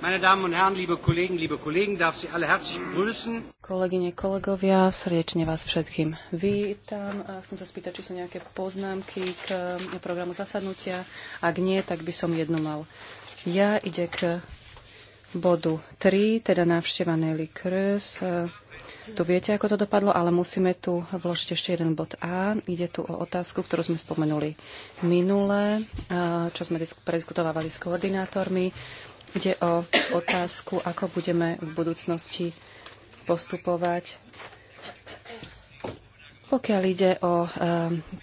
Meine Damen und Herren, liebe Kollegen, liebe Kollegen, darf Sie alle herzlich begrüßen. Kolegyne, kolegovia, srdečne vás všetkým vítam. A chcem sa spýtať, či sú nejaké poznámky k eh, programu zasadnutia. Ak nie, tak by som jednu mal. Ja ide k bodu 3, teda návšteva Nelly Cruz. E, tu viete, ako to dopadlo, ale musíme tu vložiť ešte jeden bod A. Ide tu o otázku, ktorú sme spomenuli minule, e, čo sme prediskutovali s koordinátormi. Ide o otázku, ako budeme v budúcnosti postupovať, pokiaľ ide o e,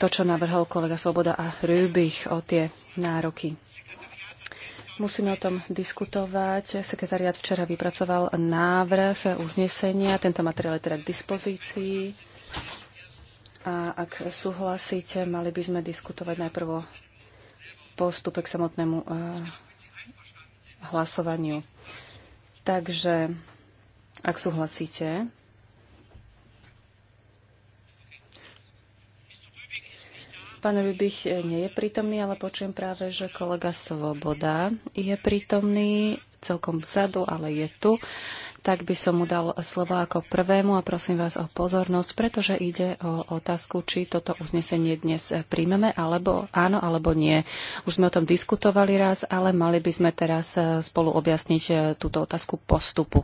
to, čo navrhol kolega Svoboda a Rübich, o tie nároky. Musíme o tom diskutovať. Sekretariat včera vypracoval návrh uznesenia. Tento materiál je teda k dispozícii. A ak súhlasíte, mali by sme diskutovať najprv o postupe k samotnému eh, hlasovaniu. Takže, ak súhlasíte, Pán Rubich e, nie je prítomný, ale počujem práve, že kolega Svoboda je prítomný celkom vzadu, ale je tu. Tak by som mu dal slovo ako prvému a prosím vás o pozornosť, pretože ide o otázku, či toto uznesenie dnes príjmeme, alebo áno, alebo nie. Už sme o tom diskutovali raz, ale mali by sme teraz e, spolu objasniť e, túto otázku postupu.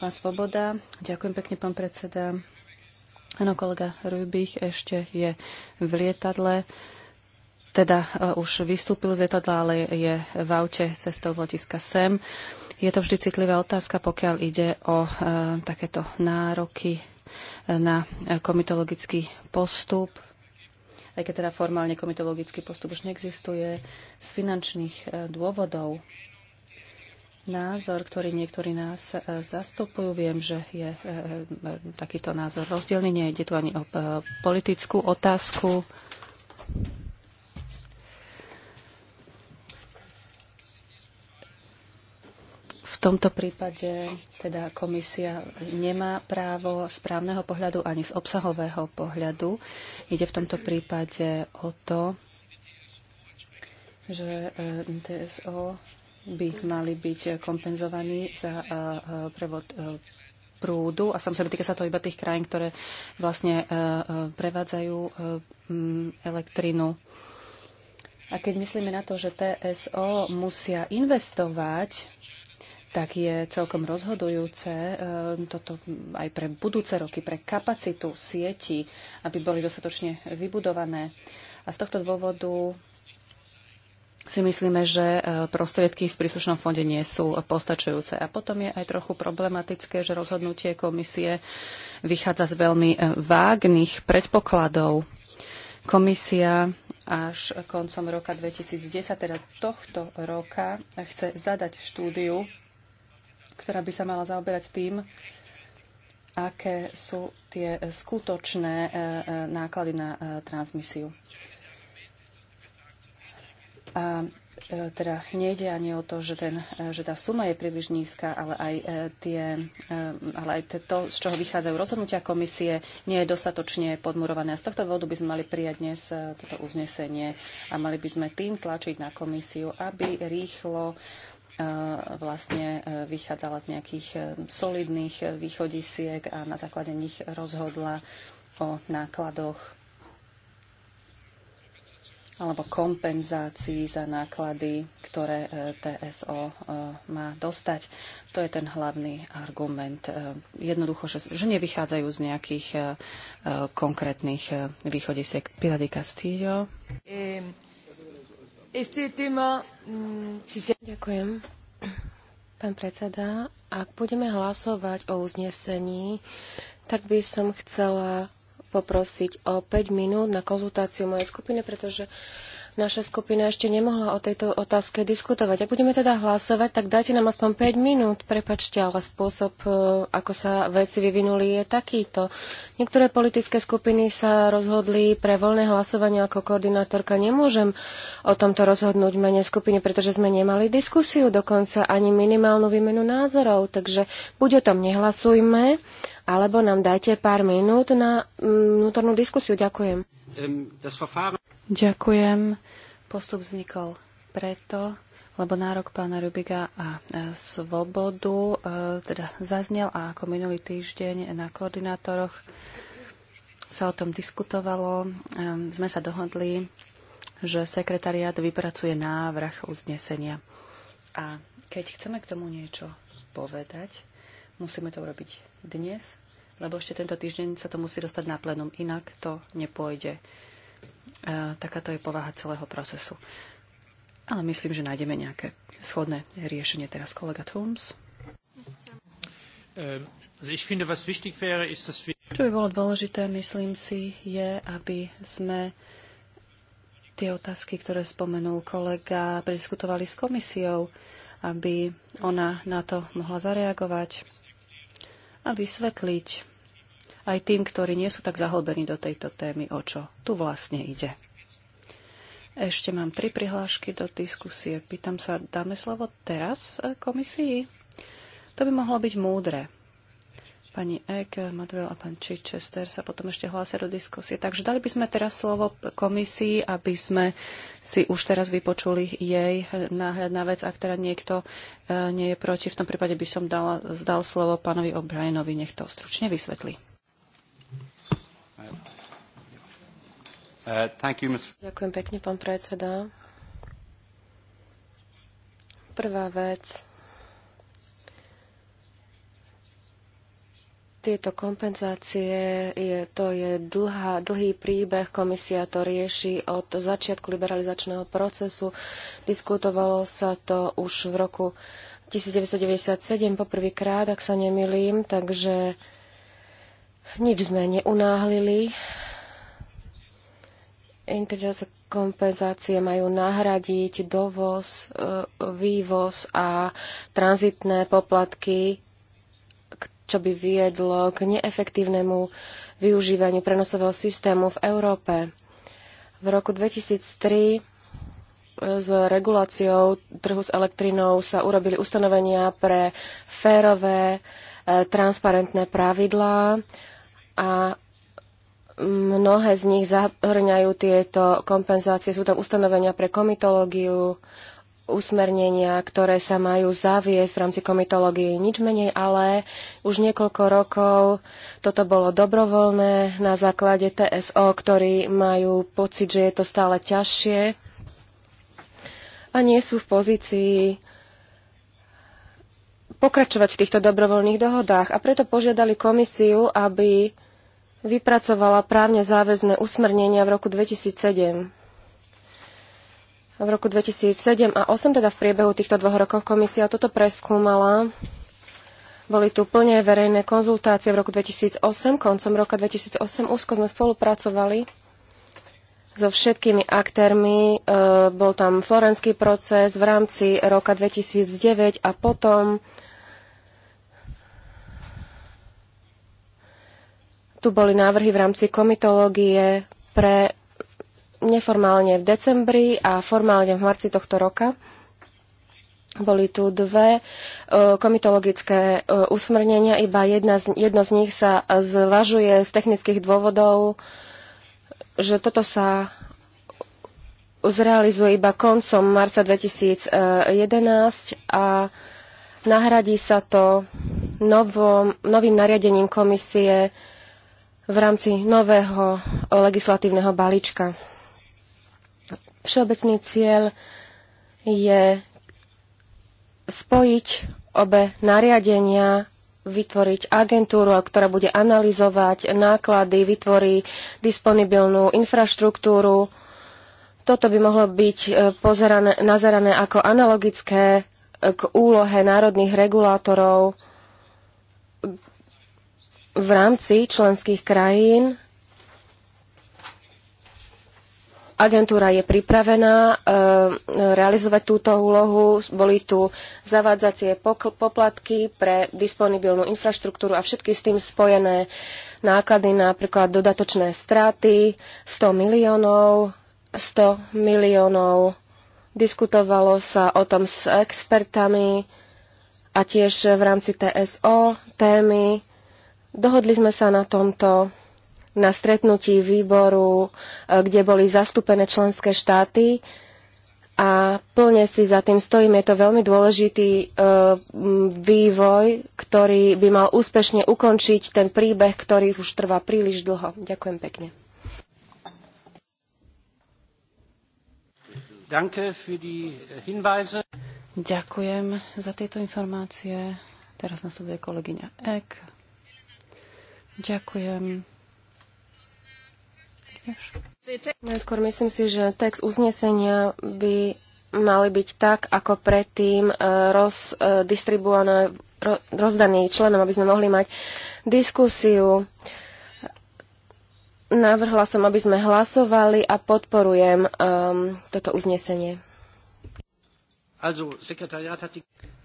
Pán Svoboda, ďakujem pekne, pán predseda. Áno, kolega Rubich ešte je v lietadle. Teda uh, už vystúpil z lietadla, ale je v aute cestou z letiska sem. Je to vždy citlivá otázka, pokiaľ ide o uh, takéto nároky e, na komitologický postup, aj keď teda formálne komitologický postup už neexistuje, z finančných dôvodov názor, ktorý niektorí nás e, zastupujú. Viem, že je e, e, takýto názor rozdielný, Nejde tu ani o politickú otázku. V tomto prípade teda komisia nemá právo z právneho pohľadu ani z obsahového pohľadu. Ide v tomto prípade o to, že TSO by mali byť kompenzovaní za prevod prúdu a samozrejme týka sa to iba tých krajín, ktoré vlastne prevádzajú elektrinu. A keď myslíme na to, že TSO musia investovať, tak je celkom rozhodujúce e, toto aj pre budúce roky, pre kapacitu sieti, aby boli dostatočne vybudované. A z tohto dôvodu si myslíme, že e, prostriedky v príslušnom fonde nie sú postačujúce. A potom je aj trochu problematické, že rozhodnutie komisie vychádza z veľmi e, vágnych predpokladov. Komisia až koncom roka 2010, teda tohto roka, chce zadať štúdiu, ktorá by sa mala zaoberať tým, aké sú tie skutočné e, náklady na transmisiu. A e, teda nejde ani o to, že, ten, e, že tá suma je príliš nízka, ale aj, e, tie, ale aj to, z čoho vychádzajú rozhodnutia komisie, nie je dostatočne podmurované. A z tohto dôvodu by sme mali prijať dnes toto uznesenie a mali by sme tým tlačiť na komisiu, aby rýchlo vlastne vychádzala z nejakých solidných východisiek a na základe nich rozhodla o nákladoch alebo kompenzácií za náklady, ktoré e, TSO e, má dostať. To je ten hlavný argument. E, jednoducho, že, že nevychádzajú z nejakých konkrétnych východisiek. Pilar di Castillo. Mm, Ďakujem. Pán predseda, ak budeme hlasovať o uznesení, tak by som chcela poprosiť o 5 minút na konzultáciu mojej skupiny, pretože naša skupina ešte nemohla o tejto otázke diskutovať. Ak budeme teda hlasovať, tak dajte nám aspoň 5 minút. Prepačte, ale spôsob, e, ako sa veci vyvinuli, je takýto. Niektoré politické skupiny sa rozhodli pre voľné hlasovanie ako koordinátorka. Nemôžem o tomto rozhodnúť mene skupiny, pretože sme nemali diskusiu dokonca ani minimálnu výmenu názorov. Takže buď o tom nehlasujme, alebo nám dajte pár minút na vnútornú diskusiu. Ďakujem. Um, Ďakujem. Postup vznikol preto, lebo nárok pána Rubiga a e, svobodu e, teda zaznel a ako minulý týždeň na koordinátoroch sa o tom diskutovalo. E, sme sa dohodli, že sekretariát vypracuje návrh uznesenia. A keď chceme k tomu niečo povedať, musíme to urobiť dnes, lebo ešte tento týždeň sa to musí dostať na plenum, inak to nepôjde. Takáto je povaha celého procesu. Ale myslím, že nájdeme nejaké schodné riešenie teraz. Kolega Tooms. Ehm, Čo by bolo dôležité, myslím si, je, aby sme tie otázky, ktoré spomenul kolega, prediskutovali s komisiou, aby ona na to mohla zareagovať a vysvetliť aj tým, ktorí nie sú tak zahlbení do tejto témy, o čo tu vlastne ide. Ešte mám tri prihlášky do diskusie. Pýtam sa, dáme slovo teraz e, komisii? To by mohlo byť múdre. Pani Ek, Madurel a pán Chichester sa potom ešte hlásia do diskusie. Takže dali by sme teraz slovo komisii, aby sme si už teraz vypočuli jej náhľad na vec. Ak teda niekto e, nie je proti, v tom prípade by som dala, zdal slovo pánovi O'Brienovi. Nech to stručne vysvetlí. Uh, Ďakujem pekne, pán predseda. Prvá vec. Tieto kompenzácie, je, to je dlhá, dlhý príbeh, komisia to rieši od začiatku liberalizačného procesu. Diskutovalo sa to už v roku 1997 poprvýkrát, ak sa nemilím, takže nič sme neunáhlili. Inteligence kompenzácie majú nahradiť dovoz, e, vývoz a tranzitné poplatky, čo by viedlo k neefektívnemu využívaniu prenosového systému v Európe. V roku 2003 e, s reguláciou trhu s elektrinou sa urobili ustanovenia pre férové transparentné pravidlá a mnohé z nich zahrňajú tieto kompenzácie. Sú tam ustanovenia pre komitológiu, usmernenia, ktoré sa majú zaviesť v rámci komitológie. Nič menej, ale už niekoľko rokov toto bolo dobrovoľné na základe TSO, ktorí majú pocit, že je to stále ťažšie a nie sú v pozícii pokračovať v týchto dobrovoľných dohodách a preto požiadali komisiu, aby vypracovala právne záväzné usmernenia v roku 2007. V roku 2007 a 8 teda v priebehu týchto dvoch rokov komisia toto preskúmala. Boli tu plne verejné konzultácie v roku 2008, koncom roka 2008 úzko sme spolupracovali so všetkými aktérmi. E, bol tam florenský proces v rámci roka 2009 a potom Tu boli návrhy v rámci komitológie pre neformálne v decembri a formálne v marci tohto roka. Boli tu dve e, komitologické e, usmrnenia, iba jedna z, jedno z nich sa zvažuje z technických dôvodov, že toto sa zrealizuje iba koncom marca 2011 a nahradí sa to novom, novým nariadením komisie v rámci nového legislatívneho balíčka. Všeobecný cieľ je spojiť obe nariadenia, vytvoriť agentúru, ktorá bude analyzovať náklady, vytvorí disponibilnú infraštruktúru. Toto by mohlo byť e, pozerané, nazerané ako analogické e, k úlohe národných regulátorov v rámci členských krajín agentúra je pripravená e, realizovať túto úlohu. Boli tu zavádzacie poplatky pre disponibilnú infraštruktúru a všetky s tým spojené náklady, napríklad dodatočné straty 100 miliónov, 100 miliónov. Diskutovalo sa o tom s expertami a tiež v rámci TSO témy Dohodli sme sa na tomto na stretnutí výboru, e, kde boli zastúpené členské štáty a plne si za tým stojím. Je to veľmi dôležitý e, vývoj, ktorý by mal úspešne ukončiť ten príbeh, ktorý už trvá príliš dlho. Ďakujem pekne. Ďakujem za tieto informácie. Teraz nasleduje kolegyňa Ek. Ďakujem. Najskôr no, myslím si, že text uznesenia by mali byť tak, ako predtým e, rozdistribuované, rozdaný členom, aby sme mohli mať diskusiu. Navrhla som, aby sme hlasovali a podporujem um, toto uznesenie. Also,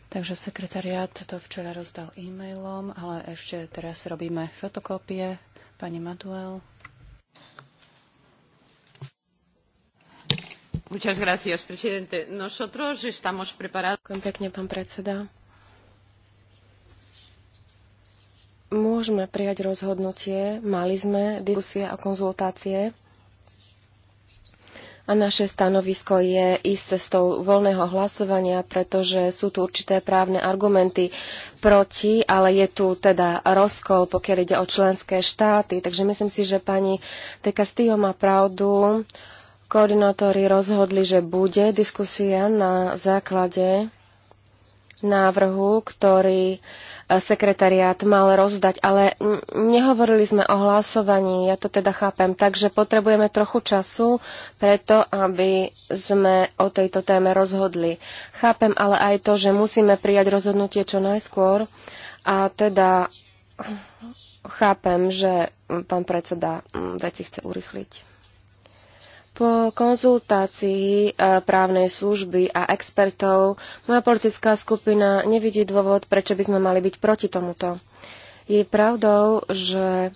Takže sekretariat to včera rozdal e-mailom, ale ešte teraz robíme fotokópie. Pani Maduel. Muchas gracias, presidente. Nosotros estamos preparados. Pekne, pán predseda. Môžeme prijať rozhodnutie. Mali sme diskusie a konzultácie a naše stanovisko je ísť cestou voľného hlasovania, pretože sú tu určité právne argumenty proti, ale je tu teda rozkol, pokiaľ ide o členské štáty. Takže myslím si, že pani De Castillo má pravdu. Koordinátori rozhodli, že bude diskusia na základe návrhu, ktorý uh, sekretariát mal rozdať, ale nehovorili sme o hlasovaní, ja to teda chápem, takže potrebujeme trochu času preto, aby sme o tejto téme rozhodli. Chápem ale aj to, že musíme prijať rozhodnutie čo najskôr a teda chápem, že pán predseda veci chce urychliť. Po konzultácii e, právnej služby a expertov moja politická skupina nevidí dôvod, prečo by sme mali byť proti tomuto. Je pravdou, že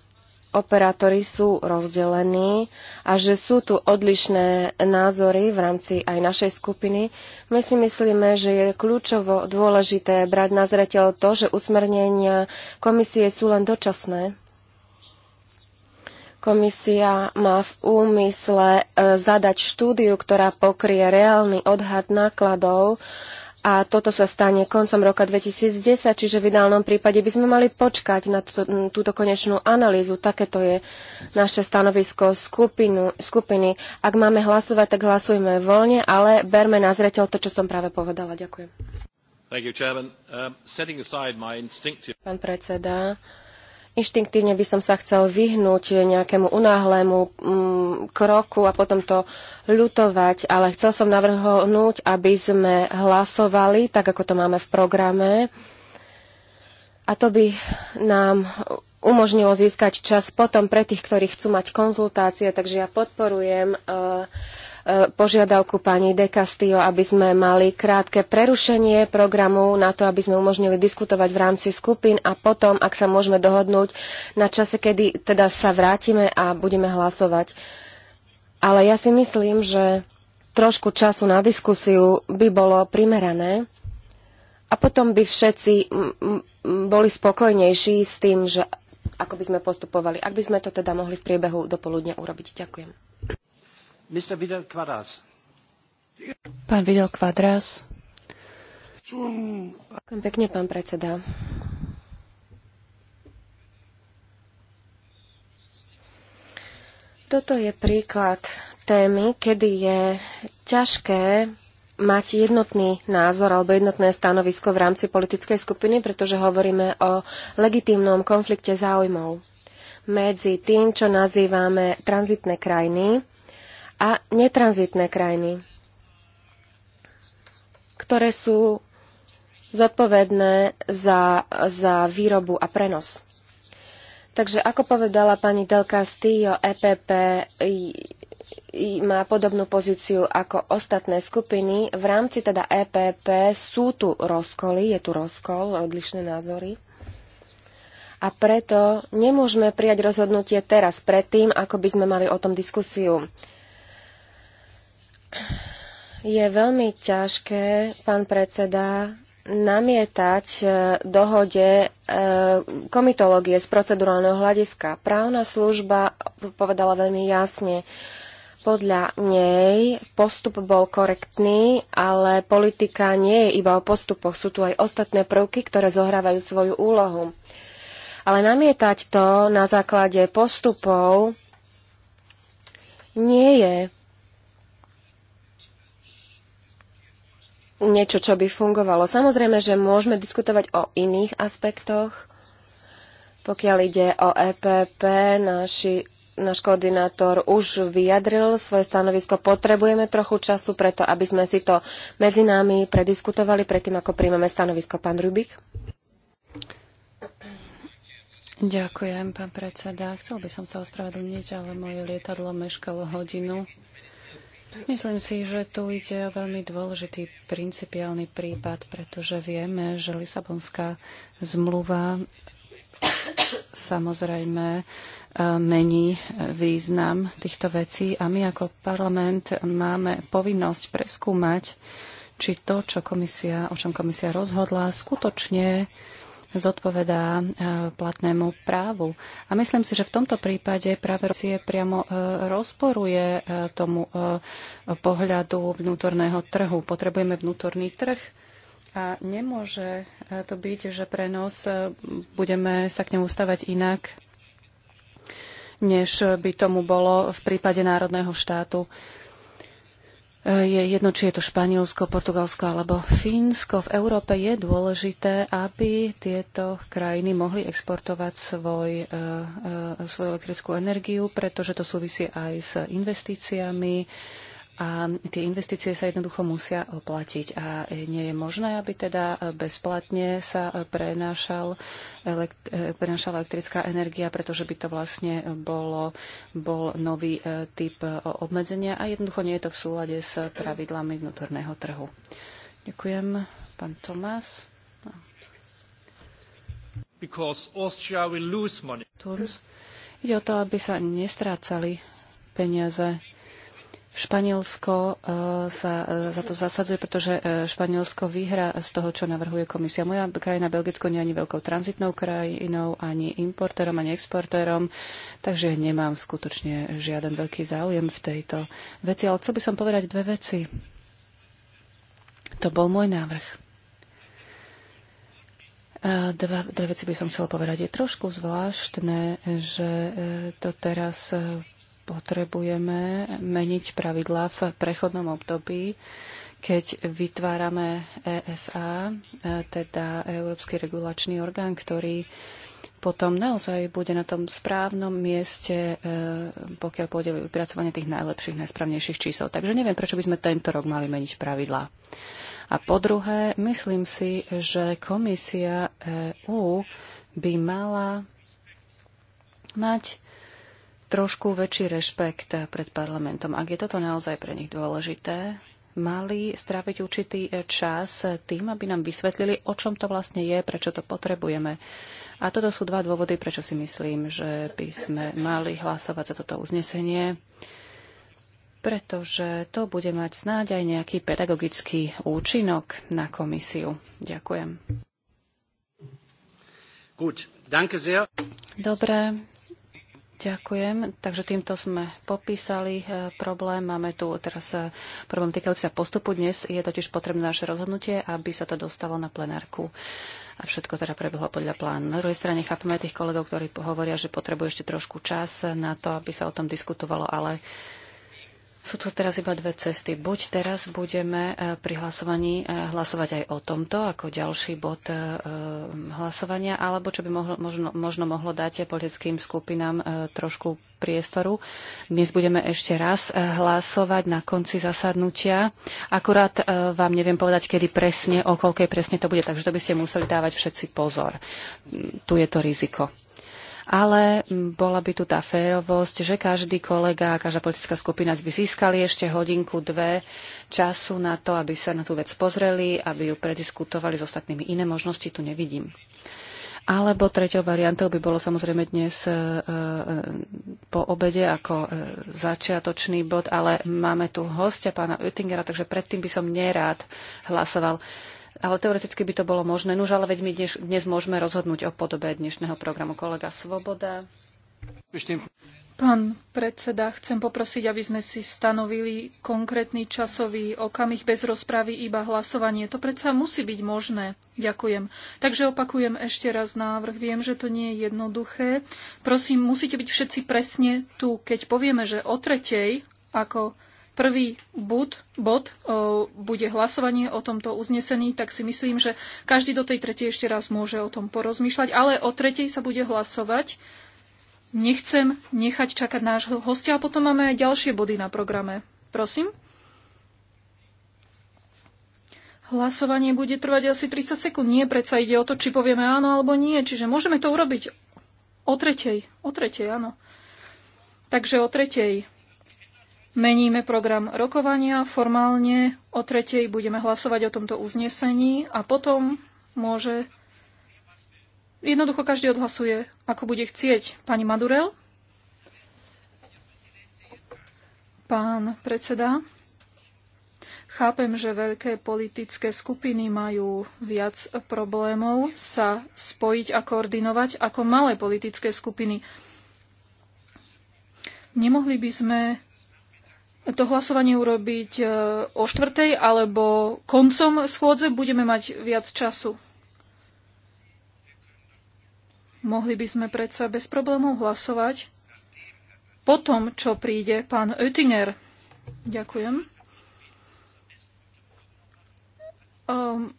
operátori sú rozdelení a že sú tu odlišné názory v rámci aj našej skupiny. My si myslíme, že je kľúčovo dôležité brať na zreteľ to, že usmernenia komisie sú len dočasné Komisia má v úmysle e, zadať štúdiu, ktorá pokrie reálny odhad nákladov a toto sa stane koncom roka 2010, čiže v ideálnom prípade by sme mali počkať na túto, túto konečnú analýzu. Takéto je naše stanovisko skupinu, skupiny. Ak máme hlasovať, tak hlasujme voľne, ale berme na zreteľ to, čo som práve povedala. Ďakujem. You, um, instinctive... Pán predseda, Inštinktívne by som sa chcel vyhnúť nejakému unáhlému mm, kroku a potom to ľutovať, ale chcel som navrhnúť, aby sme hlasovali, tak ako to máme v programe. A to by nám umožnilo získať čas potom pre tých, ktorí chcú mať konzultácie, takže ja podporujem uh, požiadavku pani De Castillo, aby sme mali krátke prerušenie programu na to, aby sme umožnili diskutovať v rámci skupín a potom, ak sa môžeme dohodnúť na čase, kedy teda sa vrátime a budeme hlasovať. Ale ja si myslím, že trošku času na diskusiu by bolo primerané a potom by všetci boli spokojnejší s tým, že ako by sme postupovali. Ak by sme to teda mohli v priebehu poludnia urobiť. Ďakujem. Mr. Vidal Quadras. Pán Vidal Quadras. Ďakujem pekne, pán predseda. Toto je príklad témy, kedy je ťažké mať jednotný názor alebo jednotné stanovisko v rámci politickej skupiny, pretože hovoríme o legitímnom konflikte záujmov medzi tým, čo nazývame tranzitné krajiny a netranzitné krajiny, ktoré sú zodpovedné za, za výrobu a prenos. Takže ako povedala pani Del Castillo, EPP má podobnú pozíciu ako ostatné skupiny. V rámci teda EPP sú tu rozkoly, je tu rozkol, odlišné názory. A preto nemôžeme prijať rozhodnutie teraz, predtým, ako by sme mali o tom diskusiu. Je veľmi ťažké, pán predseda, namietať e, dohode e, komitológie z procedurálneho hľadiska. Právna služba povedala veľmi jasne, podľa nej postup bol korektný, ale politika nie je iba o postupoch, sú tu aj ostatné prvky, ktoré zohrávajú svoju úlohu. Ale namietať to na základe postupov nie je niečo, čo by fungovalo. Samozrejme, že môžeme diskutovať o iných aspektoch. Pokiaľ ide o EPP, naši, náš koordinátor už vyjadril svoje stanovisko. Potrebujeme trochu času preto, aby sme si to medzi nami prediskutovali predtým, ako príjmeme stanovisko. Pán Rubik. Ďakujem, pán predseda. Chcel by som sa ospravedlniť, ale moje lietadlo meškalo hodinu. Myslím si, že tu ide o veľmi dôležitý principiálny prípad, pretože vieme, že Lisabonská zmluva samozrejme e, mení význam týchto vecí a my ako parlament máme povinnosť preskúmať, či to, čo komisia, o čom komisia rozhodla, skutočne zodpovedá e, platnému právu. A myslím si, že v tomto prípade práve Rosie priamo e, rozporuje e, tomu pohľadu vnútorného trhu. Potrebujeme vnútorný trh, a nemôže to byť, že pre nos budeme sa k nemu stavať inak, než by tomu bolo v prípade národného štátu je jedno, či je to Španielsko, Portugalsko alebo Fínsko. V Európe je dôležité, aby tieto krajiny mohli exportovať svoj, eh, eh, svoju elektrickú energiu, pretože to súvisí aj s investíciami, a tie investície sa jednoducho musia platiť. A nie je možné, aby teda bezplatne sa prenášal, elekt- prenášala elektrická energia, pretože by to vlastne bolo, bol nový e, typ e, obmedzenia a jednoducho nie je to v súlade s pravidlami vnútorného trhu. Ďakujem, pán Tomás. No. Because Austria will lose money. Ide o to, aby sa nestrácali peniaze Španielsko e, sa e, za to zasadzuje, pretože e, Španielsko vyhra z toho, čo navrhuje komisia. Moja krajina Belgicko nie je ani veľkou tranzitnou krajinou, ani importérom, ani exportérom, takže nemám skutočne žiaden veľký záujem v tejto veci. Ale chcel by som povedať dve veci. To bol môj návrh. Dva, dve veci by som chcela povedať. Je trošku zvláštne, že to teraz potrebujeme meniť pravidlá v prechodnom období, keď vytvárame ESA, e, teda Európsky regulačný orgán, ktorý potom naozaj bude na tom správnom mieste, e, pokiaľ pôjde vypracovanie tých najlepších, najsprávnejších čísel. Takže neviem, prečo by sme tento rok mali meniť pravidlá. A po druhé, myslím si, že komisia EU by mala mať trošku väčší rešpekt pred parlamentom. Ak je toto naozaj pre nich dôležité, mali stráviť určitý čas tým, aby nám vysvetlili, o čom to vlastne je, prečo to potrebujeme. A toto sú dva dôvody, prečo si myslím, že by sme mali hlasovať za toto uznesenie, pretože to bude mať snáď aj nejaký pedagogický účinok na komisiu. Ďakujem. Dobre, Ďakujem. Takže týmto sme popísali e, problém. Máme tu teraz e, problém týkajúci sa postupu. Dnes je totiž potrebné naše rozhodnutie, aby sa to dostalo na plenárku. A všetko teda prebehlo podľa plánu. Na druhej strane chápeme tých kolegov, ktorí hovoria, že potrebujú ešte trošku čas na to, aby sa o tom diskutovalo, ale sú tu teraz iba dve cesty. Buď teraz budeme e, pri hlasovaní e, hlasovať aj o tomto ako ďalší bod e, hlasovania, alebo čo by mohlo, možno, možno mohlo dať politickým skupinám trošku priestoru. Dnes budeme ešte raz hlasovať na konci zasadnutia. Akurát vám neviem povedať, kedy presne, o koľkej presne to bude, takže to by ste museli dávať všetci pozor. Tu je to riziko ale bola by tu tá férovosť, že každý kolega a každá politická skupina by získali ešte hodinku, dve času na to, aby sa na tú vec pozreli, aby ju prediskutovali s ostatnými. Iné možnosti tu nevidím. Alebo treťou variantou by bolo samozrejme dnes e, e, po obede ako e, začiatočný bod, ale máme tu hostia pána Oettingera, takže predtým by som nerád hlasoval ale teoreticky by to bolo možné. Nuž, ale veď my dnes, dnes môžeme rozhodnúť o podobe dnešného programu. Kolega Svoboda. Pán predseda, chcem poprosiť, aby sme si stanovili konkrétny časový okamih bez rozpravy, iba hlasovanie. To predsa musí byť možné. Ďakujem. Takže opakujem ešte raz návrh. Viem, že to nie je jednoduché. Prosím, musíte byť všetci presne tu. Keď povieme, že o tretej, ako Prvý bod, bod o, bude hlasovanie o tomto uznesení, tak si myslím, že každý do tej tretej ešte raz môže o tom porozmýšľať, ale o tretej sa bude hlasovať. Nechcem nechať čakať nášho hostia a potom máme aj ďalšie body na programe. Prosím. Hlasovanie bude trvať asi 30 sekúnd. Nie, predsa ide o to, či povieme áno alebo nie. Čiže môžeme to urobiť o tretej. O tretej, áno. Takže o tretej. Meníme program rokovania formálne. O tretej budeme hlasovať o tomto uznesení a potom môže... Jednoducho každý odhlasuje, ako bude chcieť. Pani Madurel? Pán predseda? Chápem, že veľké politické skupiny majú viac problémov sa spojiť a koordinovať ako malé politické skupiny. Nemohli by sme to hlasovanie urobiť e, o štvrtej alebo koncom schôdze, budeme mať viac času. Mohli by sme predsa bez problémov hlasovať po tom, čo príde pán Oettinger. Ďakujem. Um,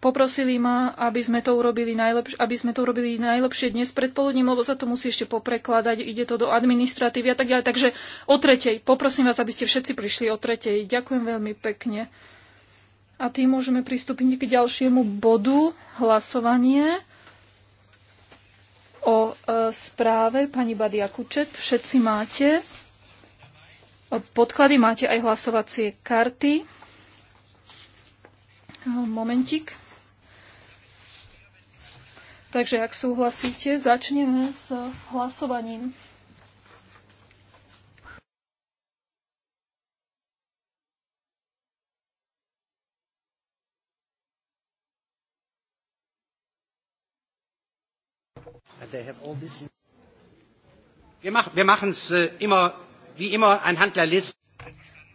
Poprosili ma, aby sme to urobili, najlepš- aby sme to urobili najlepšie dnes predpoludním, lebo sa to musí ešte poprekladať, ide to do administratívy a tak ďalej. Takže o tretej, poprosím vás, aby ste všetci prišli o tretej. Ďakujem veľmi pekne. A tým môžeme pristúpiť k ďalšiemu bodu, hlasovanie o e, správe pani Badia Kučet. Všetci máte podklady, máte aj hlasovacie karty. Momentik. Takže ak súhlasíte, začneme s hlasovaním. Äh,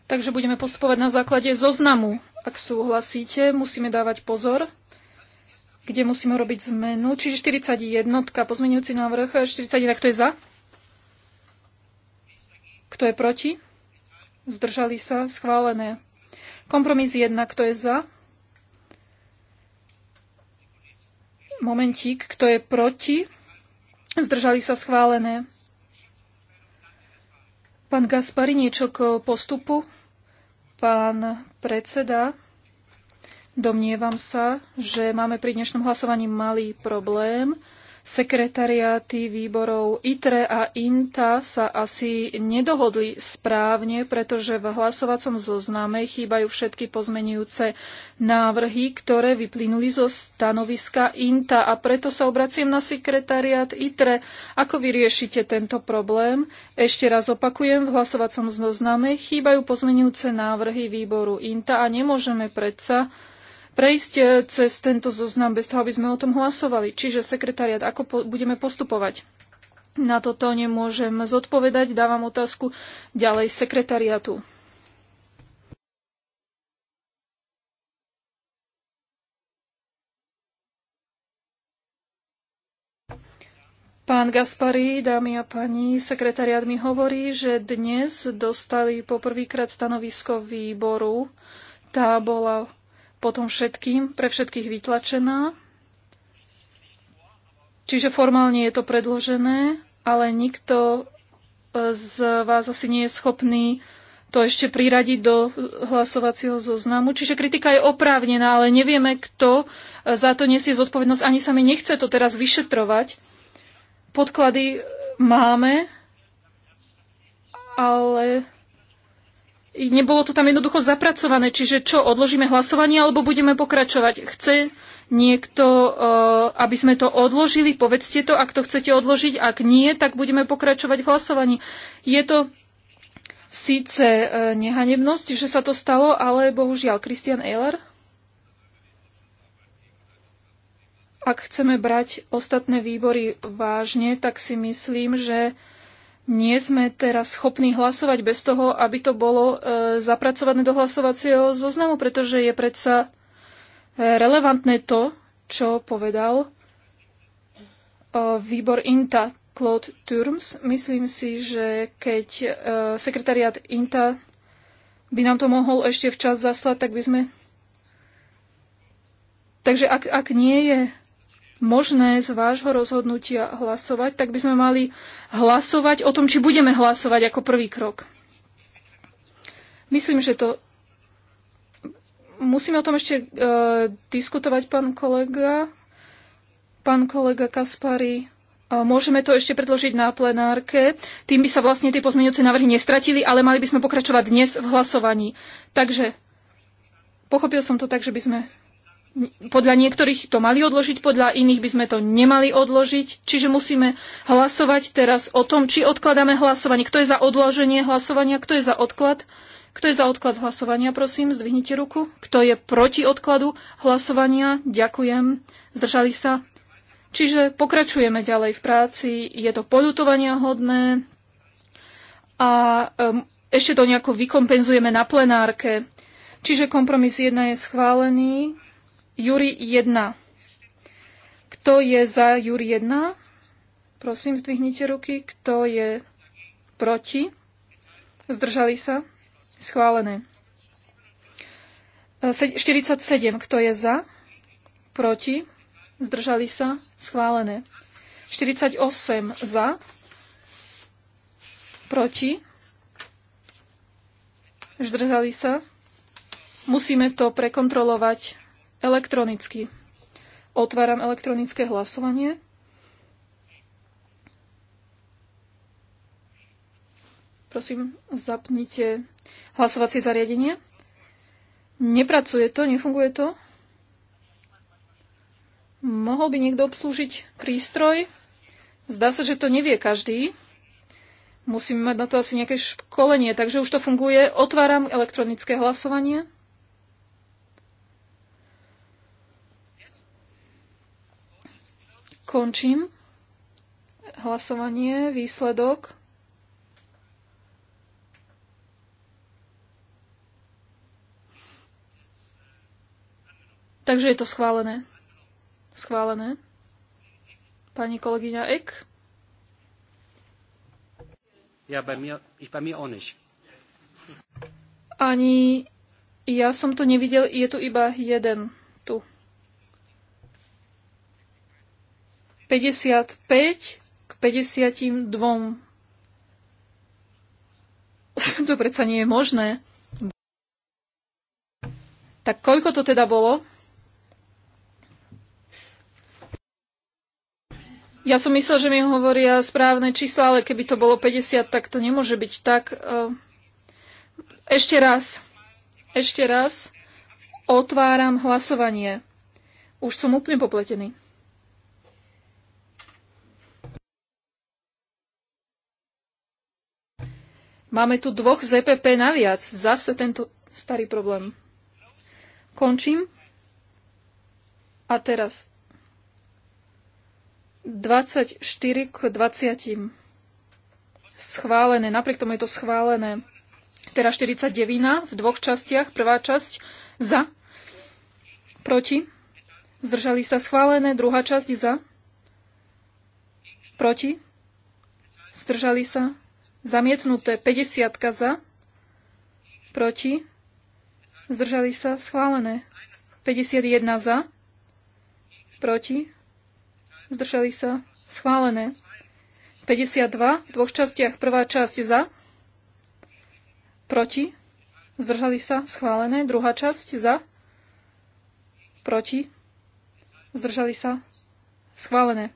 Takže budeme postupovať na základe zoznamu. Ak súhlasíte, musíme dávať pozor kde musíme robiť zmenu. Čiže 41, pozmenujúci návrh 41, kto je za? Kto je proti? Zdržali sa? Schválené. Kompromis 1, kto je za? Momentík, kto je proti? Zdržali sa? Schválené. Pán Gaspari, niečo k postupu. Pán predseda, Domnievam sa, že máme pri dnešnom hlasovaní malý problém. Sekretariáty výborov ITRE a INTA sa asi nedohodli správne, pretože v hlasovacom zozname chýbajú všetky pozmenujúce návrhy, ktoré vyplynuli zo stanoviska INTA a preto sa obraciem na sekretariát ITRE. Ako vyriešite tento problém? Ešte raz opakujem, v hlasovacom zozname chýbajú pozmenujúce návrhy výboru INTA a nemôžeme predsa prejsť eh, cez tento zoznam bez toho, aby sme o tom hlasovali. Čiže sekretariat, ako po- budeme postupovať? Na toto nemôžem zodpovedať, dávam otázku ďalej sekretariatu. Pán Gaspari, dámy a pani, sekretariat mi hovorí, že dnes dostali poprvýkrát stanovisko výboru. Tá bola potom všetkým, pre všetkých vytlačená. Čiže formálne je to predložené, ale nikto e, z vás asi nie je schopný to ešte priradiť do hlasovacieho zoznamu. Čiže kritika je oprávnená, ale nevieme, kto e, za to nesie zodpovednosť. Ani sa mi nechce to teraz vyšetrovať. Podklady máme, ale nebolo to tam jednoducho zapracované. Čiže čo, odložíme hlasovanie alebo budeme pokračovať? Chce niekto, eh, aby sme to odložili? Povedzte to, ak to chcete odložiť. Ak nie, tak budeme pokračovať v hlasovaní. Je to síce eh, nehanebnosť, že sa to stalo, ale bohužiaľ. Christian Ehler? Ak chceme brať ostatné výbory vážne, tak si myslím, že nie sme teraz schopní hlasovať bez toho, aby to bolo e, zapracované do hlasovacieho zoznamu, pretože je predsa e, relevantné to, čo povedal e, výbor INTA Claude Turms. Myslím si, že keď e, sekretariat INTA by nám to mohol ešte včas zaslať, tak by sme... Takže ak, ak nie je možné z vášho rozhodnutia hlasovať, tak by sme mali hlasovať o tom, či budeme hlasovať ako prvý krok. Myslím, že to. Musíme o tom ešte e, diskutovať, pán kolega. Pán kolega Kaspari, e, Môžeme to ešte predložiť na plenárke. Tým by sa vlastne tie pozmeňujúce návrhy nestratili, ale mali by sme pokračovať dnes v hlasovaní. Takže pochopil som to tak, že by sme podľa niektorých to mali odložiť, podľa iných by sme to nemali odložiť. Čiže musíme hlasovať teraz o tom, či odkladáme hlasovanie. Kto je za odloženie hlasovania, kto je za odklad? Kto je za odklad hlasovania, prosím, zdvihnite ruku. Kto je proti odkladu hlasovania, ďakujem. Zdržali sa. Čiže pokračujeme ďalej v práci. Je to poľutovania hodné a um, ešte to nejako vykompenzujeme na plenárke. Čiže kompromis 1 je schválený. Júri 1. Kto je za Júri 1? Prosím, zdvihnite ruky. Kto je proti? Zdržali sa? Schválené. 47. E, Kto je za? Proti? Zdržali sa? Schválené. 48 za. Proti? Zdržali sa? Musíme to prekontrolovať elektronicky. Otváram elektronické hlasovanie. Prosím, zapnite hlasovacie zariadenie. Nepracuje to, nefunguje to. Mohol by niekto obslúžiť prístroj? Zdá sa, že to nevie každý. Musíme mať na to asi nejaké školenie, takže už to funguje. Otváram elektronické hlasovanie. Končím hlasovanie, výsledok. Takže je to schválené. Schválené. Pani kolegyňa Ek. Ja bei mir, ich bei mir auch nicht. Ani ja som to nevidel, je tu iba jeden. 55 k 52. to predsa nie je možné. Tak koľko to teda bolo? Ja som myslel, že mi hovoria správne čísla, ale keby to bolo 50, tak to nemôže byť tak. Eh, Ešte raz. Ešte raz. Otváram hlasovanie. Už som úplne popletený. Máme tu dvoch ZPP e naviac. Zase tento starý problém. Končím. A teraz 24 k 20. Schválené. Napriek tomu je to schválené. Teraz teda 49 v dvoch častiach. Prvá časť za. Proti. Zdržali sa schválené. Druhá časť za. Proti. Zdržali sa Zamietnuté 50 za. Proti. Zdržali sa. Schválené. 51 za. Proti. Zdržali sa. Schválené. 52 v dvoch častiach. Prvá časť za. Proti. Zdržali sa. Schválené. Druhá časť za. Proti. Zdržali sa. Schválené.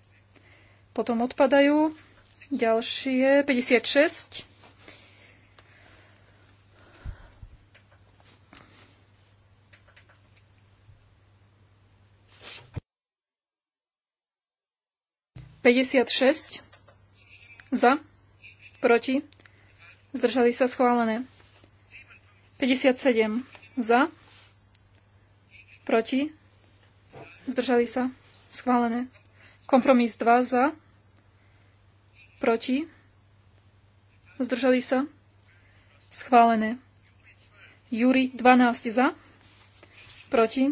Potom odpadajú. Ďalšie, 56. Päťdesiat šesť. Za. Proti. Zdržali sa schválené. sedem. Za. Proti. Zdržali sa. Schválené. Kompromis 2 za. Proti? Zdržali sa? Schválené. Júri 12 za. Proti?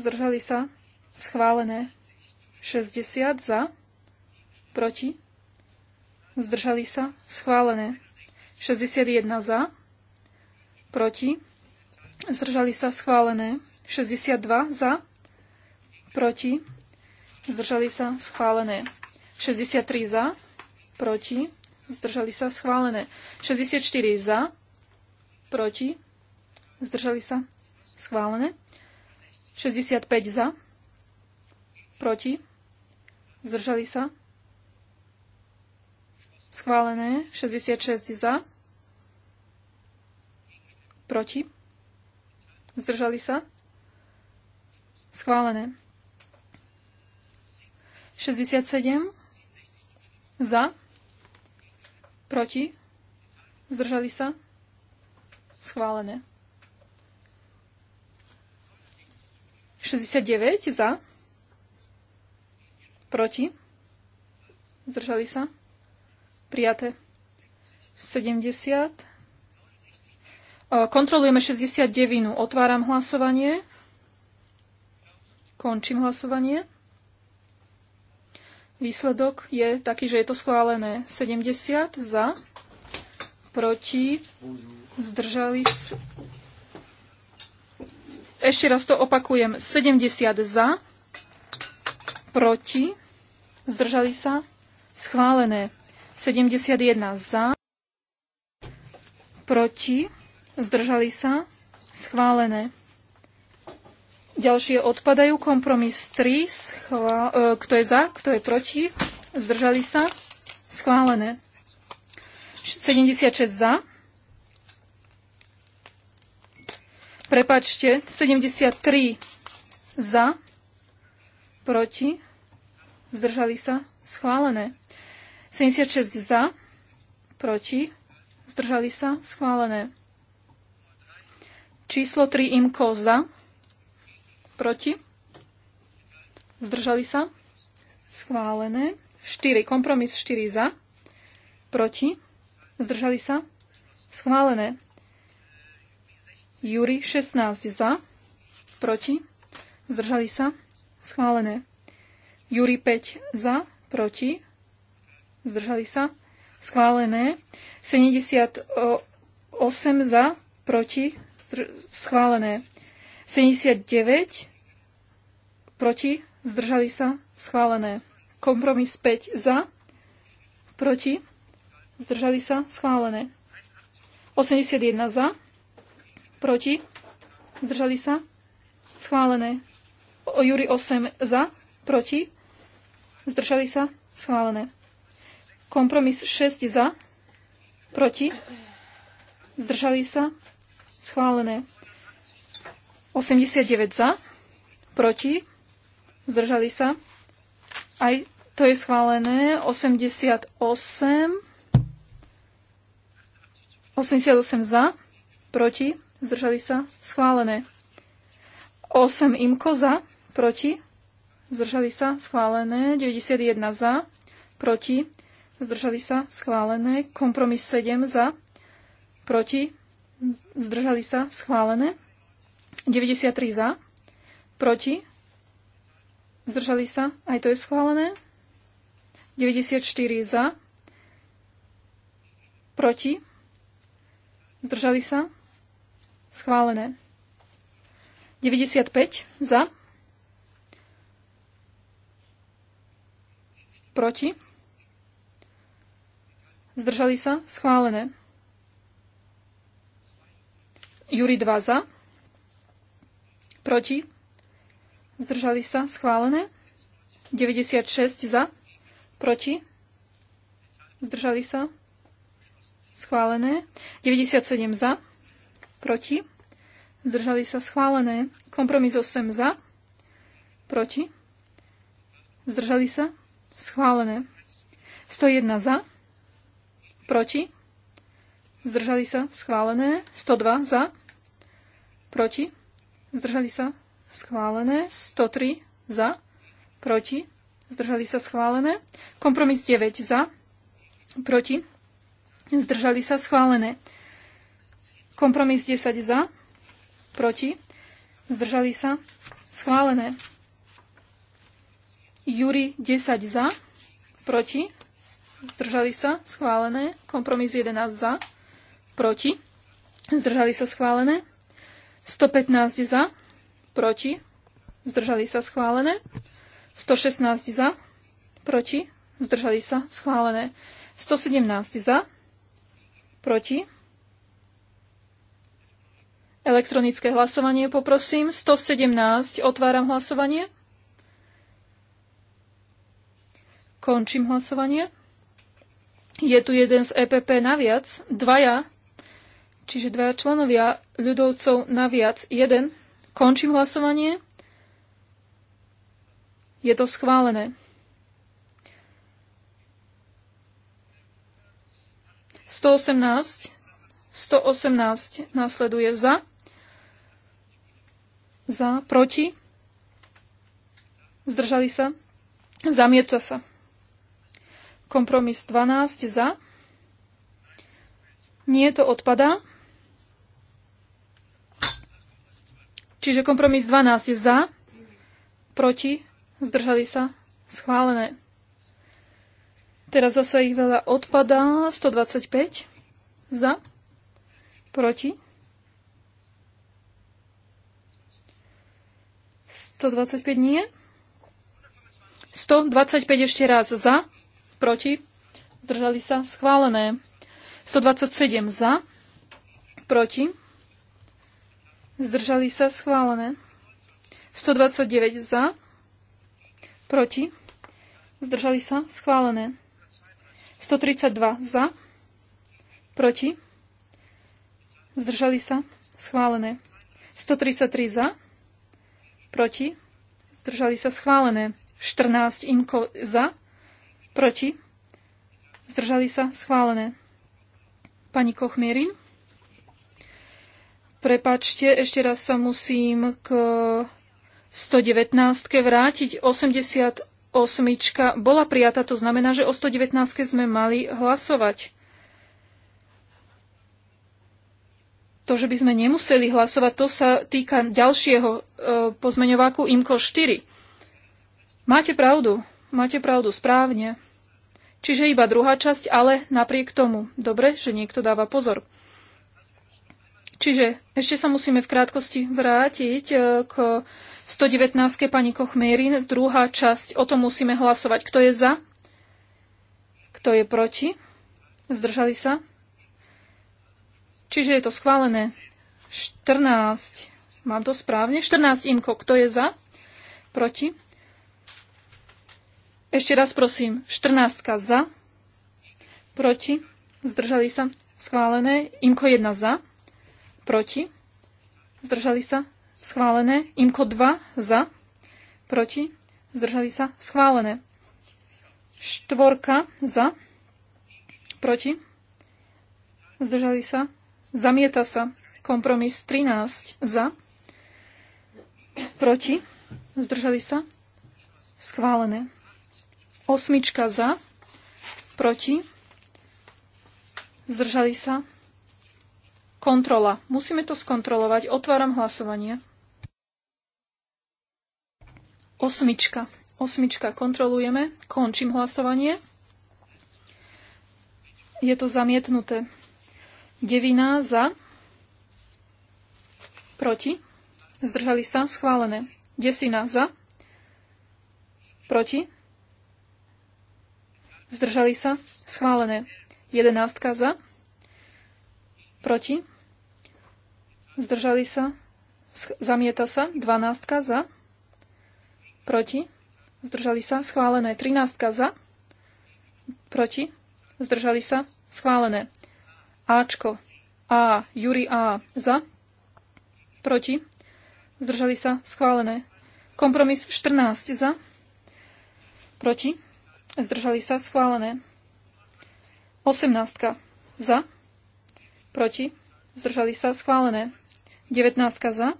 Zdržali sa? Schválené. 60 za. Proti? Zdržali sa? Schválené. 61 za. Proti? Zdržali sa? Schválené. 62 za. Proti? Zdržali sa? Schválené. 63 za, proti, zdržali sa, schválené. 64 za, proti, zdržali sa, schválené. 65 za, proti, zdržali sa, schválené. 66 za, proti, zdržali sa, schválené. 67 za? Proti? Zdržali sa? Schválené. 69 za? Proti? Zdržali sa? Prijaté. 70. Kontrolujeme 69. Otváram hlasovanie. Končím hlasovanie. Výsledok je taký, že je to schválené 70 za, proti, zdržali s... Ešte raz to opakujem. 70 za, proti, zdržali sa, schválené. 71 za, proti, zdržali sa, schválené. Ďalšie odpadajú. Kompromis 3. E, kto je za, kto je proti? Zdržali sa? Schválené. 76 za. Prepačte, 73 za. Proti? Zdržali sa? Schválené. 76 za. Proti? Zdržali sa? Schválené. Číslo 3 imko za Proti? Zdržali sa? Schválené. 4. Kompromis 4 za. Proti? Zdržali sa? Schválené. Júri 16 za. Proti? Zdržali sa? Schválené. Júri 5 za. Proti? Zdržali sa? Schválené. 78 za. Proti? Zdr- schválené. 79 proti, zdržali sa, schválené. Kompromis 5 za, proti, zdržali sa, schválené. 81 za, proti, zdržali sa, schválené. O Juri 8 za, proti, zdržali sa, schválené. Kompromis 6 za, proti, zdržali sa, schválené. 89 za, proti, zdržali sa. Aj to je schválené. 88, 88 za, proti, zdržali sa, schválené. 8 imko za, proti, zdržali sa, schválené. 91 za, proti, zdržali sa, schválené. Kompromis 7 za, proti, zdržali sa, schválené. 93 za, proti, Zdržali sa? Aj to je schválené. 94 za. Proti. Zdržali sa? Schválené. 95 za. Proti. Zdržali sa? Schválené. Juri 2 za. Proti. Zdržali sa? Schválené. 96 za. Proti. Zdržali sa? Schválené. 97 za. Proti. Zdržali sa? Schválené. Kompromis 8 za. Proti. Zdržali sa? Schválené. 101 za. Proti. Zdržali sa? Schválené. 102 za. Proti. Zdržali sa? schválené. 103 za, proti, zdržali sa schválené. Kompromis 9 za, proti, zdržali sa schválené. Kompromis 10 za, proti, zdržali sa schválené. Júri 10 za, proti, zdržali sa schválené. Kompromis 11 za, proti, zdržali sa schválené. 115 za, proti, zdržali sa schválené. 116 za, proti, zdržali sa schválené. 117 za, proti. Elektronické hlasovanie poprosím. 117, otváram hlasovanie. Končím hlasovanie. Je tu jeden z EPP naviac, dvaja, čiže dvaja členovia ľudovcov naviac, jeden Končím hlasovanie. Je to schválené. 118. 118 následuje za. Za. Proti. Zdržali sa. Zamieta sa. Kompromis 12 za. Nie, to odpadá. Čiže kompromis 12 je za, proti, zdržali sa, schválené. Teraz zase ich veľa odpadá, 125 za, proti, 125 nie, 125 ešte raz za, proti, zdržali sa, schválené. 127 za, proti, Zdržali sa schválené. 129 za. Proti. Zdržali sa schválené. 132 za. Proti. Zdržali sa schválené. 133 za. Proti. Zdržali sa schválené. 14 imko za. Proti. Zdržali sa schválené. Pani Kochmierin. Prepačte, ešte raz sa musím k 119 vrátiť. 88 bola prijata, to znamená, že o 119 sme mali hlasovať. To, že by sme nemuseli hlasovať, to sa týka ďalšieho e, pozmeňováku IMKO 4. Máte pravdu, máte pravdu, správne. Čiže iba druhá časť, ale napriek tomu. Dobre, že niekto dáva pozor. Čiže ešte sa musíme v krátkosti vrátiť e, k 119. pani Kochmierin. Druhá časť, o tom musíme hlasovať. Kto je za? Kto je proti? Zdržali sa? Čiže je to schválené. 14. Mám to správne? 14 imko. Kto je za? Proti? Ešte raz prosím. 14 za. Proti? Zdržali sa? Schválené. Imko 1 za proti, zdržali sa, schválené. Imko 2 za, proti, zdržali sa, schválené. Štvorka za, proti, zdržali sa, zamieta sa. Kompromis 13 za, proti, zdržali sa, schválené. Osmička za, proti, zdržali sa, schválené Kontrola. Musíme to skontrolovať. Otváram hlasovanie. Osmička. Osmička kontrolujeme. Končím hlasovanie. Je to zamietnuté. Devina za. Proti. Zdržali sa. Schválené. Desina za. Proti. Zdržali sa. Schválené. Jedenástka za. Proti? Zdržali sa? Zamieta sa. 12 za. Proti? Zdržali sa. Schválené. 13 za. Proti? Zdržali sa. Schválené. Ačko. A. Juri A. Za. Proti? Zdržali sa. Schválené. Kompromis 14 za. Proti? Zdržali sa. Schválené. 18 za proti, zdržali sa, schválené. 19 za,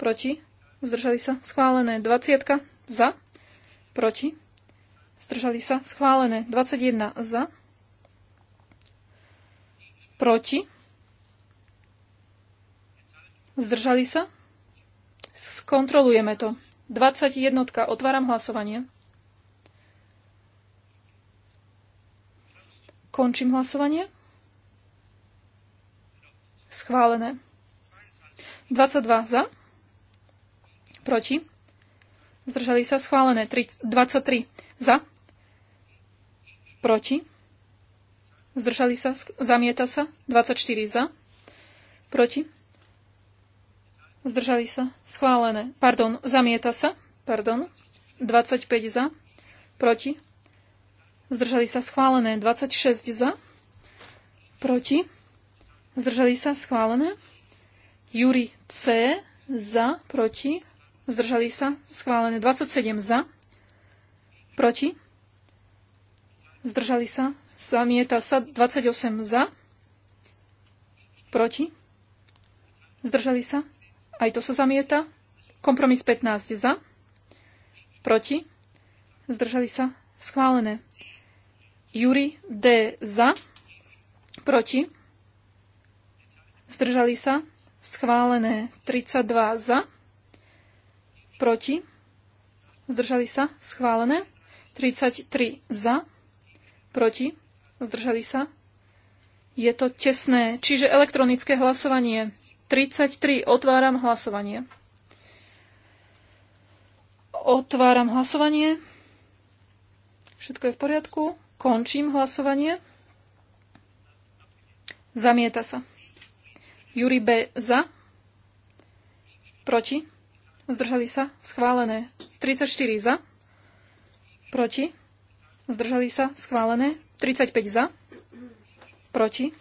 proti, zdržali sa, schválené. 20 za, proti, zdržali sa, schválené. 21 za, proti, zdržali sa, skontrolujeme to. 21. Otváram hlasovanie. Končím hlasovanie. Schválené. 22 za. Proti. Zdržali sa. Schválené. 23 za. Proti. Zdržali sa. Zamieta sa. 24 za. Proti. Zdržali sa. Schválené. Pardon. Zamieta sa. Pardon. 25 za. Proti. Zdržali sa. Schválené. 26 za. Proti. Zdržali sa schválené. Juri C za, proti. Zdržali sa schválené. 27 za, proti. Zdržali sa. Zamieta sa 28 za, proti. Zdržali sa. Aj to sa zamieta. Kompromis 15 za, proti. Zdržali sa. Schválené. Juri D za, proti. Zdržali sa? Schválené 32 za. Proti? Zdržali sa? Schválené. 33 za. Proti? Zdržali sa? Je to tesné. Čiže elektronické hlasovanie. 33. Otváram hlasovanie. Otváram hlasovanie. Všetko je v poriadku. Končím hlasovanie. Zamieta sa. Juri B. Za. Proti. Zdržali sa. Schválené. 34 za. Proti. Zdržali sa. Schválené. 35 za. Proti.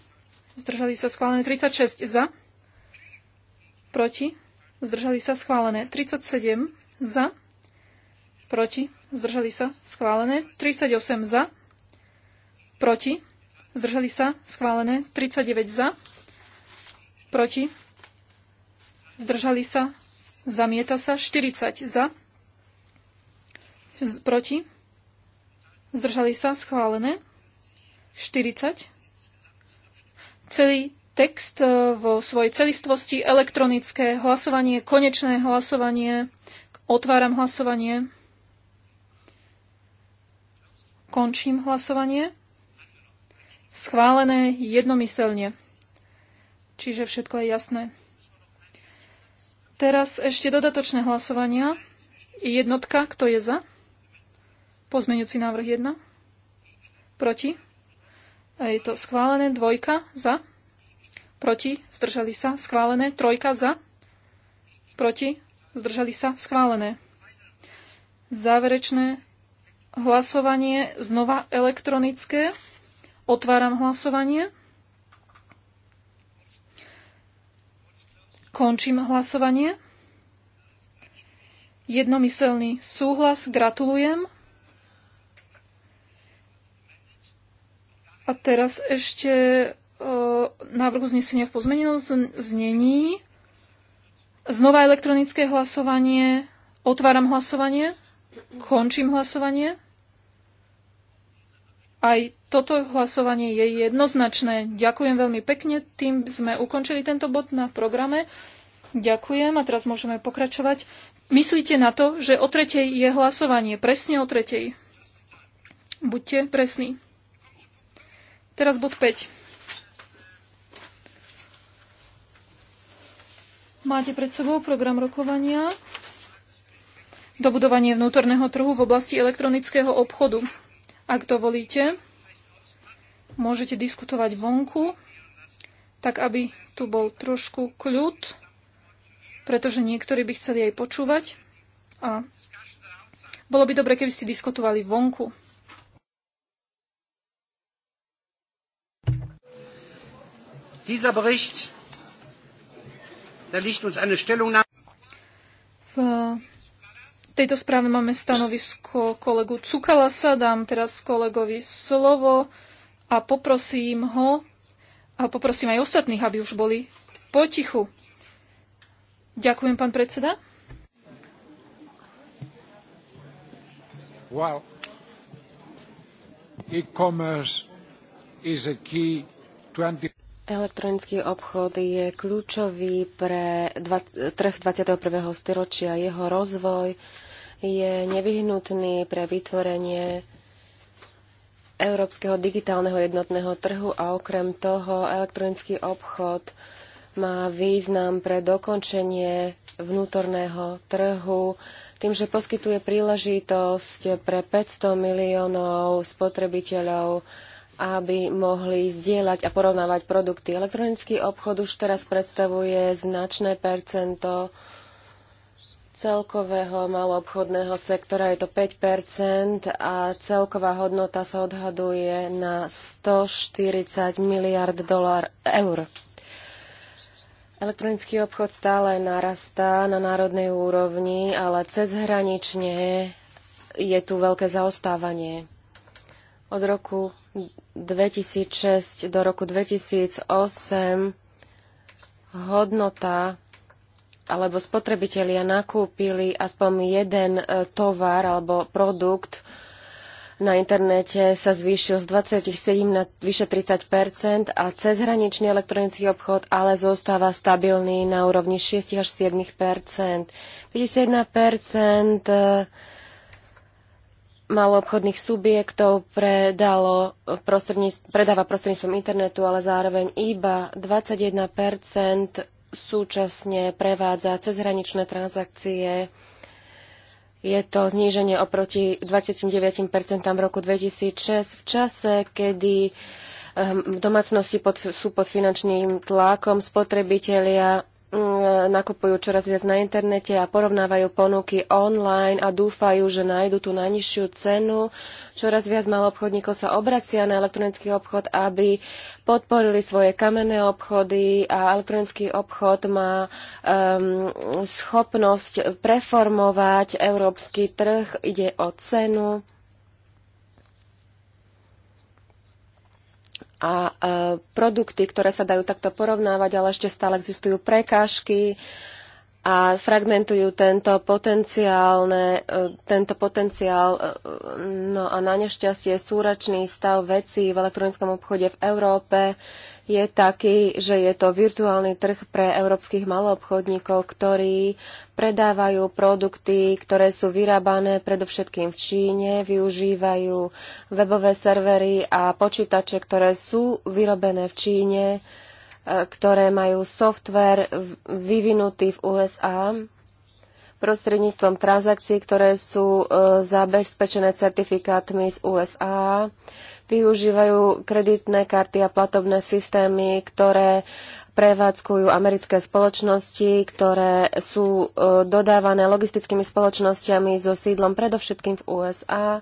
Zdržali sa. Schválené. 36 za. Proti. Zdržali sa. Schválené. 37 za. Proti. Zdržali sa. Schválené. 38 za. Proti. Zdržali sa. Schválené. 39 za proti, zdržali sa, zamieta sa, 40 za, proti, zdržali sa, schválené, 40. Celý text e, vo svojej celistvosti, elektronické hlasovanie, konečné hlasovanie, otváram hlasovanie, končím hlasovanie, schválené jednomyselne. Čiže všetko je jasné. Teraz ešte dodatočné hlasovania. Jednotka, kto je za? Pozmeňujúci návrh 1. Proti? Je to schválené. Dvojka za? Proti? Zdržali sa? Schválené. Trojka za? Proti? Zdržali sa? Schválené. Záverečné hlasovanie znova elektronické. Otváram hlasovanie. Končím hlasovanie. Jednomyselný súhlas. Gratulujem. A teraz ešte e, návrh uznesenia v pozmenenom znení. Znova elektronické hlasovanie. Otváram hlasovanie. Končím hlasovanie. Aj toto hlasovanie je jednoznačné. Ďakujem veľmi pekne. Tým sme ukončili tento bod na programe. Ďakujem a teraz môžeme pokračovať. Myslíte na to, že o tretej je hlasovanie. Presne o tretej. Buďte presní. Teraz bod 5. Máte pred sebou program rokovania. Dobudovanie vnútorného trhu v oblasti elektronického obchodu. Ak dovolíte, môžete diskutovať vonku, tak aby tu bol trošku kľud, pretože niektorí by chceli aj počúvať. A bolo by dobre, keby ste diskutovali vonku. Dieser Bericht, da liegt uns eine Stellungnahme. V tejto správe máme stanovisko kolegu Cukalasa, dám teraz kolegovi slovo a poprosím ho a poprosím aj ostatných, aby už boli potichu. Ďakujem, pán predseda. Well, e-commerce is a key 20... Elektronický obchod je kľúčový pre dva, trh 21. storočia. Jeho rozvoj je nevyhnutný pre vytvorenie európskeho digitálneho jednotného trhu a okrem toho elektronický obchod má význam pre dokončenie vnútorného trhu tým, že poskytuje príležitosť pre 500 miliónov spotrebiteľov, aby mohli zdieľať a porovnávať produkty. Elektronický obchod už teraz predstavuje značné percento celkového maloobchodného sektora je to 5 a celková hodnota sa odhaduje na 140 miliard dolár eur. Elektronický obchod stále narastá na národnej úrovni, ale cezhranične je tu veľké zaostávanie. Od roku 2006 do roku 2008 hodnota alebo spotrebitelia nakúpili aspoň jeden e, tovar alebo produkt na internete sa zvýšil z 27 na vyše 30 a cezhraničný elektronický obchod ale zostáva stabilný na úrovni 6 až 7 51 obchodných subjektov predalo prostredníc, predáva prostredníctvom internetu, ale zároveň iba 21 súčasne prevádza cezhraničné transakcie. Je to zníženie oproti 29% v roku 2006 v čase, kedy ehm, domácnosti pod, sú pod finančným tlakom, spotrebitelia mm, nakupujú čoraz viac na internete a porovnávajú ponuky online a dúfajú, že nájdu tú najnižšiu cenu. Čoraz viac obchodníkov sa obracia na elektronický obchod, aby podporili svoje kamenné obchody a elektronický obchod má um, schopnosť preformovať európsky trh, ide o cenu a uh, produkty, ktoré sa dajú takto porovnávať, ale ešte stále existujú prekážky. Uh, a fragmentujú tento, potenciálne, e, tento potenciál. E, no a na nešťastie súračný stav vecí v elektronickom obchode v Európe je taký, že je to virtuálny trh pre európskych maloobchodníkov, ktorí predávajú produkty, ktoré sú vyrábané predovšetkým v Číne, využívajú webové servery a počítače, ktoré sú vyrobené v Číne ktoré majú software vyvinutý v USA prostredníctvom transakcií, ktoré sú e, zabezpečené certifikátmi z USA. Využívajú kreditné karty a platobné systémy, ktoré prevádzkujú americké spoločnosti, ktoré sú e, dodávané logistickými spoločnosťami so sídlom predovšetkým v USA.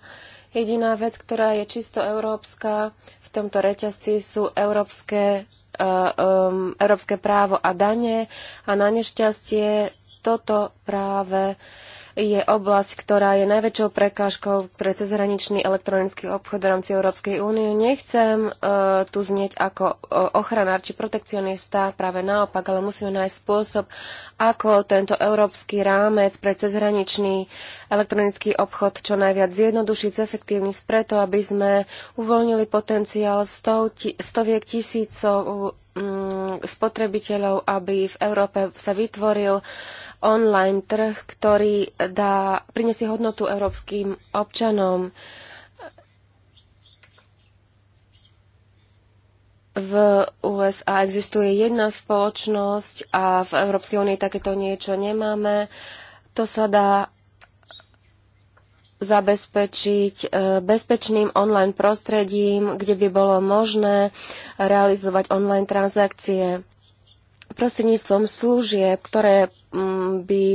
Jediná vec, ktorá je čisto európska v tomto reťazci, sú európske E, európske právo a dane a na nešťastie toto práve je oblasť, ktorá je najväčšou prekážkou pre cezhraničný elektronický obchod v rámci Európskej únie. Nechcem uh, tu znieť ako uh, ochranár či protekcionista, práve naopak, ale musíme nájsť spôsob, ako tento európsky rámec pre cezhraničný elektronický obchod čo najviac zjednodušiť, zefektívniť preto, aby sme uvoľnili potenciál stov, stoviek tisícov Mm, spotrebiteľov, aby v Európe sa vytvoril online trh, ktorý dá, prinesie hodnotu európskym občanom. V USA existuje jedna spoločnosť a v Európskej únii takéto niečo nemáme. To sa dá zabezpečiť e, bezpečným online prostredím, kde by bolo možné realizovať online transakcie prostredníctvom služieb, ktoré mm, by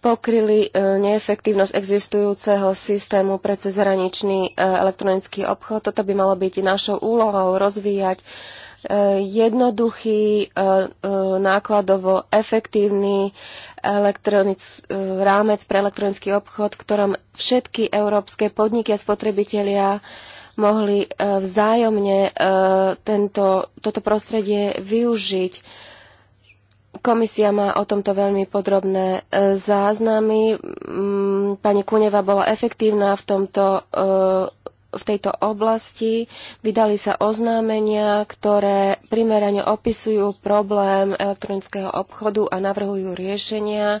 pokryli e, neefektívnosť existujúceho systému pre cezhraničný e, elektronický obchod. Toto by malo byť našou úlohou rozvíjať jednoduchý, e, e, nákladovo efektívny e, rámec pre elektronický obchod, v ktorom všetky európske podniky a spotrebitelia mohli vzájomne tento, toto prostredie využiť. Komisia má o tomto veľmi podrobné záznamy. Mm, pani Kuneva bola efektívna v tomto v tejto oblasti. Vydali sa oznámenia, ktoré primerane opisujú problém elektronického obchodu a navrhujú riešenia.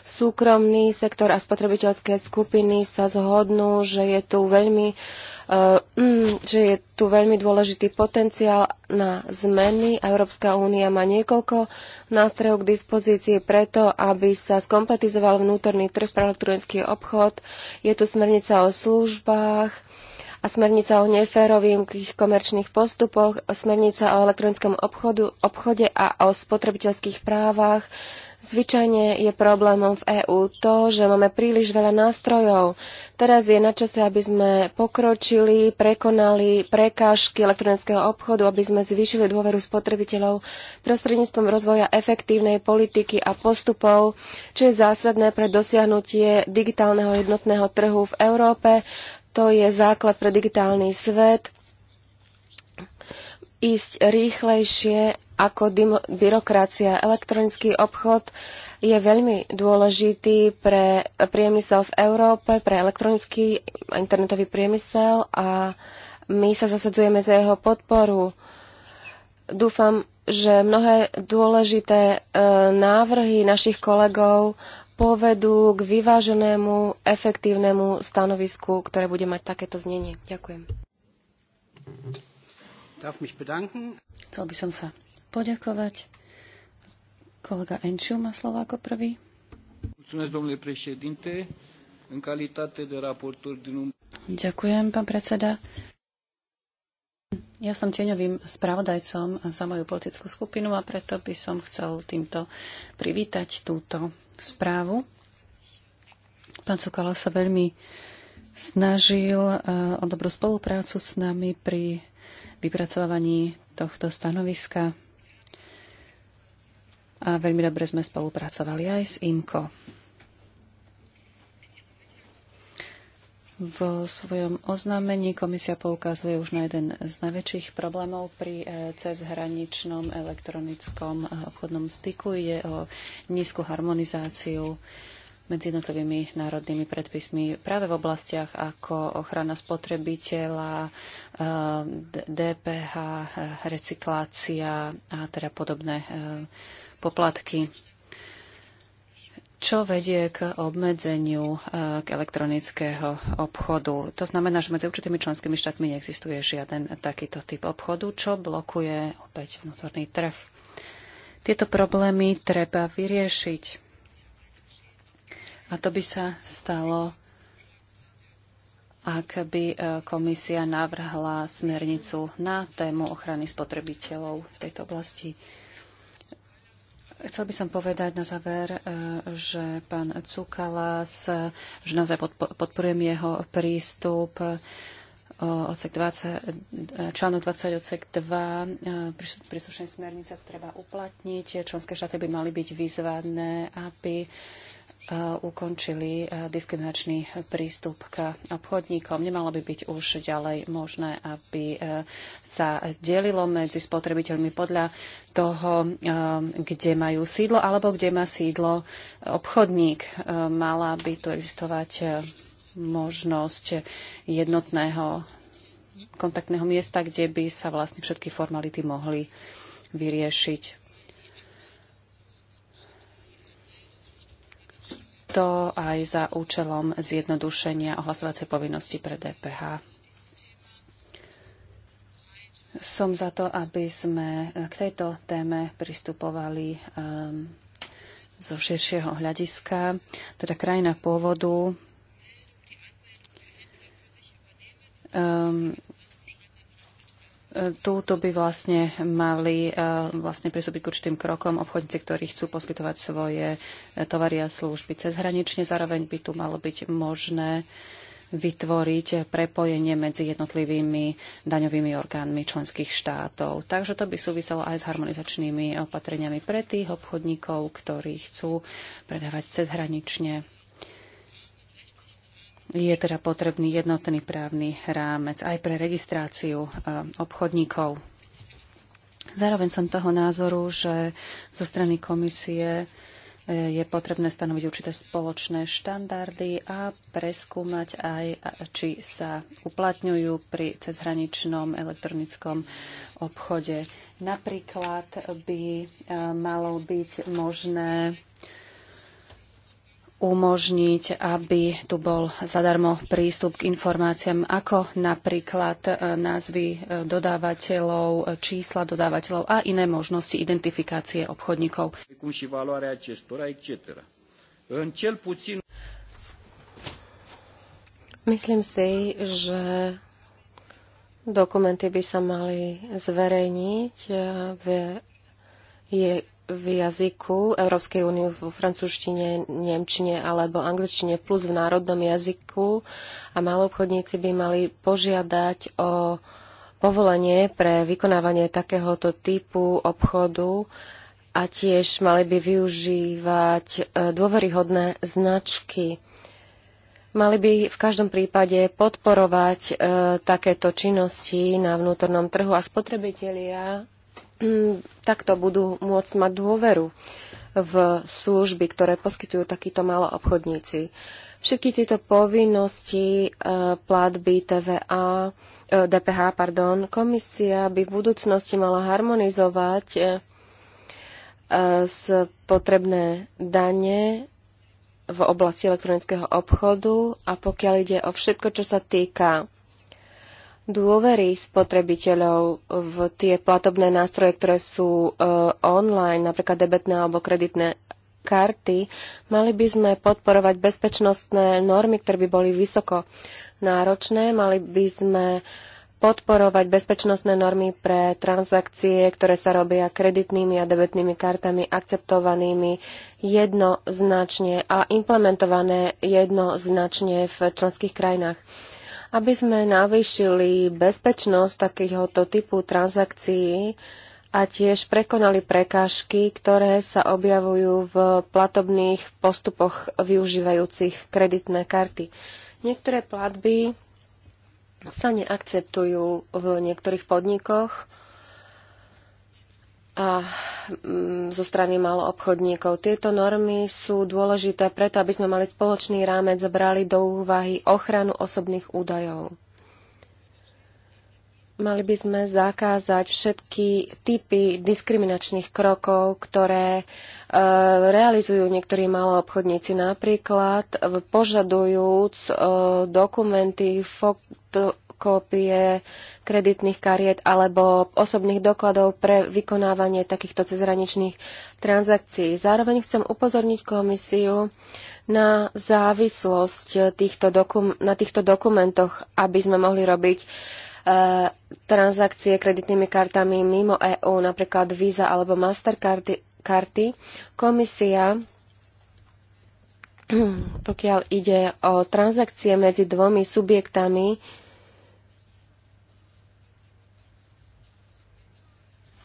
Súkromný sektor a spotrebiteľské skupiny sa zhodnú, že je tu veľmi e, mm, že je tu veľmi dôležitý potenciál na zmeny. Európska únia má niekoľko nástrojov k dispozícii preto, aby sa skompletizoval vnútorný trh pre elektronický obchod. Je tu smernica o službách, a smernica o neférových komerčných postupoch, smernica o elektronickom obchodu, obchode a o spotrebiteľských právach. Zvyčajne je problémom v EÚ to, že máme príliš veľa nástrojov. Teraz je na čase, aby sme pokročili, prekonali prekážky elektronického obchodu, aby sme zvýšili dôveru spotrebiteľov prostredníctvom rozvoja efektívnej politiky a postupov, čo je zásadné pre dosiahnutie digitálneho jednotného trhu v Európe to je základ pre digitálny svet. Ísť rýchlejšie ako byrokracia. Elektronický obchod je veľmi dôležitý pre priemysel v Európe, pre elektronický a internetový priemysel a my sa zasadzujeme za jeho podporu. Dúfam, že mnohé dôležité e, návrhy našich kolegov povedú k vyváženému, efektívnemu stanovisku, ktoré bude mať takéto znenie. Ďakujem. Chcel by som sa poďakovať. Kolega Enčiu má slovo ako prvý. Ďakujem, pán predseda. Ja som tieňovým spravodajcom za moju politickú skupinu a preto by som chcel týmto privítať túto správu. Pán Cukala sa veľmi snažil eh, o dobrú spoluprácu s nami pri vypracovaní tohto stanoviska a veľmi dobre sme spolupracovali aj s IMCO. Vo svojom oznámení komisia poukazuje už na jeden z najväčších problémov pri e, cezhraničnom elektronickom e, obchodnom styku. je o nízku harmonizáciu medzi jednotlivými národnými predpismi práve v oblastiach ako ochrana spotrebiteľa, e, DPH, recyklácia a teda podobné poplatky čo vedie k obmedzeniu e, k elektronického obchodu. To znamená, že medzi určitými členskými štátmi neexistuje žiaden takýto typ obchodu, čo blokuje opäť vnútorný trh. Tieto problémy treba vyriešiť. A to by sa stalo, ak by e, komisia navrhla smernicu na tému ochrany spotrebiteľov v tejto oblasti. Chcel by som povedať na záver, e, že pán Cukalas, e, že naozaj podporujem jeho prístup e, odsek 20, článok 20 odsek 2 príslušnej smernice treba uplatniť. Členské štáty by mali byť vyzvané, aby Eh, ukončili eh, diskriminačný prístup k obchodníkom. Nemalo by byť už ďalej možné, aby eh, sa delilo medzi spotrebiteľmi podľa toho, kde majú sídlo alebo kde má sídlo obchodník. Mala by tu existovať možnosť jednotného kontaktného miesta, kde by sa vlastne všetky formality mohli vyriešiť. to aj za účelom zjednodušenia ohlasovacej povinnosti pre DPH. Som za to, aby sme k tejto téme pristupovali um, zo širšieho hľadiska, teda krajina pôvodu um, Túto by vlastne mali eh, vlastne prisúbiť k určitým krokom obchodníci, ktorí chcú poskytovať svoje eh, tovary a služby cezhranične. Zároveň by tu malo byť možné vytvoriť prepojenie medzi jednotlivými daňovými orgánmi členských štátov. Takže to by súviselo aj s harmonizačnými opatreniami pre tých obchodníkov, ktorí chcú predávať cezhranične je teda potrebný jednotný právny rámec aj pre registráciu e, obchodníkov. Zároveň som toho názoru, že zo strany komisie e, je potrebné stanoviť určité spoločné štandardy a preskúmať aj, e, či sa uplatňujú pri cezhraničnom elektronickom obchode. Napríklad by malo byť možné umožniť, aby tu bol zadarmo prístup k informáciám, ako napríklad e, názvy e, dodávateľov, e, čísla dodávateľov a iné možnosti identifikácie obchodníkov. Myslím si, že dokumenty by sa mali zverejniť v je v jazyku Európskej únie vo francúzštine, nemčine alebo angličtine plus v národnom jazyku a maloobchodníci by mali požiadať o povolenie pre vykonávanie takéhoto typu obchodu a tiež mali by využívať e, dôveryhodné značky. Mali by v každom prípade podporovať e, takéto činnosti na vnútornom trhu a spotrebitelia Mm, takto budú môcť mať dôveru v služby, ktoré poskytujú takíto obchodníci. Všetky tieto povinnosti, e, platby, TVA, e, DPH, pardon, komisia by v budúcnosti mala harmonizovať e, s potrebné dane v oblasti elektronického obchodu a pokiaľ ide o všetko, čo sa týka dôvery spotrebiteľov v tie platobné nástroje, ktoré sú e, online, napríklad debetné alebo kreditné karty, mali by sme podporovať bezpečnostné normy, ktoré by boli vysoko náročné. Mali by sme podporovať bezpečnostné normy pre transakcie, ktoré sa robia kreditnými a debetnými kartami akceptovanými jednoznačne a implementované jednoznačne v členských krajinách aby sme navýšili bezpečnosť takéhoto typu transakcií a tiež prekonali prekážky, ktoré sa objavujú v platobných postupoch využívajúcich kreditné karty. Niektoré platby sa neakceptujú v niektorých podnikoch a mm, zo strany maloobchodníkov. Tieto normy sú dôležité preto, aby sme mali spoločný rámec, brali do úvahy ochranu osobných údajov. Mali by sme zakázať všetky typy diskriminačných krokov, ktoré e, realizujú niektorí maloobchodníci. Napríklad požadujúc e, dokumenty, to, kópie kreditných kariet alebo osobných dokladov pre vykonávanie takýchto cezhraničných transakcií. Zároveň chcem upozorniť komisiu na závislosť týchto dokum- na týchto dokumentoch, aby sme mohli robiť e, transakcie kreditnými kartami mimo EÚ, napríklad Visa alebo Mastercardy. Karty. Komisia pokiaľ ide o transakcie medzi dvomi subjektami,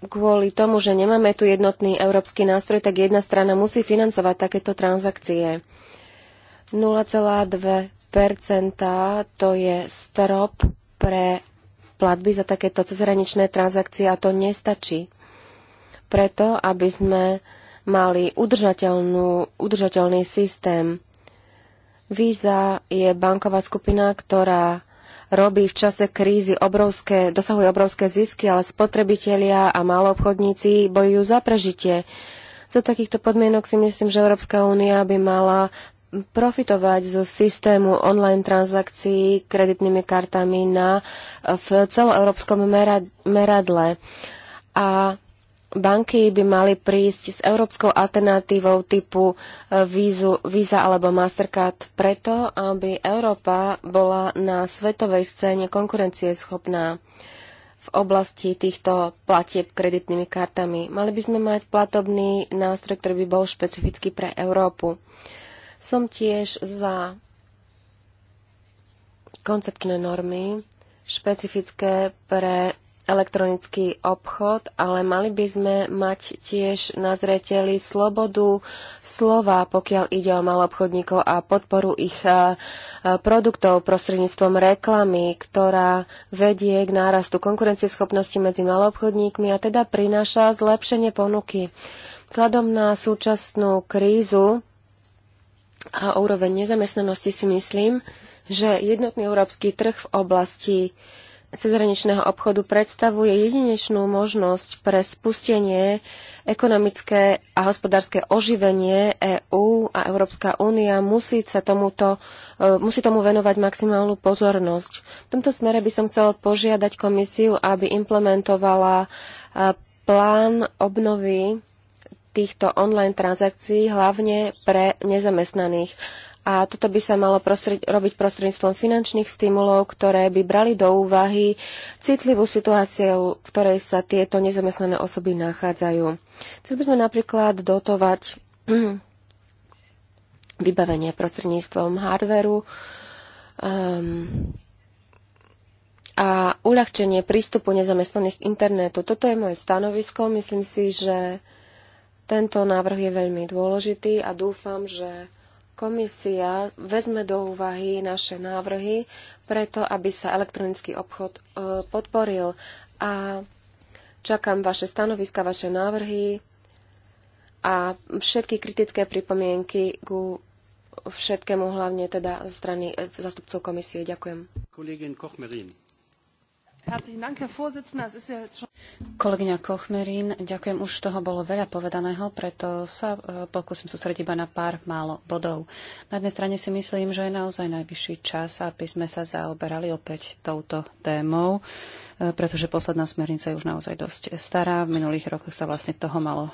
kvôli tomu, že nemáme tu jednotný európsky nástroj, tak jedna strana musí financovať takéto transakcie. 0,2 to je strop pre platby za takéto cezhraničné transakcie a to nestačí. Preto, aby sme mali udržateľný systém. Visa je banková skupina, ktorá robí v čase krízy obrovské, dosahuje obrovské zisky, ale spotrebitelia a maloobchodníci bojujú za prežitie. Za takýchto podmienok si myslím, že Európska únia by mala profitovať zo systému online transakcií kreditnými kartami na, v celoeurópskom meradle. A banky by mali prísť s európskou alternatívou typu e, vízu, Visa alebo Mastercard preto, aby Európa bola na svetovej scéne konkurencieschopná v oblasti týchto platieb kreditnými kartami. Mali by sme mať platobný nástroj, ktorý by bol špecifický pre Európu. Som tiež za koncepčné normy špecifické pre elektronický obchod, ale mali by sme mať tiež na zreteli slobodu slova, pokiaľ ide o malobchodníkov a podporu ich produktov prostredníctvom reklamy, ktorá vedie k nárastu konkurencieschopnosti medzi malobchodníkmi a teda prináša zlepšenie ponuky. Vzhľadom na súčasnú krízu a úroveň nezamestnanosti si myslím, že jednotný európsky trh v oblasti cezhraničného obchodu predstavuje jedinečnú možnosť pre spustenie ekonomické a hospodárske oživenie EÚ a Európska únia musí, sa tomuto, e, musí tomu venovať maximálnu pozornosť. V tomto smere by som chcel požiadať komisiu, aby implementovala e, plán obnovy týchto online transakcií, hlavne pre nezamestnaných. A toto by sa malo prostred, robiť prostredníctvom finančných stimulov, ktoré by brali do úvahy citlivú situáciu, v ktorej sa tieto nezamestnané osoby nachádzajú. Chceli by sme napríklad dotovať vybavenie prostredníctvom hardveru um, a uľahčenie prístupu nezamestnaných k internetu. Toto je moje stanovisko. Myslím si, že tento návrh je veľmi dôležitý a dúfam, že Komisia vezme do úvahy naše návrhy preto, aby sa elektronický obchod e, podporil. A čakám vaše stanoviska, vaše návrhy a všetky kritické pripomienky ku všetkému, hlavne teda zo strany e, zastupcov komisie. Ďakujem. Kolegyňa Kochmerín, ďakujem, už toho bolo veľa povedaného, preto sa e, pokúsim sústrediť iba na pár málo bodov. Na jednej strane si myslím, že je naozaj najvyšší čas, aby sme sa zaoberali opäť touto témou, e, pretože posledná smernica je už naozaj dosť stará. V minulých rokoch sa vlastne toho malo e,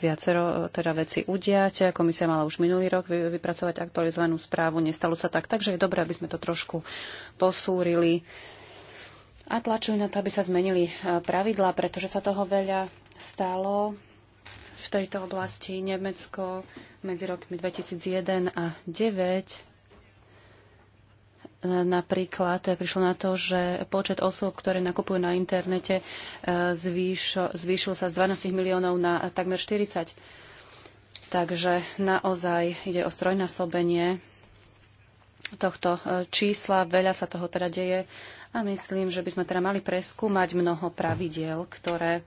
viacero teda veci udiať. Komisia mala už minulý rok vypracovať aktualizovanú správu, nestalo sa tak, takže je dobré, aby sme to trošku posúrili a tlačujú na to, aby sa zmenili e, pravidlá, pretože sa toho veľa stalo v tejto oblasti. Nemecko medzi rokmi 2001 a 2009 e, napríklad e, prišlo na to, že počet osôb, ktoré nakupujú na internete, zvýšil, zvýšil sa z 12 miliónov na takmer 40. Takže naozaj ide o strojnásobenie tohto čísla. Veľa sa toho teda deje a myslím, že by sme teda mali preskúmať mnoho pravidiel, ktoré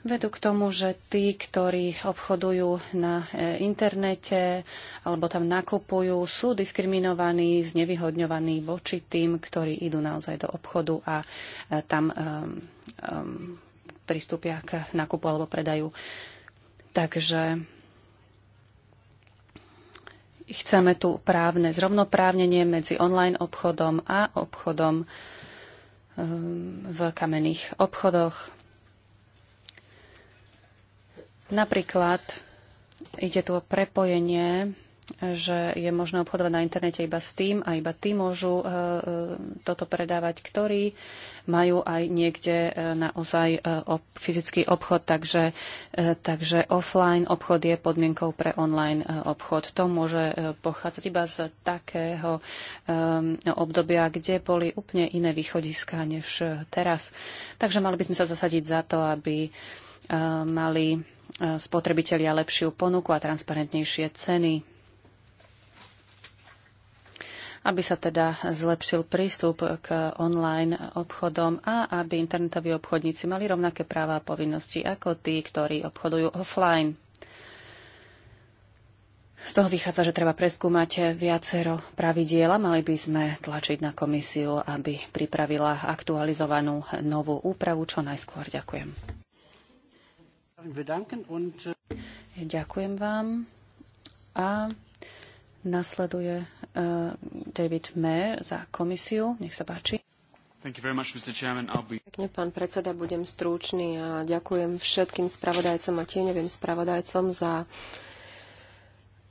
vedú k tomu, že tí, ktorí obchodujú na e, internete alebo tam nakupujú, sú diskriminovaní, znevýhodňovaní voči tým, ktorí idú naozaj do obchodu a e, tam um, um, pristúpia k nakupu alebo predaju. Takže Chceme tu právne zrovnoprávnenie medzi online obchodom a obchodom um, v kamenných obchodoch. Napríklad ide tu o prepojenie že je možné obchodovať na internete iba s tým a iba tí môžu e, e, toto predávať, ktorí majú aj niekde e, naozaj fyzický obchod, takže, takže offline obchod je podmienkou pre online obchod. To môže pochádzať iba z takého obdobia, kde boli úplne iné východiska než teraz. Takže mali by sme sa zasadiť za to, aby mali spotrebitelia lepšiu ponuku a transparentnejšie ceny aby sa teda zlepšil prístup k online obchodom a aby internetoví obchodníci mali rovnaké práva a povinnosti ako tí, ktorí obchodujú offline. Z toho vychádza, že treba preskúmať viacero pravidiel a mali by sme tlačiť na komisiu, aby pripravila aktualizovanú novú úpravu čo najskôr. Ďakujem. Äh, Ďakujem vám. A Nasleduje eh, David Mayer za komisiu. Nech sa páči. Much, be... Pekne, pán predseda, budem stručný a ďakujem všetkým spravodajcom a tieňovým spravodajcom za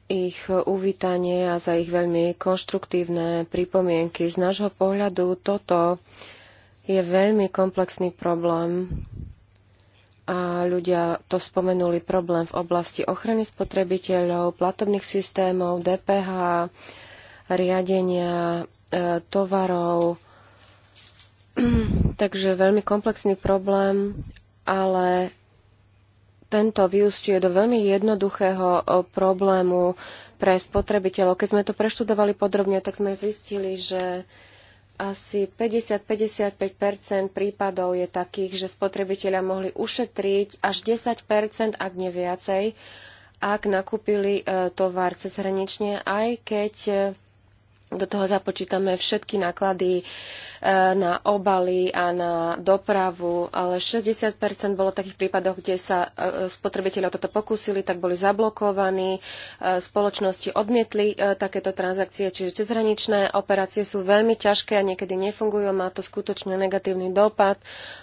ich uvítanie a za ich veľmi konštruktívne pripomienky. Z nášho pohľadu toto je veľmi komplexný problém, a ľudia to spomenuli problém v oblasti ochrany spotrebiteľov, platobných systémov, DPH, riadenia e, tovarov. Takže veľmi komplexný problém, ale tento vyústiuje do veľmi jednoduchého e, problému pre spotrebiteľov. Keď sme to preštudovali podrobne, tak sme zistili, že asi 50-55 prípadov je takých, že spotrebitelia mohli ušetriť až 10 ak nie viacej, ak nakúpili e, tovar cezhranične, aj keď e, do toho započítame všetky náklady e, na obaly a na dopravu, ale 60% bolo takých prípadoch, kde sa e, spotrebitelia toto pokúsili, tak boli zablokovaní, e, spoločnosti odmietli takéto transakcie, čiže cezhraničné operácie sú veľmi ťažké a niekedy nefungujú, má to skutočne negatívny dopad,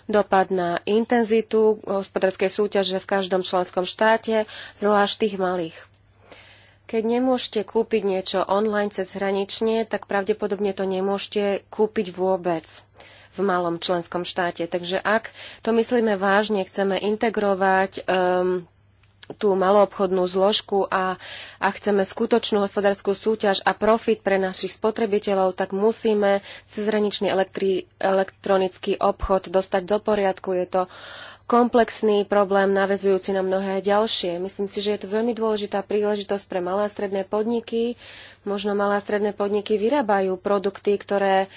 dopad na intenzitu hospodárskej súťaže v každom členskom štáte, zvlášť tých malých. Keď nemôžete kúpiť niečo online cez hranične, tak pravdepodobne to nemôžete kúpiť vôbec v malom členskom štáte. Takže ak to myslíme vážne, chceme integrovať um, tú maloobchodnú zložku a, a chceme skutočnú hospodárskú súťaž a profit pre našich spotrebiteľov, tak musíme cezhraničný elektri, elektronický obchod dostať do poriadku. Je to komplexný problém navezujúci na mnohé ďalšie. Myslím si, že je to veľmi dôležitá príležitosť pre malé a stredné podniky. Možno malé a stredné podniky vyrábajú produkty, ktoré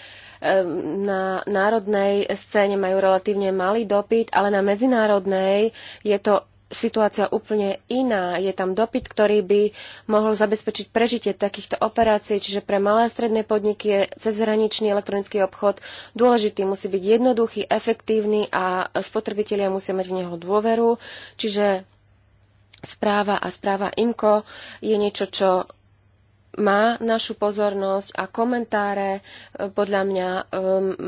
na národnej scéne majú relatívne malý dopyt, ale na medzinárodnej je to situácia úplne iná. Je tam dopyt, ktorý by mohol zabezpečiť prežitie takýchto operácií, čiže pre malé a stredné podniky je cezhraničný elektronický obchod dôležitý. Musí byť jednoduchý, efektívny a spotrebitelia musia mať v neho dôveru. Čiže správa a správa IMCO je niečo, čo má našu pozornosť a komentáre e, podľa mňa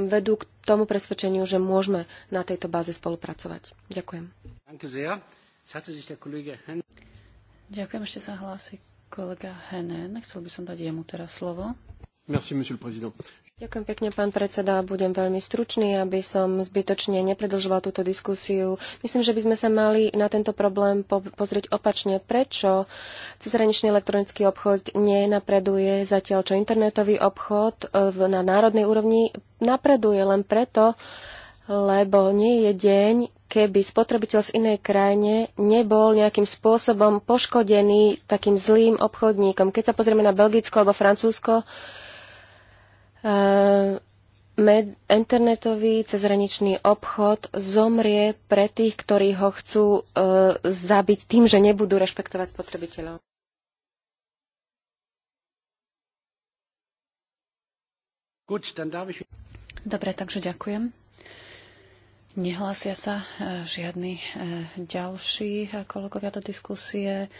vedú k tomu presvedčeniu, že môžeme na tejto báze spolupracovať. Ďakujem. Ďakujem, ešte sa hlási kolega Henen. Chcel by som dať jemu teraz slovo. Merci, monsieur le président. Ďakujem pekne, pán predseda. Budem veľmi stručný, aby som zbytočne nepredlžoval túto diskusiu. Myslím, že by sme sa mali na tento problém po- pozrieť opačne. Prečo cezhraničný elektronický obchod nenapreduje zatiaľ, čo internetový obchod e, v, na národnej úrovni napreduje len preto, lebo nie je deň, keby spotrebiteľ z inej krajine nebol nejakým spôsobom poškodený takým zlým obchodníkom. Keď sa pozrieme na Belgicko alebo Francúzsko, uh, med, internetový cezhraničný obchod zomrie pre tých, ktorí ho chcú e, zabiť tým, že nebudú rešpektovať spotrebiteľov. Dobre, takže ďakujem. Nehlásia sa e, žiadni e, ďalší e, kolegovia do diskusie.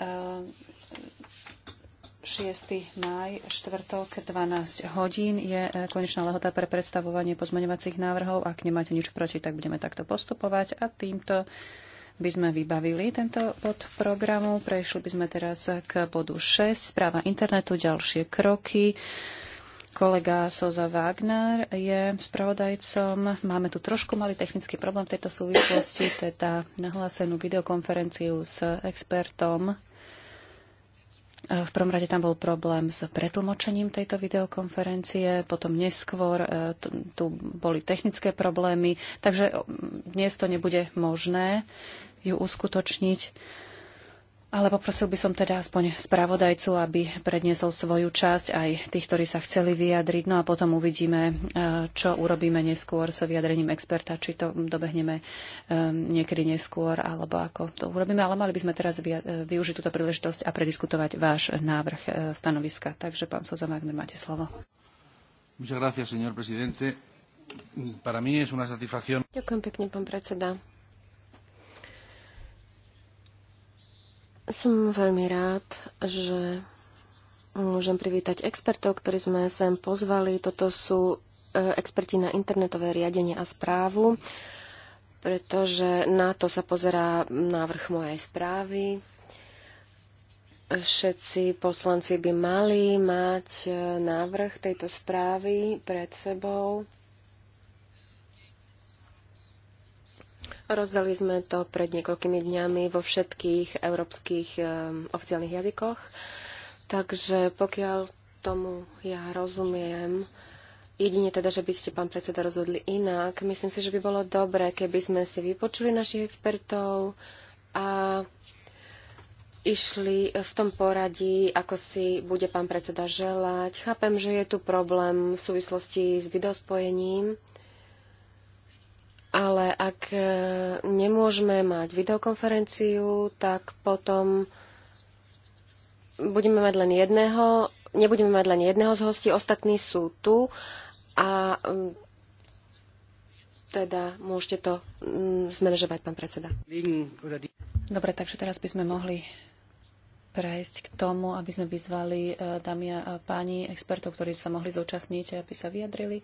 6. maj, štvrtok, 12 hodín je konečná lehota pre predstavovanie pozmeňovacích návrhov. Ak nemáte nič proti, tak budeme takto postupovať. A týmto by sme vybavili tento bod programu. Prešli by sme teraz k bodu 6, správa internetu, ďalšie kroky. Kolega Soza Wagner je spravodajcom. Máme tu trošku malý technický problém v tejto súvislosti, teda nahlásenú videokonferenciu s expertom. V prvom rade tam bol problém s pretlmočením tejto videokonferencie, potom neskôr e, tu boli technické problémy, takže dnes to nebude možné ju uskutočniť. Ale poprosil by som teda aspoň spravodajcu, aby predniesol svoju časť aj tých, ktorí sa chceli vyjadriť. No a potom uvidíme, e, čo urobíme neskôr so vyjadrením experta, či to dobehneme e, niekedy neskôr, alebo ako to urobíme. Ale mali by sme teraz e, využiť túto príležitosť a prediskutovať váš návrh stanoviska. Takže, pán Soza Wagner, máte slovo. Ďakujem pekne, pán predseda. Som veľmi rád, že môžem privítať expertov, ktorí sme sem pozvali. Toto sú e, experti na internetové riadenie a správu, pretože na to sa pozerá návrh mojej správy. Všetci poslanci by mali mať e, návrh tejto správy pred sebou. Rozdali sme to pred niekoľkými dňami vo všetkých európskych eh, oficiálnych jazykoch. Takže pokiaľ tomu ja rozumiem, jedine teda, že by ste, pán predseda, rozhodli inak, myslím si, že by bolo dobré, keby sme si vypočuli našich expertov a išli v tom poradí, ako si bude pán predseda želať. Chápem, že je tu problém v súvislosti s videospojením. Ale ak e, nemôžeme mať videokonferenciu, tak potom budeme mať len jedného, nebudeme mať len jedného z hostí, ostatní sú tu a teda môžete to zmanéžovať, pán predseda. Dobre, takže teraz by sme mohli prejsť k tomu, aby sme vyzvali e, dámy a páni expertov, ktorí sa mohli zúčastniť, aby sa vyjadrili.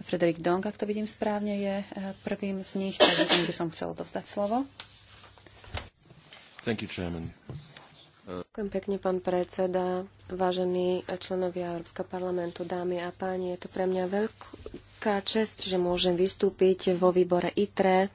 Frederik Dong, ak to vidím správne, je eh, prvým z nich, takže tomu by som chcel dovzdať slovo. Thank you, Chairman. Ďakujem pekne, pán predseda, vážení členovia Európskeho parlamentu, dámy a páni. Je to pre mňa veľká čest, že môžem vystúpiť vo výbore ITRE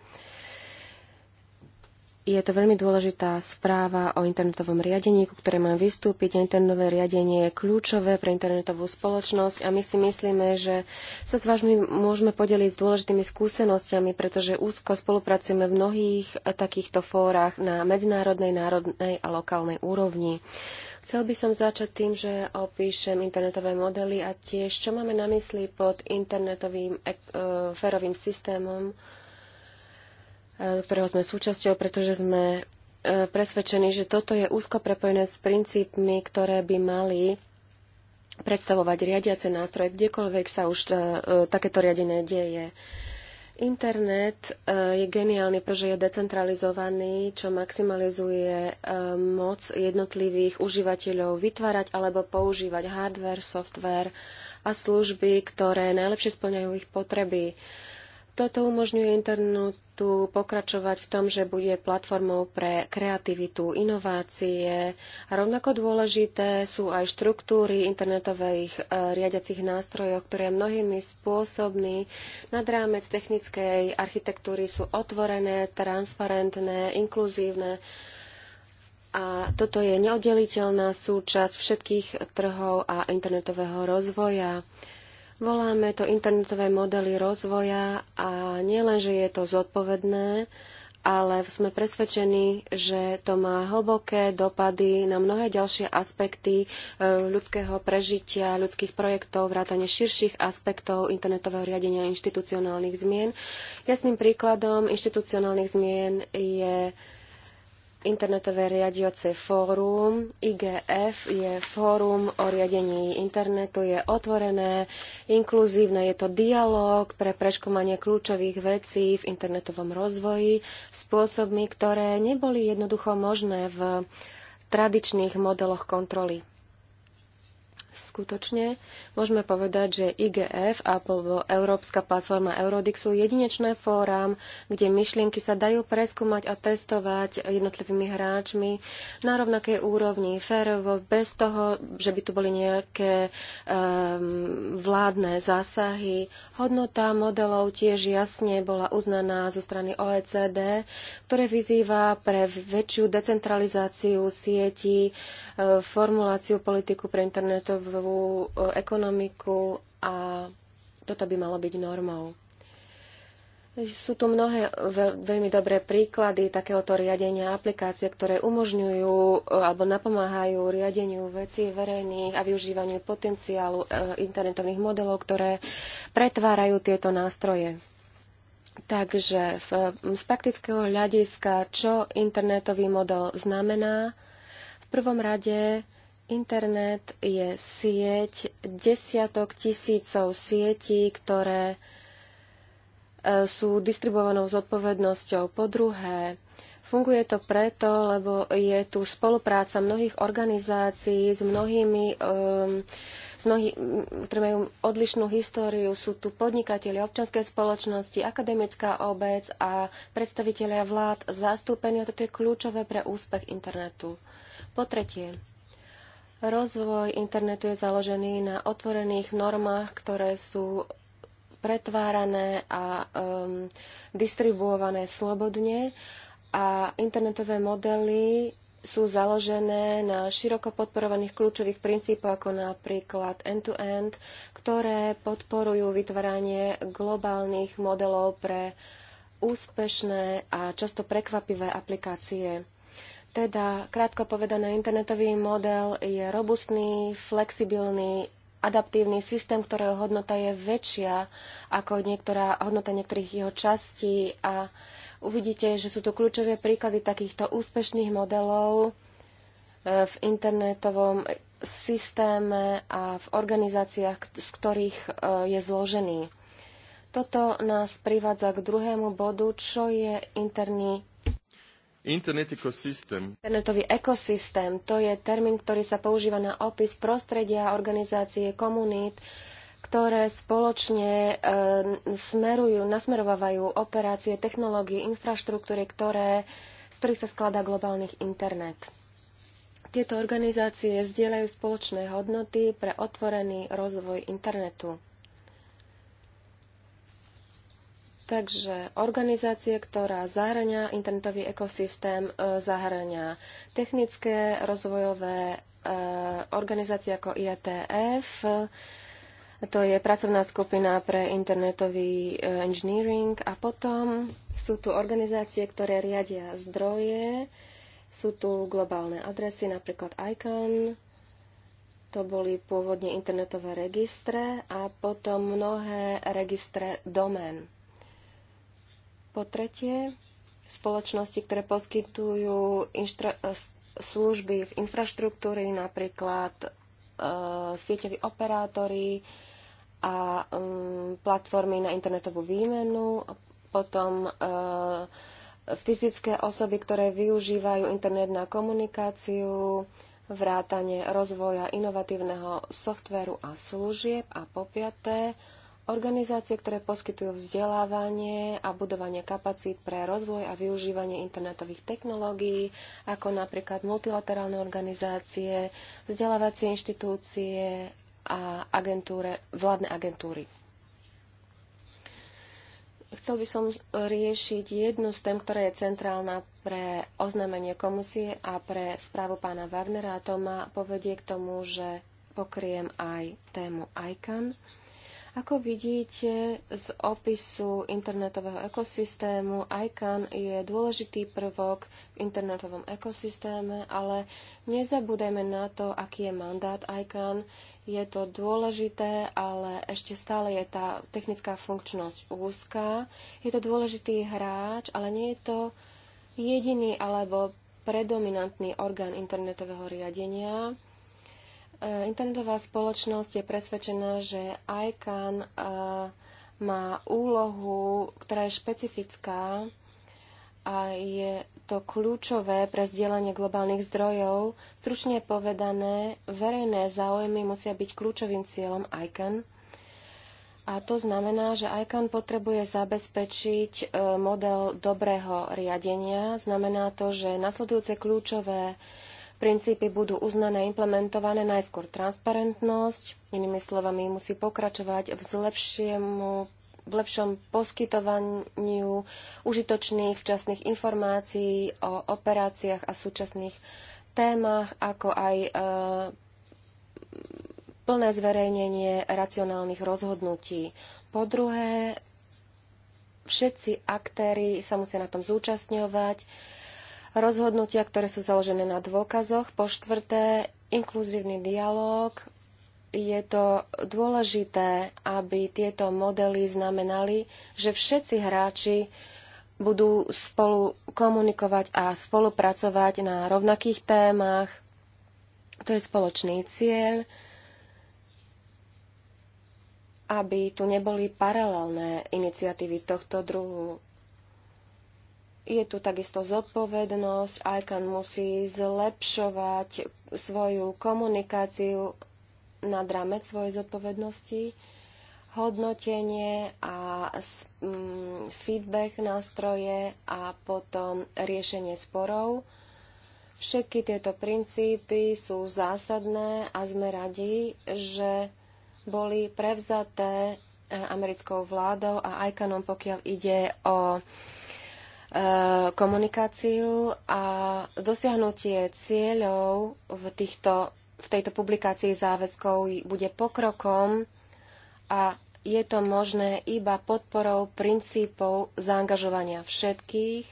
je to veľmi dôležitá správa o internetovom riadení, ku ktoré mám vystúpiť. Internetové riadenie je kľúčové pre internetovú spoločnosť a my si myslíme, že sa s vámi môžeme podeliť s dôležitými skúsenostiami, pretože úzko spolupracujeme v mnohých takýchto fórach na medzinárodnej, národnej a lokálnej úrovni. Chcel by som začať tým, že opíšem internetové modely a tiež, čo máme na mysli pod internetovým e, e férovým systémom, E, ktorého sme súčasťou, pretože sme e, presvedčení, že toto je úzko prepojené s princípmi, ktoré by mali predstavovať riadiace nástroje, kdekoľvek sa už e, takéto riadenie deje. Internet je geniálny, pretože je decentralizovaný, čo maximalizuje moc jednotlivých užívateľov vytvárať alebo používať hardware, software a služby, ktoré najlepšie splňajú ich potreby. Toto umožňuje internetu pokračovať v tom, že bude platformou pre kreativitu, inovácie. A rovnako dôležité sú aj štruktúry internetových e, riadiacich nástrojov, ktoré mnohými spôsobmi nad rámec technickej architektúry sú otvorené, transparentné, inkluzívne. A toto je neoddeliteľná súčasť všetkých trhov a internetového rozvoja. Voláme to internetové modely rozvoja a nielen, že je to zodpovedné, ale sme presvedčení, že to má hlboké dopady na mnohé ďalšie aspekty e, ľudského prežitia, ľudských projektov, vrátane širších aspektov internetového riadenia inštitucionálnych zmien. Jasným príkladom inštitucionálnych zmien je internetové riadiace fórum. IGF je fórum o riadení internetu, je otvorené, inkluzívne, je to dialog pre preškomanie kľúčových vecí v internetovom rozvoji spôsobmi, ktoré neboli jednoducho možné v tradičných modeloch kontroly skutočne môžeme povedať, že IGF a Európska platforma Eurodix sú jedinečné fórum, kde myšlienky sa dajú preskúmať a testovať jednotlivými hráčmi na rovnakej úrovni, férovo, bez toho, že by tu boli nejaké um, vládne zásahy. Hodnota modelov tiež jasne bola uznaná zo strany OECD, ktoré vyzýva pre väčšiu decentralizáciu sietí, e, formuláciu politiku pre internetovú trhovú e, ekonomiku a toto by malo byť normou. Sú tu mnohé veľmi dobré príklady takéhoto riadenia aplikácie, ktoré umožňujú e, alebo napomáhajú riadeniu vecí verejných a využívaniu potenciálu e, internetových modelov, ktoré pretvárajú tieto nástroje. Takže v, z praktického hľadiska, čo internetový model znamená, v prvom rade Internet je sieť desiatok tisícov sietí, ktoré e, sú distribuovanou zodpovednosťou. Po druhé, Funguje to preto, lebo je tu spolupráca mnohých organizácií s mnohými, s mnohý, ktoré majú odlišnú históriu. Sú tu podnikatelia občanskej spoločnosti, akademická obec a predstavitelia vlád zastúpenia. Toto je kľúčové pre úspech internetu. Po tretie, Rozvoj internetu je založený na otvorených normách, ktoré sú pretvárané a um, distribuované slobodne a internetové modely sú založené na široko podporovaných kľúčových princípoch, ako napríklad end-to-end, -end, ktoré podporujú vytváranie globálnych modelov pre úspešné a často prekvapivé aplikácie. Teda, krátko povedané, internetový model je robustný, flexibilný, adaptívny systém, ktorého hodnota je väčšia ako niektorá, hodnota niektorých jeho častí a uvidíte, že sú tu kľúčové príklady takýchto úspešných modelov e, v internetovom systéme a v organizáciách, z ktorých e, je zložený. Toto nás privádza k druhému bodu, čo je interný Internet ecosystem. Internetový ekosystém, to je termín, ktorý sa používa na opis prostredia, organizácie, komunít, ktoré spoločne e, smerujú, nasmerovávajú operácie, technológie, infraštruktúry, ktoré, z ktorých sa skladá globálny internet. Tieto organizácie zdieľajú spoločné hodnoty pre otvorený rozvoj internetu. Takže organizácie, ktorá zahrania internetový ekosystém, e, zahrania technické rozvojové e, organizácie ako IETF, to je pracovná skupina pre internetový e, engineering a potom sú tu organizácie, ktoré riadia zdroje, sú tu globálne adresy, napríklad ICANN, to boli pôvodne internetové registre a potom mnohé registre domén. Po tretie, spoločnosti, ktoré poskytujú e, služby v infraštruktúry, napríklad e, sieťoví operátori a e, platformy na internetovú výmenu, potom e, fyzické osoby, ktoré využívajú internet na komunikáciu, vrátanie rozvoja inovatívneho softvéru a služieb a po piaté, Organizácie, ktoré poskytujú vzdelávanie a budovanie kapacít pre rozvoj a využívanie internetových technológií, ako napríklad multilaterálne organizácie, vzdelávacie inštitúcie a agentúre, vládne agentúry. Chcel by som riešiť jednu z tém, ktorá je centrálna pre oznámenie komisie a pre správu pána Wagnera a to ma povedie k tomu, že pokriem aj tému ICANN. Ako vidíte z opisu internetového ekosystému, ICANN je dôležitý prvok v internetovom ekosystéme, ale nezabúdajme na to, aký je mandát ICANN. Je to dôležité, ale ešte stále je tá technická funkčnosť úzká. Je to dôležitý hráč, ale nie je to jediný alebo predominantný orgán internetového riadenia E, internetová spoločnosť je presvedčená, že ICANN e, má úlohu, ktorá je špecifická a je to kľúčové pre zdieľanie globálnych zdrojov. Stručne povedané, verejné záujmy musia byť kľúčovým cieľom ICANN. A to znamená, že ICANN potrebuje zabezpečiť e, model dobrého riadenia. Znamená to, že nasledujúce kľúčové princípy budú uznané a implementované najskôr transparentnosť, inými slovami musí pokračovať v zlepšiemu v lepšom poskytovaniu užitočných včasných informácií o operáciách a súčasných témach, ako aj e, plné zverejnenie racionálnych rozhodnutí. Po druhé, všetci aktéry sa musia na tom zúčastňovať, rozhodnutia, ktoré sú založené na dôkazoch. Po štvrté, inkluzívny dialog. Je to dôležité, aby tieto modely znamenali, že všetci hráči budú spolu komunikovať a spolupracovať na rovnakých témach. To je spoločný cieľ, aby tu neboli paralelné iniciatívy tohto druhu. Je tu takisto zodpovednosť, ICAN musí zlepšovať svoju komunikáciu nad rámec svojej zodpovednosti, hodnotenie a mm, feedback nástroje a potom riešenie sporov. Všetky tieto princípy sú zásadné a sme radi, že boli prevzaté eh, americkou vládou a ICANom, pokiaľ ide o komunikáciu a dosiahnutie cieľov v, týchto, v tejto publikácii záväzkov bude pokrokom a je to možné iba podporou princípov zaangažovania všetkých.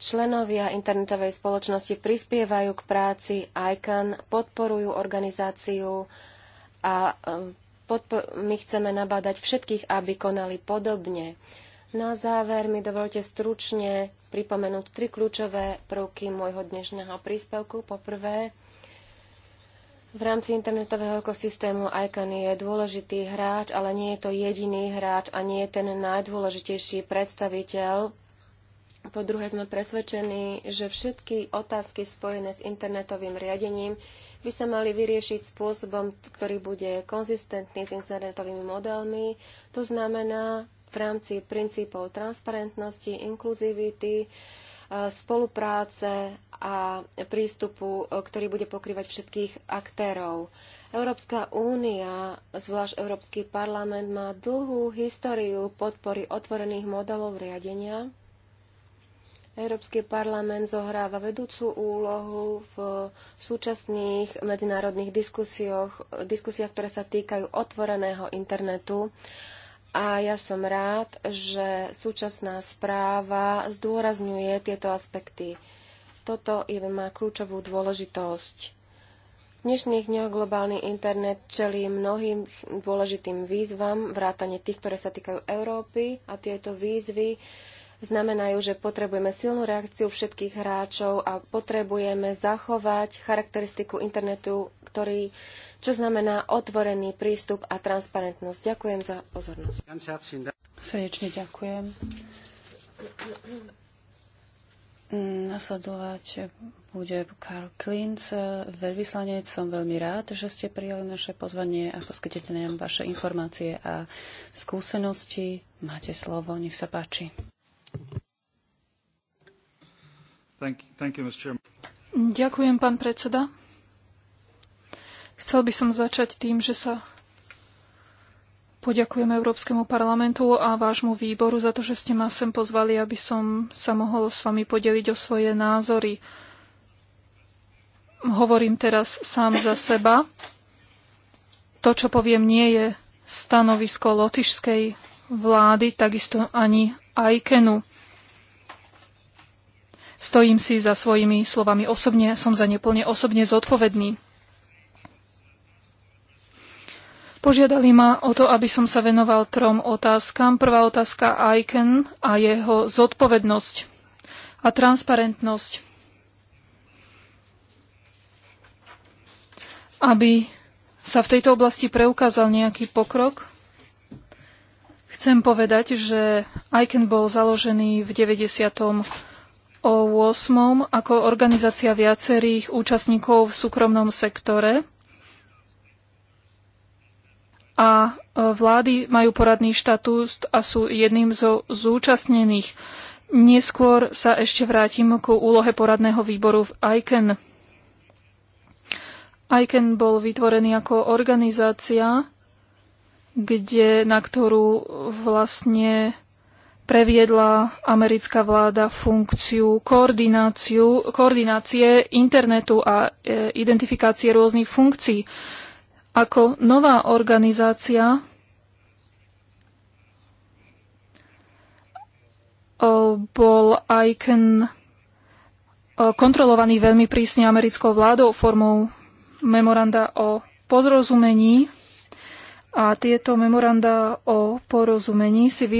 Členovia internetovej spoločnosti prispievajú k práci ICANN, podporujú organizáciu a e, podpor- my chceme nabádať všetkých, aby konali podobne. Na záver mi dovolte stručne pripomenúť tri kľúčové prvky môjho dnešného príspevku. Poprvé, v rámci internetového ekosystému ICON je dôležitý hráč, ale nie je to jediný hráč a nie je ten najdôležitejší predstaviteľ. Po druhé sme presvedčení, že všetky otázky spojené s internetovým riadením by sa mali vyriešiť spôsobom, ktorý bude konzistentný s internetovými modelmi. To znamená v rámci princípov transparentnosti, inkluzivity, e, spolupráce a prístupu, e, ktorý bude pokrývať všetkých aktérov. Európska únia, zvlášť Európsky parlament, má dlhú históriu podpory otvorených modelov riadenia. Európsky parlament zohráva vedúcu úlohu v súčasných medzinárodných diskusiách, ktoré sa týkajú otvoreného internetu a ja som rád, že súčasná správa zdôrazňuje tieto aspekty. Toto má kľúčovú dôležitosť. V dnešných dňoch globálny internet čelí mnohým dôležitým výzvam, vrátane tých, ktoré sa týkajú Európy a tieto výzvy znamenajú, že potrebujeme silnú reakciu všetkých hráčov a potrebujeme zachovať charakteristiku internetu, ktorý, čo znamená otvorený prístup a transparentnosť. Ďakujem za pozornosť. Srdečne ďakujem. Nasledovať bude Karl Klinc, veľvyslanec. Som veľmi rád, že ste prijali naše pozvanie a poskytete nám vaše informácie a skúsenosti. Máte slovo, nech sa páči. Ďakujem, pán predseda. Chcel by som začať tým, že sa poďakujem Európskemu parlamentu a vášmu výboru za to, že ste ma sem pozvali, aby som sa mohol s vami podeliť o svoje názory. Hovorím teraz sám za seba. To, čo poviem, nie je stanovisko lotyšskej vlády, takisto ani Aikenu. Stojím si za svojimi slovami osobne, som za ne plne osobne zodpovedný. Požiadali ma o to, aby som sa venoval trom otázkam. Prvá otázka ICAN a jeho zodpovednosť a transparentnosť. Aby sa v tejto oblasti preukázal nejaký pokrok, chcem povedať, že ICAN bol založený v 90 o 8. ako organizácia viacerých účastníkov v súkromnom sektore. A e, vlády majú poradný štatút a sú jedným zo zúčastnených. Neskôr sa ešte vrátim ku úlohe poradného výboru v ICANN. ICANN bol vytvorený ako organizácia, kde, na ktorú vlastne previedla americká vláda funkciu koordináciu, koordinácie internetu a e, identifikácie rôznych funkcií. Ako nová organizácia bol ICANN kontrolovaný veľmi prísne americkou vládou formou memoranda o porozumení a tieto memoranda o porozumení si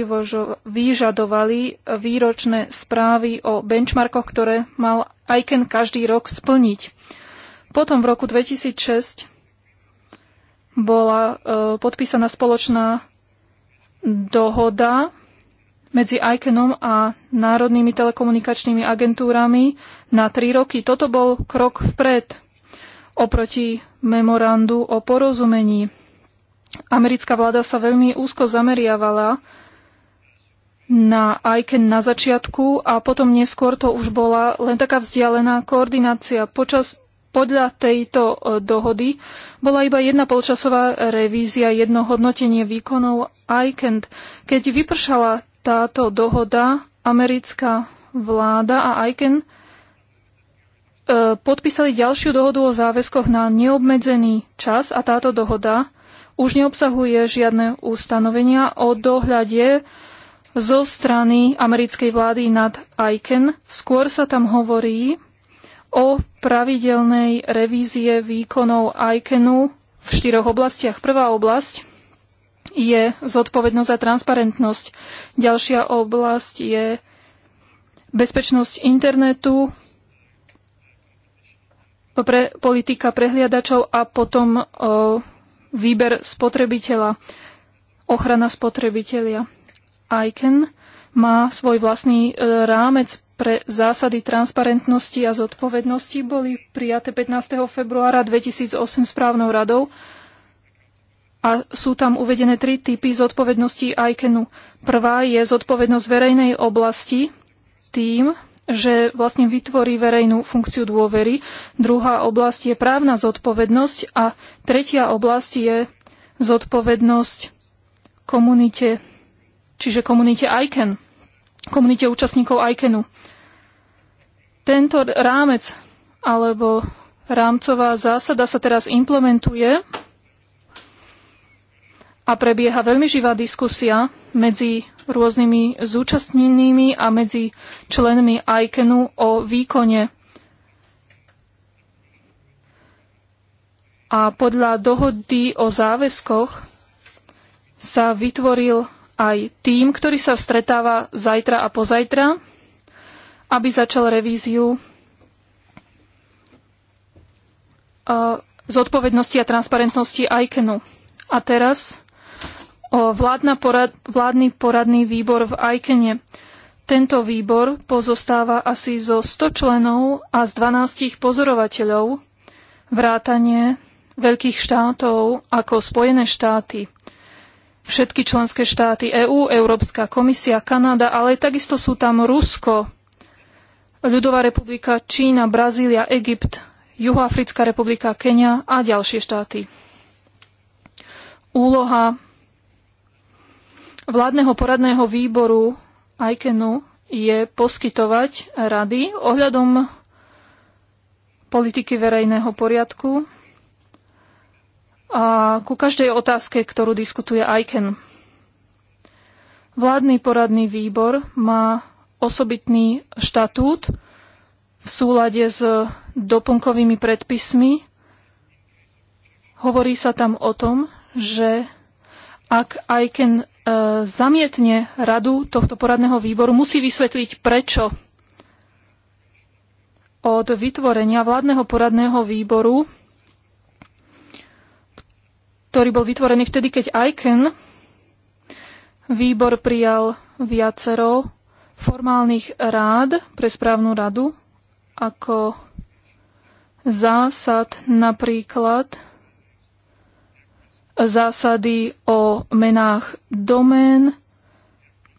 vyžadovali výročné správy o benchmarkoch, ktoré mal ICANN každý rok splniť. Potom v roku 2006 bola e, podpísaná spoločná dohoda medzi ICANNom a národnými telekomunikačnými agentúrami na tri roky. Toto bol krok vpred oproti memorandu o porozumení americká vláda sa veľmi úzko zameriavala na ICAN na začiatku a potom neskôr to už bola len taká vzdialená koordinácia. Počas podľa tejto e, dohody bola iba jedna polčasová revízia, jedno hodnotenie výkonov ICAN. Keď vypršala táto dohoda, americká vláda a ICAN e, podpísali ďalšiu dohodu o záväzkoch na neobmedzený čas a táto dohoda už neobsahuje žiadne ustanovenia o dohľade zo strany americkej vlády nad ICAN. Skôr sa tam hovorí o pravidelnej revízie výkonov ICANu v štyroch oblastiach. Prvá oblasť je zodpovednosť za transparentnosť. Ďalšia oblasť je bezpečnosť internetu, pre, politika prehliadačov a potom výber spotrebiteľa, ochrana spotrebitelia. ICANN má svoj vlastný e, rámec pre zásady transparentnosti a zodpovednosti. Boli prijaté 15. februára 2008 správnou radou a sú tam uvedené tri typy zodpovednosti ICANNu. Prvá je zodpovednosť verejnej oblasti tým, že vlastne vytvorí verejnú funkciu dôvery. Druhá oblasť je právna zodpovednosť a tretia oblasť je zodpovednosť komunite, čiže komunite ICAN, komunite účastníkov ICANu. Tento rámec alebo rámcová zásada sa teraz implementuje a prebieha veľmi živá diskusia medzi rôznymi zúčastnenými a medzi členmi ICANu o výkone. A podľa dohody o záväzkoch sa vytvoril aj tým, ktorý sa stretáva zajtra a pozajtra, aby začal revíziu eh, zodpovednosti a transparentnosti ICANu. A teraz vládna porad, vládny poradný výbor v Aikene. Tento výbor pozostáva asi zo 100 členov a z 12 pozorovateľov, vrátane veľkých štátov ako Spojené štáty, všetky členské štáty EÚ, Európska komisia, Kanada, ale takisto sú tam Rusko, Ľudová republika, Čína, Brazília, Egypt, Juhoafrická republika, Kenia a ďalšie štáty. Úloha vládneho poradného výboru ICANu je poskytovať rady ohľadom politiky verejného poriadku a ku každej otázke, ktorú diskutuje ICAN. Vládny poradný výbor má osobitný štatút v súlade s doplnkovými predpismi. Hovorí sa tam o tom, že ak ICAN E, zamietne radu tohto poradného výboru, musí vysvetliť prečo. Od vytvorenia vládneho poradného výboru, ktorý bol vytvorený vtedy, keď ICAN výbor prijal viacero formálnych rád pre správnu radu, ako zásad napríklad zásady o menách domén,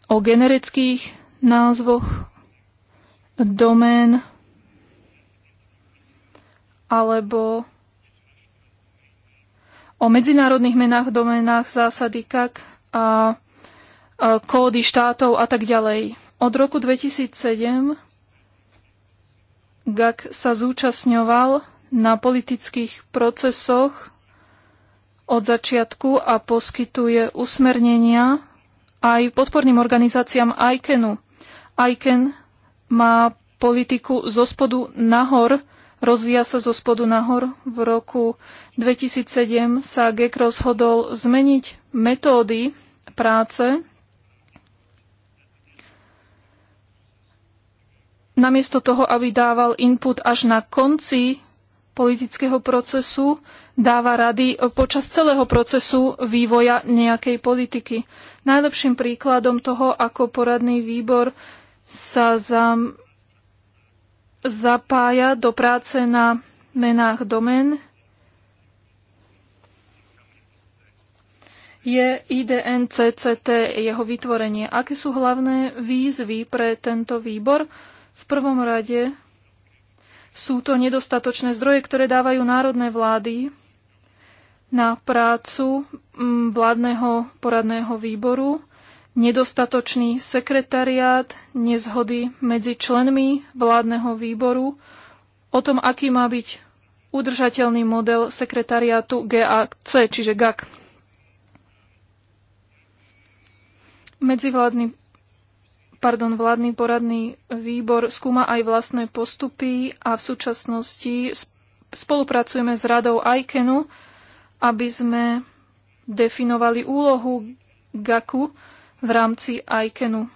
o generických názvoch domén alebo o medzinárodných menách, domenách, zásady KAK a kódy štátov a tak ďalej. Od roku 2007 GAK sa zúčastňoval na politických procesoch od začiatku a poskytuje usmernenia aj podporným organizáciám ICANu. ICAN má politiku zo spodu nahor, rozvíja sa zo spodu nahor. V roku 2007 sa GEC rozhodol zmeniť metódy práce. Namiesto toho, aby dával input až na konci politického procesu dáva rady počas celého procesu vývoja nejakej politiky. Najlepším príkladom toho, ako poradný výbor sa zapája do práce na menách domen, je IDNCCT, jeho vytvorenie. Aké sú hlavné výzvy pre tento výbor? V prvom rade sú to nedostatočné zdroje, ktoré dávajú národné vlády na prácu mm, vládneho poradného výboru, nedostatočný sekretariát, nezhody medzi členmi vládneho výboru o tom, aký má byť udržateľný model sekretariátu GAC, čiže GAC. Medzivládny pardon, vládny poradný výbor skúma aj vlastné postupy a v súčasnosti spolupracujeme s radou ICANu, aby sme definovali úlohu GAKu v rámci ICANu.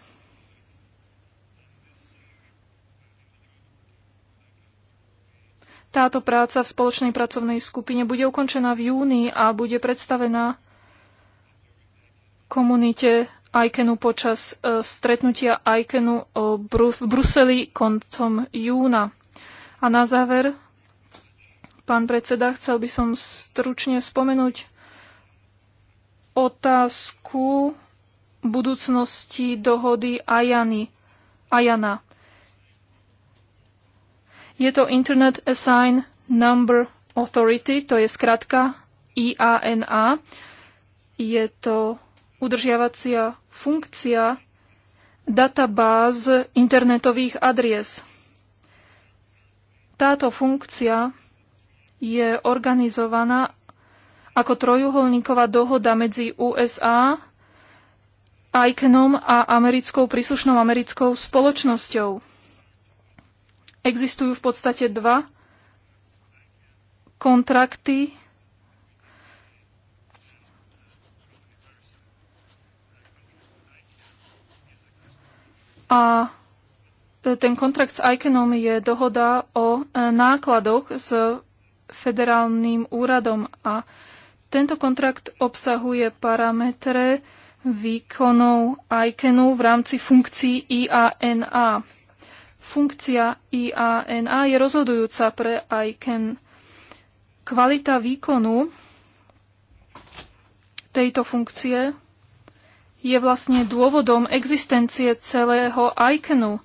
Táto práca v spoločnej pracovnej skupine bude ukončená v júni a bude predstavená komunite ICANu počas e, stretnutia ICANu e, v Bruseli koncom júna. A na záver, pán predseda, chcel by som stručne spomenúť otázku budúcnosti dohody Ajany, Ajana. Je to Internet Assign Number Authority, to je skratka IANA. Je to udržiavacia funkcia databáz internetových adries. Táto funkcia je organizovaná ako trojuholníková dohoda medzi USA, ICANom a americkou príslušnou americkou spoločnosťou. Existujú v podstate dva kontrakty A e, ten kontrakt s ICANom je dohoda o e, nákladoch s federálnym úradom a tento kontrakt obsahuje parametre výkonov ICANu v rámci funkcií IANA. Funkcia IANA je rozhodujúca pre ICAN. Kvalita výkonu tejto funkcie je vlastne dôvodom existencie celého ICANu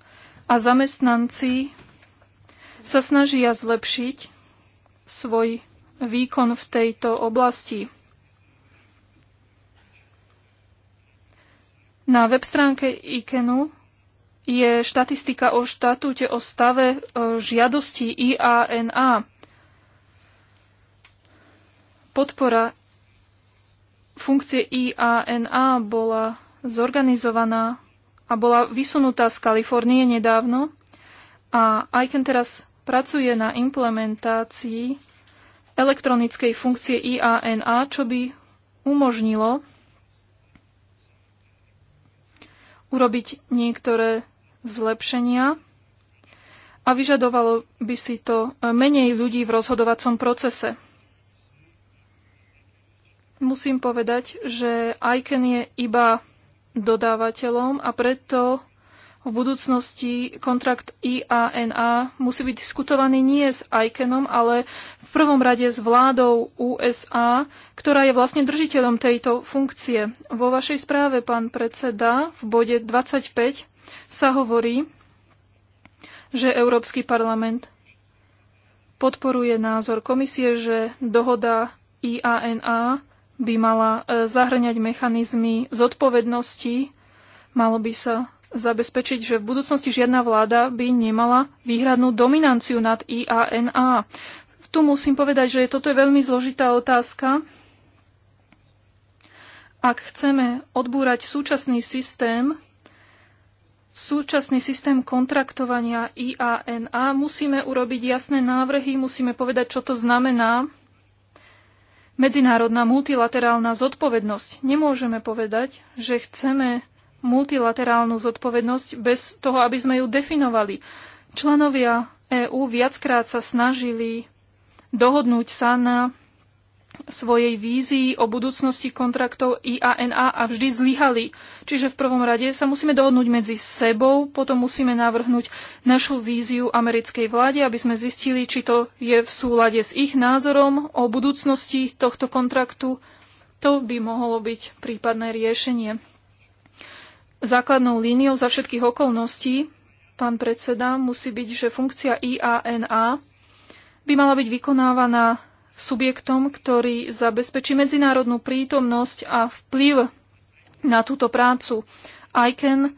a zamestnanci sa snažia zlepšiť svoj výkon v tejto oblasti. Na web stránke ICANu je štatistika o štatúte o stave e, žiadosti IANA. Podpora funkcie IANA bola zorganizovaná a bola vysunutá z Kalifornie nedávno a ICANN teraz pracuje na implementácii elektronickej funkcie IANA, čo by umožnilo urobiť niektoré zlepšenia a vyžadovalo by si to e, menej ľudí v rozhodovacom procese musím povedať, že ICANN je iba dodávateľom a preto v budúcnosti kontrakt IANA musí byť diskutovaný nie s ICANNom, ale v prvom rade s vládou USA, ktorá je vlastne držiteľom tejto funkcie. Vo vašej správe, pán predseda, v bode 25 sa hovorí, že Európsky parlament podporuje názor komisie, že dohoda IANA by mala e, zahrňať mechanizmy zodpovednosti. Malo by sa zabezpečiť, že v budúcnosti žiadna vláda by nemala výhradnú dominanciu nad IANA. Tu musím povedať, že toto je veľmi zložitá otázka. Ak chceme odbúrať súčasný systém, súčasný systém kontraktovania IANA, musíme urobiť jasné návrhy, musíme povedať, čo to znamená medzinárodná multilaterálna zodpovednosť. Nemôžeme povedať, že chceme multilaterálnu zodpovednosť bez toho, aby sme ju definovali. Členovia EÚ viackrát sa snažili dohodnúť sa na svojej vízii o budúcnosti kontraktov IANA a vždy zlyhali. Čiže v prvom rade sa musíme dohodnúť medzi sebou, potom musíme navrhnúť našu víziu americkej vláde, aby sme zistili, či to je v súlade s ich názorom o budúcnosti tohto kontraktu. To by mohlo byť prípadné riešenie. Základnou líniou za všetkých okolností, pán predseda, musí byť, že funkcia IANA by mala byť vykonávaná subjektom, ktorý zabezpečí medzinárodnú prítomnosť a vplyv na túto prácu. ICANN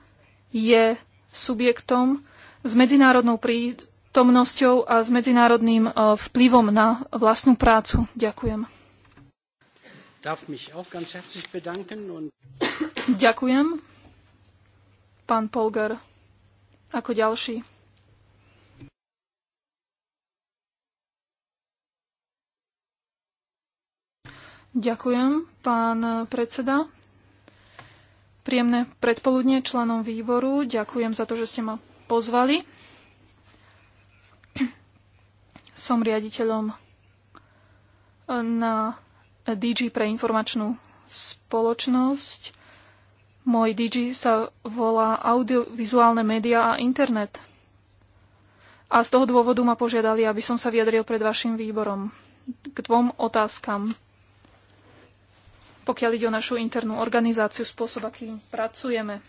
je subjektom s medzinárodnou prítomnosťou a s medzinárodným e, vplyvom na vlastnú prácu. Ďakujem. Ďakujem. Pán Polgar, ako ďalší. Ďakujem, pán predseda. Príjemné predpoludne členom výboru. Ďakujem za to, že ste ma pozvali. Som riaditeľom na DG pre informačnú spoločnosť. Môj DG sa volá audiovizuálne média a internet. A z toho dôvodu ma požiadali, aby som sa vyjadril pred vašim výborom k dvom otázkam pokiaľ ide o našu internú organizáciu, spôsob, akým pracujeme,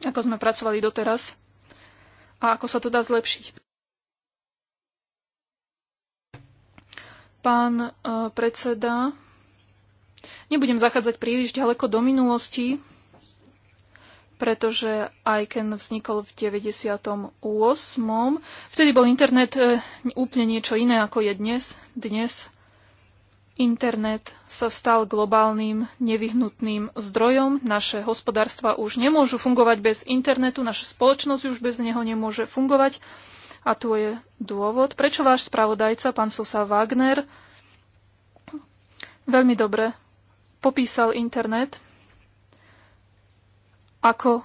ako sme pracovali doteraz a ako sa to dá zlepšiť. Pán e, predseda, nebudem zachádzať príliš ďaleko do minulosti, pretože ICANN vznikol v 98. Vtedy bol internet e, úplne niečo iné, ako je dnes. Dnes Internet sa stal globálnym nevyhnutným zdrojom. Naše hospodárstva už nemôžu fungovať bez internetu, naša spoločnosť už bez neho nemôže fungovať. A tu je dôvod, prečo váš spravodajca, pán Sosa Wagner, veľmi dobre popísal internet ako e,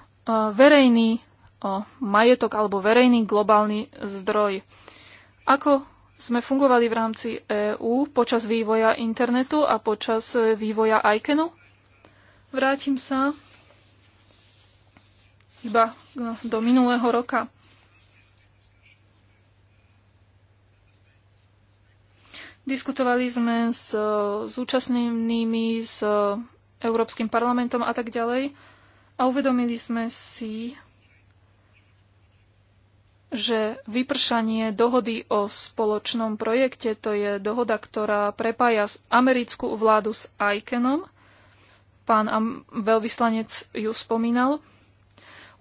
verejný majetok alebo verejný globálny zdroj. Ako sme fungovali v rámci EÚ počas vývoja internetu a počas e, vývoja ICANu. Vrátim sa iba no, do minulého roka. Diskutovali sme s e, zúčastnenými, s e, Európskym parlamentom a tak ďalej a uvedomili sme si že vypršanie dohody o spoločnom projekte, to je dohoda, ktorá prepája americkú vládu s ICANom, pán veľvyslanec ju spomínal,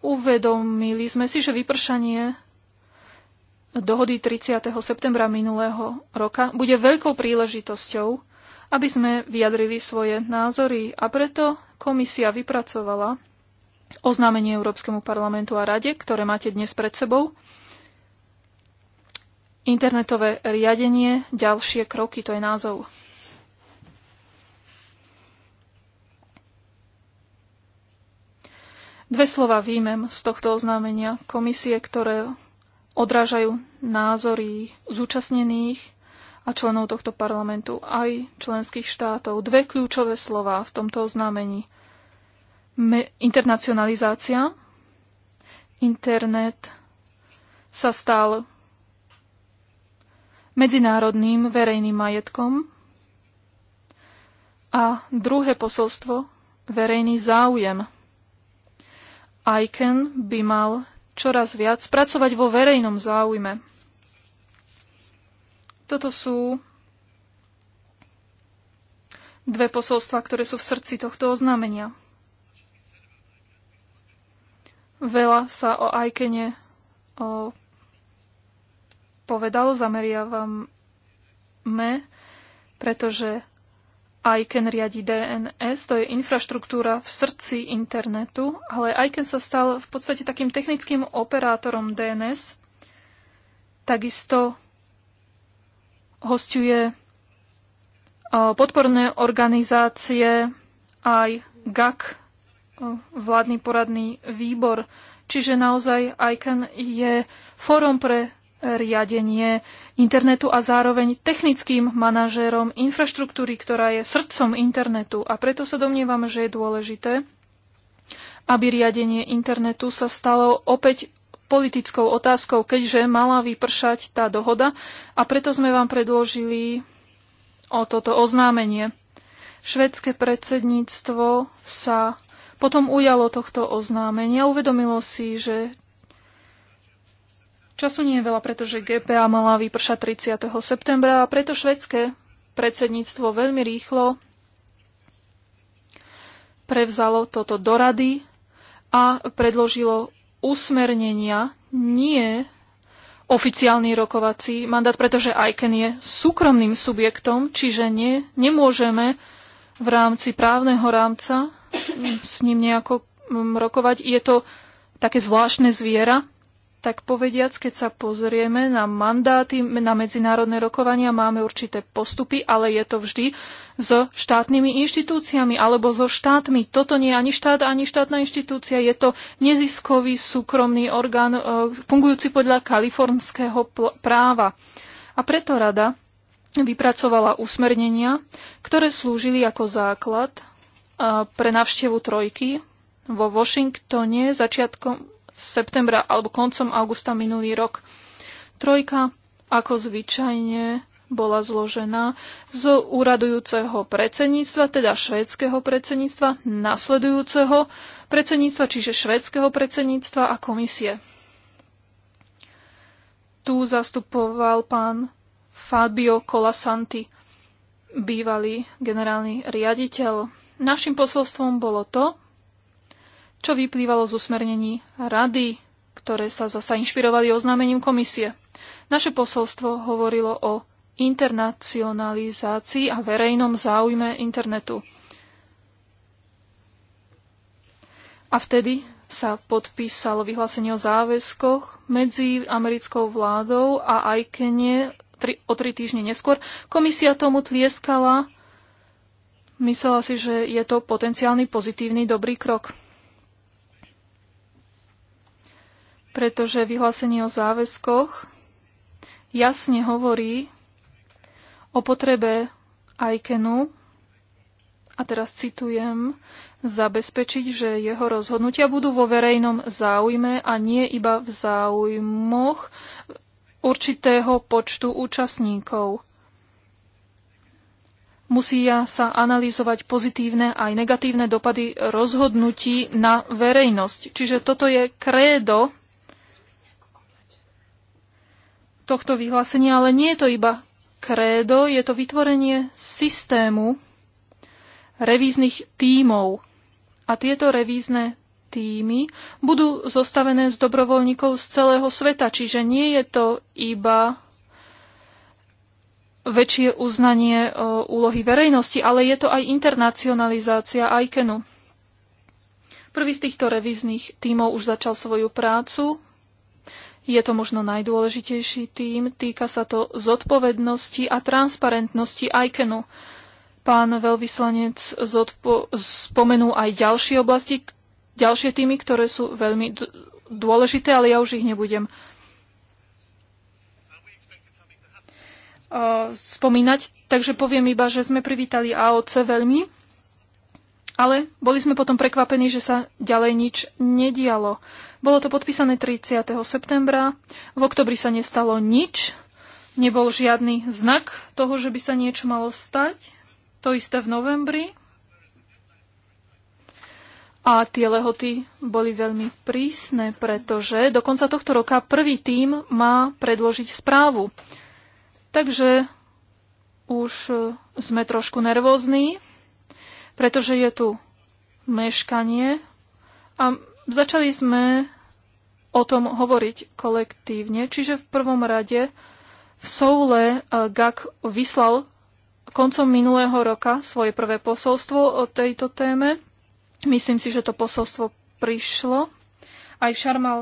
uvedomili sme si, že vypršanie dohody 30. septembra minulého roka bude veľkou príležitosťou, aby sme vyjadrili svoje názory a preto komisia vypracovala oznámenie Európskemu parlamentu a rade, ktoré máte dnes pred sebou, Internetové riadenie, ďalšie kroky, to je názov. Dve slova výjmem z tohto oznámenia komisie, ktoré odrážajú názory zúčastnených a členov tohto parlamentu aj členských štátov. Dve kľúčové slova v tomto oznámení. Me- internacionalizácia. Internet sa stal medzinárodným verejným majetkom. A druhé posolstvo, verejný záujem. ICAN by mal čoraz viac pracovať vo verejnom záujme. Toto sú dve posolstva, ktoré sú v srdci tohto oznámenia. Veľa sa o ICANNe povedal, zameriavame, pretože ICANN riadi DNS, to je infraštruktúra v srdci internetu, ale ICANN sa stal v podstate takým technickým operátorom DNS. Takisto hostuje e, podporné organizácie aj GAK, e, vládny poradný výbor. Čiže naozaj ICANN je fórum pre riadenie internetu a zároveň technickým manažérom infraštruktúry, ktorá je srdcom internetu. A preto sa domnievam, že je dôležité, aby riadenie internetu sa stalo opäť politickou otázkou, keďže mala vypršať tá dohoda a preto sme vám predložili o toto oznámenie. Švedské predsedníctvo sa potom ujalo tohto oznámenia, uvedomilo si, že Času nie je veľa, pretože GPA mala vypršať 30. septembra a preto švedské predsedníctvo veľmi rýchlo prevzalo toto do rady a predložilo usmernenia, nie oficiálny rokovací mandát, pretože ICAN je súkromným subjektom, čiže nie, nemôžeme v rámci právneho rámca s ním nejako mm, rokovať. Je to také zvláštne zviera, tak povediac, keď sa pozrieme na mandáty, na medzinárodné rokovania, máme určité postupy, ale je to vždy so štátnymi inštitúciami alebo so štátmi. Toto nie je ani štát, ani štátna inštitúcia. Je to neziskový súkromný orgán, e, fungujúci podľa kalifornského práva. A preto rada vypracovala usmernenia, ktoré slúžili ako základ e, pre navštevu trojky vo Washingtone začiatkom septembra alebo koncom augusta minulý rok. Trojka, ako zvyčajne, bola zložená z úradujúceho predsedníctva, teda švédskeho predsedníctva, nasledujúceho predsedníctva, čiže švédskeho predsedníctva a komisie. Tu zastupoval pán Fabio Colasanti, bývalý generálny riaditeľ. Našim posolstvom bolo to, čo vyplývalo z usmernení rady, ktoré sa zasa inšpirovali oznámením komisie. Naše posolstvo hovorilo o internacionalizácii a verejnom záujme internetu. A vtedy sa podpísalo vyhlásenie o záväzkoch medzi americkou vládou a aj Kenie tri, o tri týždne neskôr. Komisia tomu tlieskala. Myslela si, že je to potenciálny pozitívny dobrý krok. pretože vyhlásenie o záväzkoch jasne hovorí o potrebe Aikenu, a teraz citujem, zabezpečiť, že jeho rozhodnutia budú vo verejnom záujme a nie iba v záujmoch určitého počtu účastníkov. Musia sa analyzovať pozitívne aj negatívne dopady rozhodnutí na verejnosť. Čiže toto je krédo tohto vyhlásenia, ale nie je to iba krédo, je to vytvorenie systému revíznych tímov. A tieto revízne týmy budú zostavené z dobrovoľníkov z celého sveta, čiže nie je to iba väčšie uznanie o, e, úlohy verejnosti, ale je to aj internacionalizácia ICANu. Prvý z týchto revíznych tímov už začal svoju prácu je to možno najdôležitejší tým, týka sa to zodpovednosti a transparentnosti ICANu. Pán veľvyslanec spomenul aj ďalšie oblasti, ďalšie týmy, ktoré sú veľmi dôležité, ale ja už ich nebudem eh, spomínať. Takže poviem iba, že sme privítali AOC veľmi, ale boli sme potom prekvapení, že sa ďalej nič nedialo. Bolo to podpísané 30. septembra. V oktobri sa nestalo nič. Nebol žiadny znak toho, že by sa niečo malo stať. To isté v novembri. A tie lehoty boli veľmi prísne, pretože do konca tohto roka prvý tím má predložiť správu. Takže už e, sme trošku nervózni, pretože je tu meškanie a Začali sme o tom hovoriť kolektívne, čiže v prvom rade v Soule eh, GAK vyslal koncom minulého roka svoje prvé posolstvo o tejto téme. Myslím si, že to posolstvo prišlo aj v Šarmal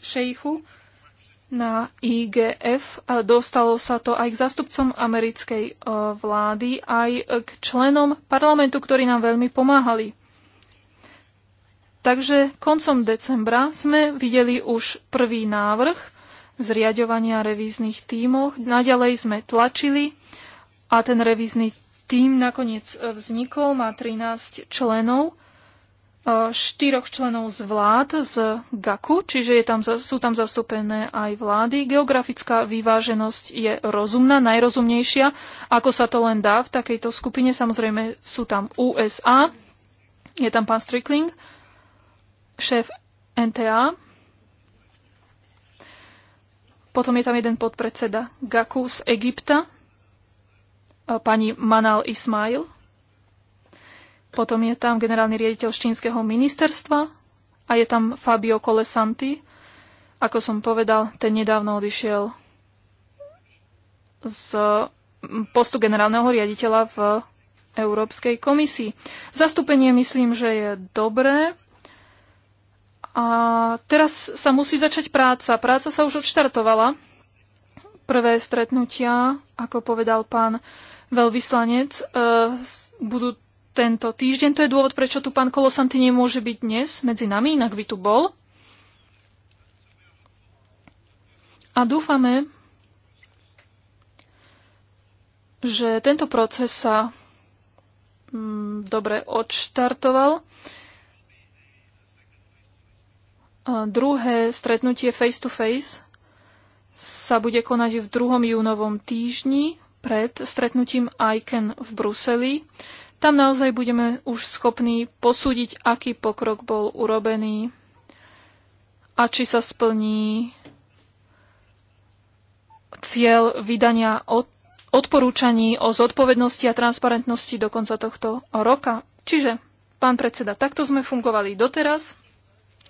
Šejchu na IGF. Eh, dostalo sa to aj k zastupcom americkej eh, vlády, aj k členom parlamentu, ktorí nám veľmi pomáhali. Takže koncom decembra sme videli už prvý návrh zriadovania revíznych tímov. Naďalej sme tlačili a ten revízny tím nakoniec vznikol, má 13 členov, e, štyroch členov z vlád z GAKU, čiže je tam, sú tam zastúpené aj vlády. Geografická vyváženosť je rozumná, najrozumnejšia, ako sa to len dá v takejto skupine. Samozrejme sú tam USA, je tam pán Strickling, šéf NTA. Potom je tam jeden podpredseda Gaku z Egypta, e, pani Manal Ismail. Potom je tam generálny riaditeľ čínskeho ministerstva a je tam Fabio Colesanti. Ako som povedal, ten nedávno odišiel z postu generálneho riaditeľa v Európskej komisii. Zastúpenie myslím, že je dobré. A teraz sa musí začať práca. Práca sa už odštartovala. Prvé stretnutia, ako povedal pán veľvyslanec, e, budú tento týždeň. To je dôvod, prečo tu pán Kolosanty nemôže byť dnes medzi nami, inak by tu bol. A dúfame, že tento proces sa mm, dobre odštartoval. Druhé stretnutie face-to-face sa bude konať v 2. júnovom týždni pred stretnutím ICAN v Bruseli. Tam naozaj budeme už schopní posúdiť, aký pokrok bol urobený a či sa splní cieľ vydania odporúčaní o zodpovednosti a transparentnosti do konca tohto roka. Čiže, pán predseda, takto sme fungovali doteraz.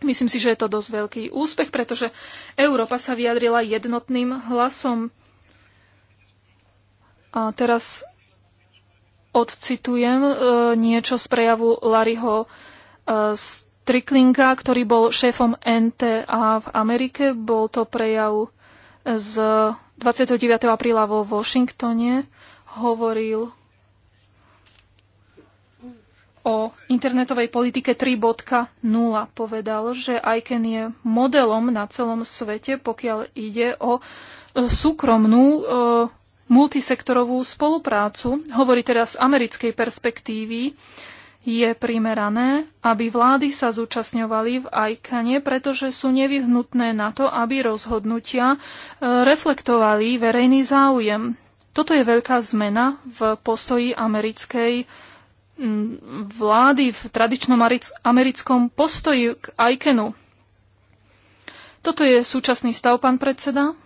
Myslím si, že je to dosť veľký úspech, pretože Európa sa vyjadrila jednotným hlasom. A teraz odcitujem e, niečo z prejavu Larryho e, Stricklinga, ktorý bol šéfom NTA v Amerike. Bol to prejav z 29. apríla vo Washingtone. Hovoril o internetovej politike 3.0 povedal, že ICANN je modelom na celom svete, pokiaľ ide o e, súkromnú e, multisektorovú spoluprácu. Hovorí teda z americkej perspektívy. Je primerané, aby vlády sa zúčastňovali v ICANE, pretože sú nevyhnutné na to, aby rozhodnutia e, reflektovali verejný záujem. Toto je veľká zmena v postoji americkej vlády v tradičnom americkom postoji k Aikenu. Toto je súčasný stav, pán predseda.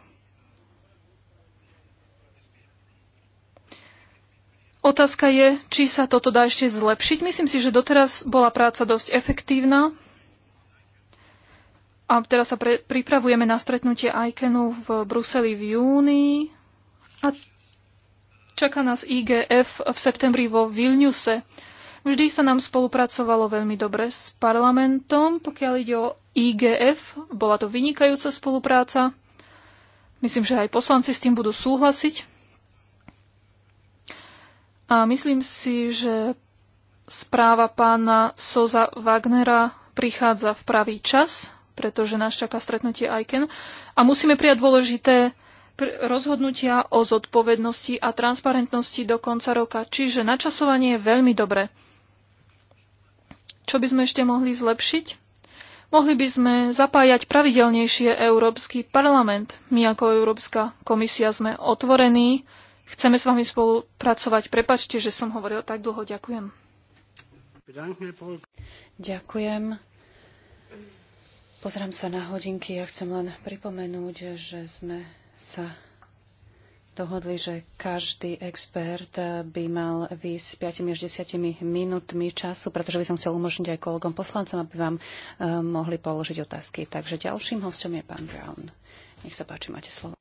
Otázka je, či sa toto dá ešte zlepšiť. Myslím si, že doteraz bola práca dosť efektívna. A teraz sa pre, pripravujeme na stretnutie Aikenu v Bruseli v júni. A Čaká nás IGF v septembri vo Vilniuse. Vždy sa nám spolupracovalo veľmi dobre s parlamentom, pokiaľ ide o IGF. Bola to vynikajúca spolupráca. Myslím, že aj poslanci s tým budú súhlasiť. A myslím si, že správa pána Soza Wagnera prichádza v pravý čas, pretože nás čaká stretnutie ICAN a musíme prijať dôležité rozhodnutia o zodpovednosti a transparentnosti do konca roka. Čiže načasovanie je veľmi dobré. Čo by sme ešte mohli zlepšiť? Mohli by sme zapájať pravidelnejšie Európsky parlament. My ako Európska komisia sme otvorení. Chceme s vami spolupracovať. Prepačte, že som hovoril tak dlho. Ďakujem. Ďakujem. Pozrám sa na hodinky a ja chcem len pripomenúť, že sme sa dohodli, že každý expert by mal výjsť s 5 až 10 minútmi času, pretože by som chcel umožniť aj kolegom poslancom, aby vám uh, mohli položiť otázky. Takže ďalším hostom je pán Brown. Nech sa páči, máte slovo.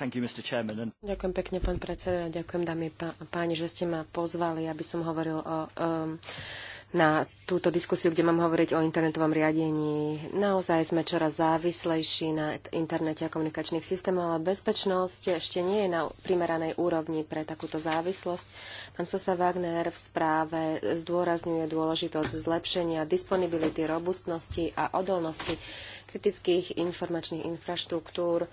You, ďakujem pekne, pán predseda. Ďakujem, dámy a páni, že ste ma pozvali, aby som hovoril o um, na túto diskusiu, kde mám hovoriť o internetovom riadení. Naozaj sme čoraz závislejší na internete a komunikačných systémoch, ale bezpečnosť ešte nie je na primeranej úrovni pre takúto závislosť. Pán Sosa Wagner v správe zdôrazňuje dôležitosť zlepšenia disponibility, robustnosti a odolnosti kritických informačných infraštruktúr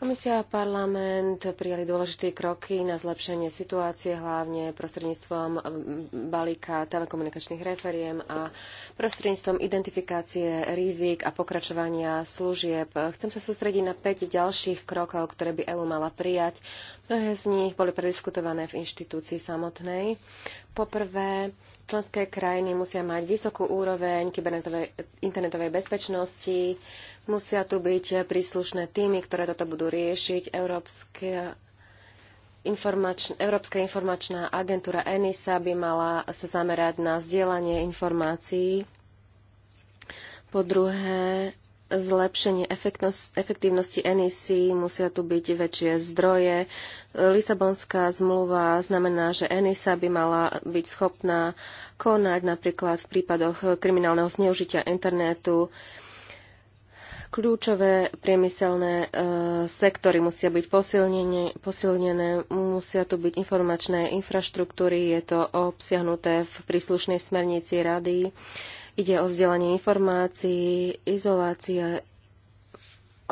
Komisia a parlament prijali dôležité kroky na zlepšenie situácie, hlavne prostredníctvom balíka telekomunikačných referiem a prostredníctvom identifikácie rizik a pokračovania služieb. Chcem sa sústrediť na 5 ďalších krokov, ktoré by EU mala prijať. Mnohé z nich boli prediskutované v inštitúcii samotnej. Poprvé, Členské krajiny musia mať vysokú úroveň kybernetovej, internetovej bezpečnosti, musia tu byť príslušné týmy, ktoré toto budú riešiť. Európska, informač, Európska informačná agentúra ENISA by mala sa zamerať na zdieľanie informácií. Po druhé, zlepšenie efektívnosti NEC, musia tu byť väčšie zdroje. Lisabonská zmluva znamená, že NISA e by mala byť schopná konať napríklad v prípadoch kriminálneho zneužitia internetu. Kľúčové priemyselné e, sektory musia byť posilnené, musia tu byť informačné infraštruktúry, je to obsiahnuté v príslušnej smernici rady. E, Ide o vzdelanie informácií, izolácia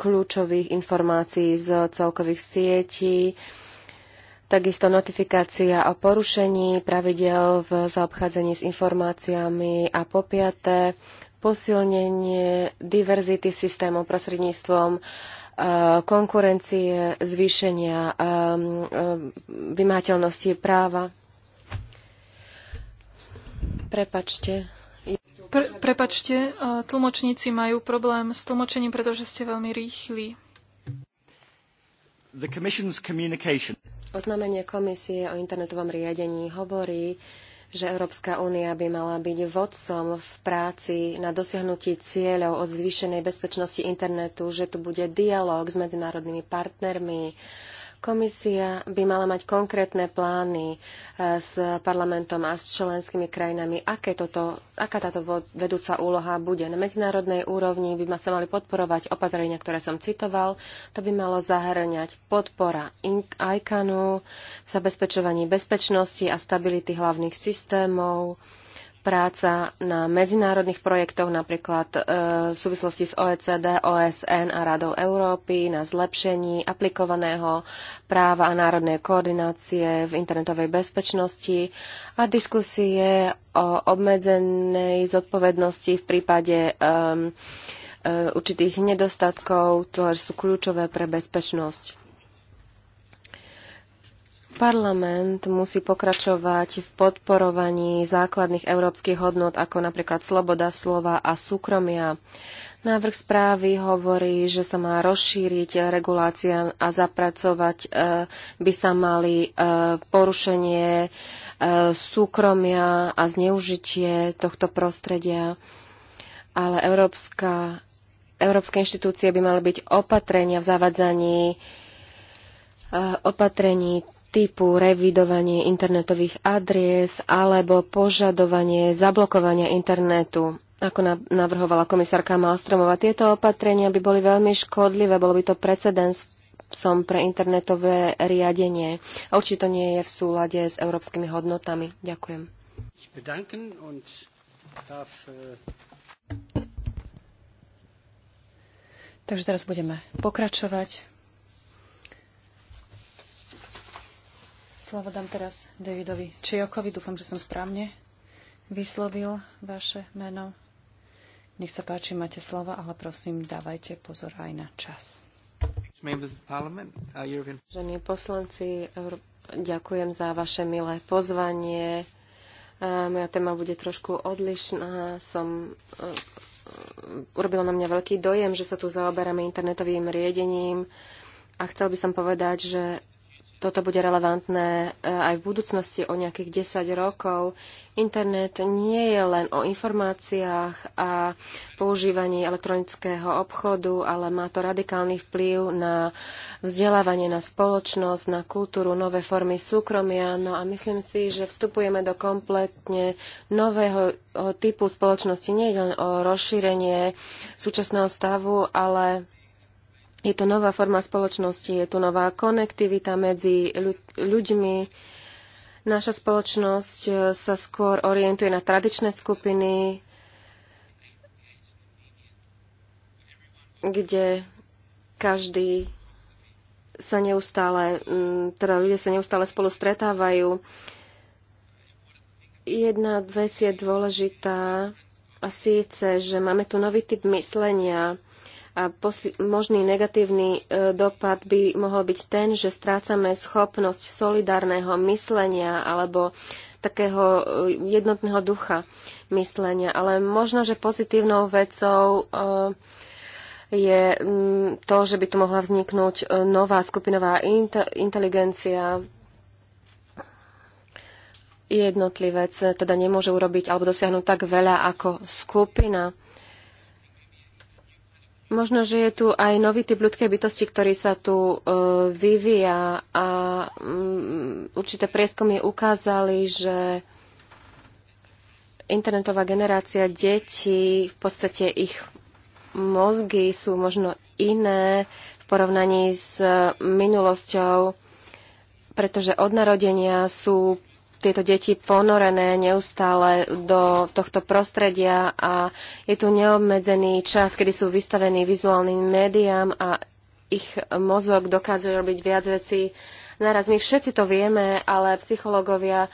kľúčových informácií z celkových sietí, takisto notifikácia o porušení pravidel v zaobchádzaní s informáciami a popiaté posilnenie diverzity systémov prostredníctvom e, konkurencie, zvýšenia e, e, vymáteľnosti práva. Prepačte. Pre, prepačte, e, tlmočníci majú problém s tlmočením, pretože ste veľmi rýchli. The commission's communication. Oznámenie komisie o internetovom riadení hovorí, že Európska únia by mala byť vodcom v práci na dosiahnutí cieľov o zvýšenej bezpečnosti internetu, že tu bude dialog s medzinárodnými partnermi, Komisia by mala mať konkrétne plány eh, s parlamentom a s členskými krajinami, aké toto, aká táto vedúca úloha bude. Na medzinárodnej úrovni by ma sa mali podporovať opatrenia, ktoré som citoval. To by malo zahrňať podpora ICANu, zabezpečovanie bezpečnosti a stability hlavných systémov, práca na medzinárodných projektoch, napríklad e, v súvislosti s OECD, OSN a Radou Európy, na zlepšení aplikovaného práva a národnej koordinácie v internetovej bezpečnosti a diskusie o obmedzenej zodpovednosti v prípade e, e, určitých nedostatkov, ktoré sú kľúčové pre bezpečnosť. Parlament musí pokračovať v podporovaní základných európskych hodnot, ako napríklad sloboda slova a súkromia. Návrh správy hovorí, že sa má rozšíriť regulácia a zapracovať e, by sa mali e, porušenie e, súkromia a zneužitie tohto prostredia. Ale Európska, európske inštitúcie by mali byť opatrenia v zavadzaní opatrení typu revidovanie internetových adries alebo požadovanie zablokovania internetu ako navrhovala komisárka Malstromová. Tieto opatrenia by boli veľmi škodlivé, bolo by to precedensom pre internetové riadenie. A určite nie je v súlade s európskymi hodnotami. Ďakujem. Äh, Takže teraz budeme pokračovať. Slovo dám teraz Davidovi Čiokovi. Dúfam, že som správne vyslovil vaše meno. Nech sa páči, máte slovo, ale prosím, dávajte pozor aj na čas. Žení poslanci, ďakujem za vaše milé pozvanie. Moja téma bude trošku odlišná. Som e, urobilo na mňa veľký dojem, že sa tu zaoberáme internetovým riedením a chcel by som povedať, že toto bude relevantné e, aj v budúcnosti o nejakých 10 rokov. Internet nie je len o informáciách a používaní elektronického obchodu, ale má to radikálny vplyv na vzdelávanie, na spoločnosť, na kultúru, nové formy súkromia. No a myslím si, že vstupujeme do kompletne nového e, typu spoločnosti. Nie je len o rozšírenie súčasného stavu, ale je to nová forma spoločnosti, je tu nová konektivita medzi ľuďmi. Naša spoločnosť e, sa skôr orientuje na tradičné skupiny, kde každý sa neustále, teda ľudia sa neustále spolu stretávajú. Jedna vec je dôležitá a síce, že máme tu nový typ myslenia, a možný negatívny e, dopad by mohol byť ten, že strácame schopnosť solidárneho myslenia alebo takého e, jednotného ducha myslenia. Ale možno, že pozitívnou vecou e, je mm, to, že by tu mohla vzniknúť e, nová skupinová inteligencia, jednotlivec e, teda nemôže urobiť alebo dosiahnuť tak veľa ako skupina. Možno, že je tu aj nový typ ľudskej bytosti, ktorý sa tu e, vyvíja a mm, určité prieskumy ukázali, že internetová generácia detí, v podstate ich mozgy sú možno iné v porovnaní s e, minulosťou, pretože od narodenia sú tieto deti ponorené neustále do tohto prostredia a je tu neobmedzený čas, kedy sú vystavení vizuálnym médiám a ich mozog dokáže robiť viac vecí naraz. My všetci to vieme, ale psychológovia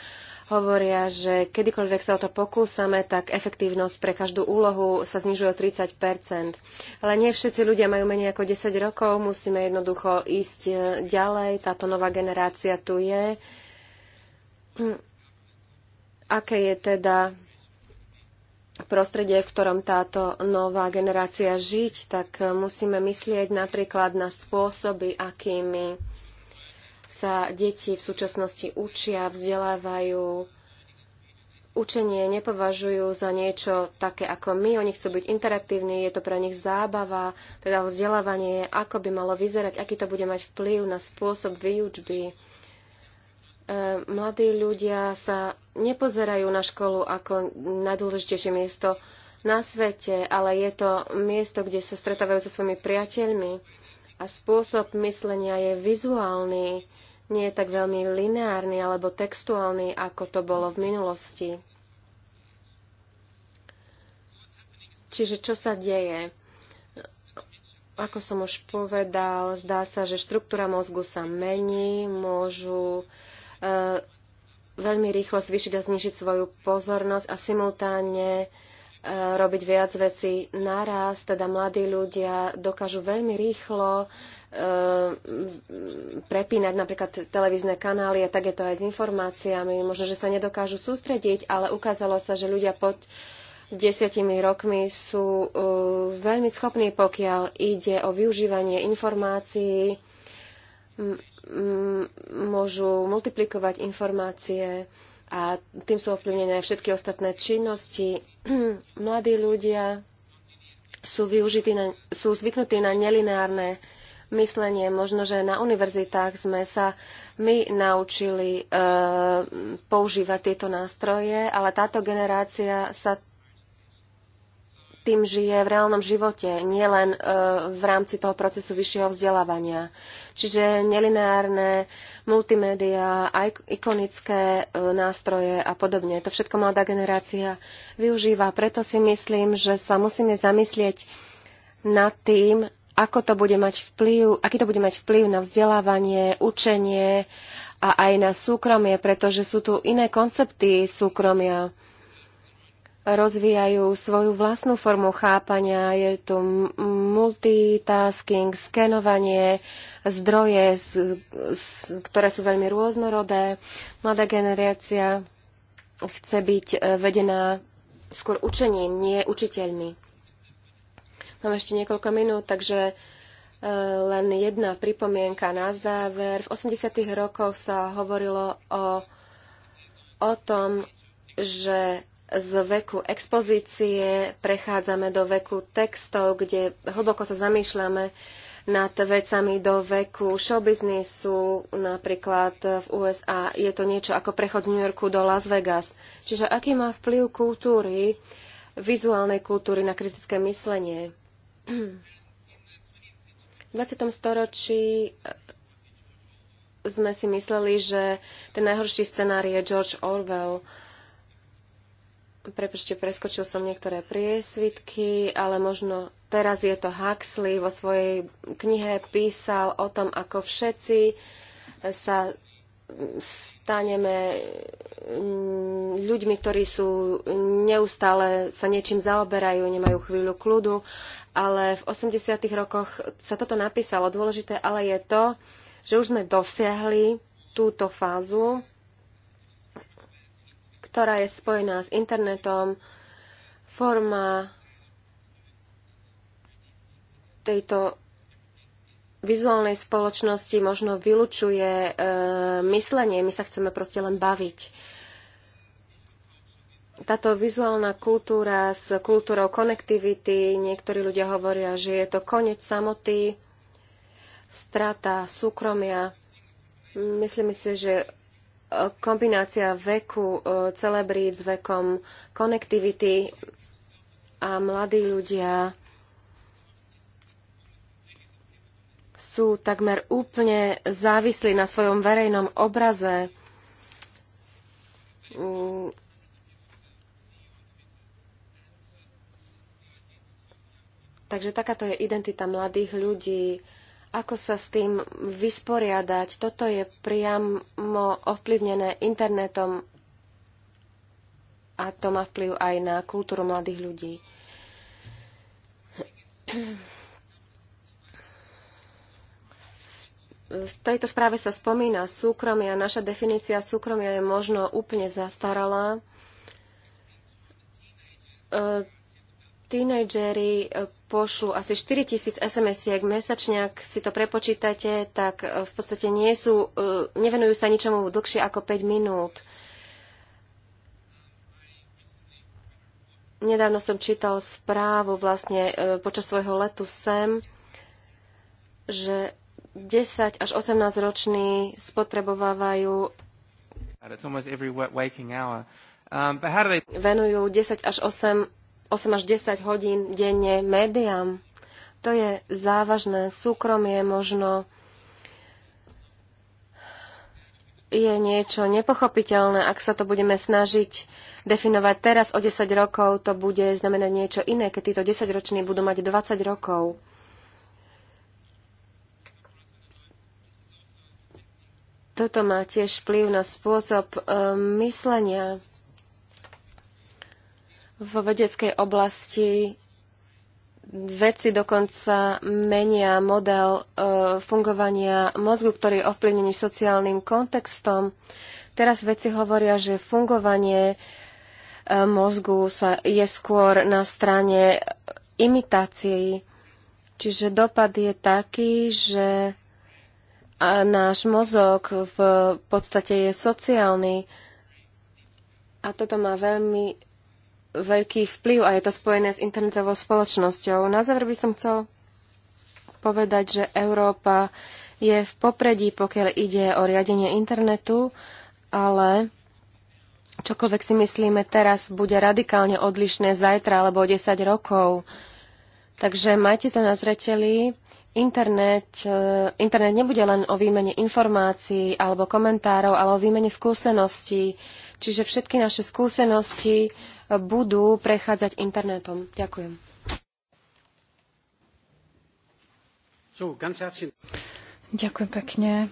hovoria, že kedykoľvek sa o to pokúsame, tak efektívnosť pre každú úlohu sa znižuje o 30 Ale nie všetci ľudia majú menej ako 10 rokov, musíme jednoducho ísť ďalej, táto nová generácia tu je aké je teda prostredie, v ktorom táto nová generácia žiť, tak musíme myslieť napríklad na spôsoby, akými sa deti v súčasnosti učia, vzdelávajú. Učenie nepovažujú za niečo také ako my. Oni chcú byť interaktívni, je to pre nich zábava, teda vzdelávanie, ako by malo vyzerať, aký to bude mať vplyv na spôsob výučby E, mladí ľudia sa nepozerajú na školu ako najdôležitejšie miesto na svete, ale je to miesto, kde sa stretávajú so svojimi priateľmi a spôsob myslenia je vizuálny, nie je tak veľmi lineárny alebo textuálny, ako to bolo v minulosti. Čiže čo sa deje? Ako som už povedal, zdá sa, že štruktúra mozgu sa mení, môžu uh, E, veľmi rýchlo zvýšiť a znižiť svoju pozornosť a simultánne e, robiť viac vecí naraz, teda mladí ľudia dokážu veľmi rýchlo e, prepínať napríklad televízne kanály a tak je to aj s informáciami. Možno, že sa nedokážu sústrediť, ale ukázalo sa, že ľudia pod desiatimi rokmi sú veľmi schopní, pokiaľ ide o využívanie informácií Mm, môžu multiplikovať informácie a tým sú ovplyvnené všetky ostatné činnosti. Mladí ľudia sú, využití na, sú zvyknutí na nelineárne myslenie. Možno, že na univerzitách sme sa my naučili e, používať tieto nástroje, ale táto generácia sa tým žije v reálnom živote, nielen len e, v rámci toho procesu vyššieho vzdelávania. Čiže nelineárne, multimédia, ikonické e, nástroje a podobne. To všetko mladá generácia využíva. Preto si myslím, že sa musíme zamyslieť nad tým, ako to bude mať vplyv, aký to bude mať vplyv na vzdelávanie, učenie a aj na súkromie, pretože sú tu iné koncepty súkromia rozvíjajú svoju vlastnú formu chápania. Je tu multitasking, skenovanie, zdroje, z, z, ktoré sú veľmi rôznorodé. Mladá generácia chce byť e, vedená skôr učením, nie učiteľmi. Mám ešte niekoľko minút, takže e, len jedna pripomienka na záver. V 80. rokoch sa hovorilo o, o tom, že z veku expozície prechádzame do veku textov, kde hlboko sa zamýšľame nad vecami do veku showbiznisu, napríklad v USA. Je to niečo ako prechod New Yorku do Las Vegas. Čiže aký má vplyv kultúry, vizuálnej kultúry na kritické myslenie? V 20. storočí e, sme si mysleli, že ten najhorší scenár je George Orwell – prepočte, preskočil som niektoré priesvitky, ale možno teraz je to Huxley vo svojej knihe písal o tom, ako všetci sa staneme mm, ľuďmi, ktorí sú neustále sa niečím zaoberajú, nemajú chvíľu kľudu, ale v 80. rokoch sa toto napísalo. Dôležité ale je to, že už sme dosiahli túto fázu ktorá je spojená s internetom, forma tejto vizuálnej spoločnosti možno vylučuje e, myslenie. My sa chceme proste len baviť. Táto vizuálna kultúra s kultúrou konektivity, niektorí ľudia hovoria, že je to koniec samoty, strata súkromia. Myslím si, že kombinácia veku e, celebrít s vekom konektivity a mladí ľudia sú takmer úplne závislí na svojom verejnom obraze. Mm. Takže takáto je identita mladých ľudí. Ako sa s tým vysporiadať? Toto je priamo ovplyvnené internetom a to má vplyv aj na kultúru mladých ľudí. V tejto správe sa spomína súkromie a naša definícia súkromia je možno úplne zastaralá e, tínejdžeri pošlú asi 4 tisíc SMS-iek mesačne, ak si to prepočítate, tak e, v podstate nie sú, e, nevenujú sa ničomu dlhšie ako 5 minút. Nedávno som čítal správu vlastne e, počas svojho letu sem, že 10 až 18 roční spotrebovávajú um, venujú 10 až 8 8 až 10 hodín denne médiám. To je závažné. Súkromie možno je niečo nepochopiteľné. Ak sa to budeme snažiť definovať teraz o 10 rokov, to bude znamenať niečo iné, keď títo 10-roční budú mať 20 rokov. Toto má tiež vplyv na spôsob e, myslenia v vedeckej oblasti vedci dokonca menia model e, fungovania mozgu, ktorý je ovplyvnený sociálnym kontextom. Teraz vedci hovoria, že fungovanie e, mozgu sa je skôr na strane imitácií. Čiže dopad je taký, že náš mozog v podstate je sociálny a toto má veľmi veľký vplyv a je to spojené s internetovou spoločnosťou. Na záver by som chcel povedať, že Európa je v popredí, pokiaľ ide o riadenie internetu, ale čokoľvek si myslíme teraz, bude radikálne odlišné zajtra alebo o 10 rokov. Takže majte to na zreteli. Internet, e, internet nebude len o výmene informácií alebo komentárov, ale o výmene skúseností. Čiže všetky naše skúsenosti budú prechádzať internetom. Ďakujem. Ďakujem pekne.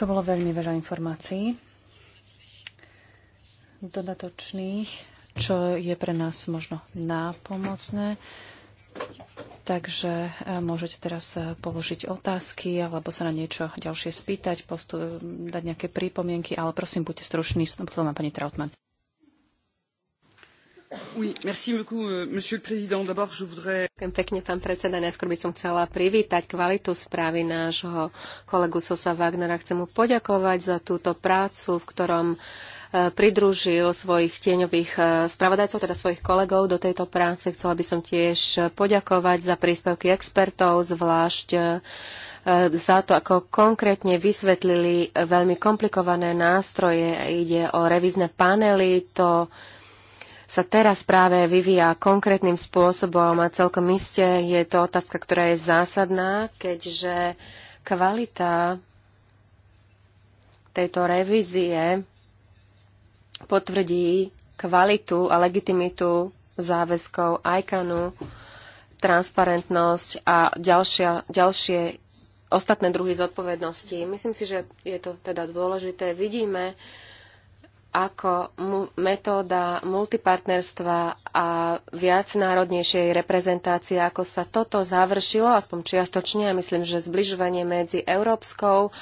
To bolo veľmi veľa informácií dodatočných, čo je pre nás možno nápomocné. Takže môžete teraz položiť otázky alebo sa na niečo ďalšie spýtať, dať nejaké prípomienky, ale prosím, buďte struční. potom má pani Trautmann. Euh, Ďakujem pekne, pán predseda. Najskôr by som chcela privítať kvalitu správy nášho kolegu Sosa Wagnera. Chcem mu poďakovať za túto prácu, v ktorom e, pridružil svojich tieňových e, spravodajcov, teda svojich kolegov do tejto práce. Chcela by som tiež poďakovať za príspevky expertov, zvlášť e, za to, ako konkrétne vysvetlili veľmi komplikované nástroje. Ide o revizné panely, to sa teraz práve vyvíja konkrétnym spôsobom a celkom iste je to otázka, ktorá je zásadná, keďže kvalita tejto revízie potvrdí kvalitu a legitimitu záväzkov ICANu, transparentnosť a ďalšia, ďalšie ostatné druhy zodpovednosti. Myslím si, že je to teda dôležité. Vidíme, ako mu- metóda multipartnerstva a viacnárodnejšej reprezentácie, ako sa toto završilo, aspoň čiastočne, a myslím, že zbližovanie medzi európskou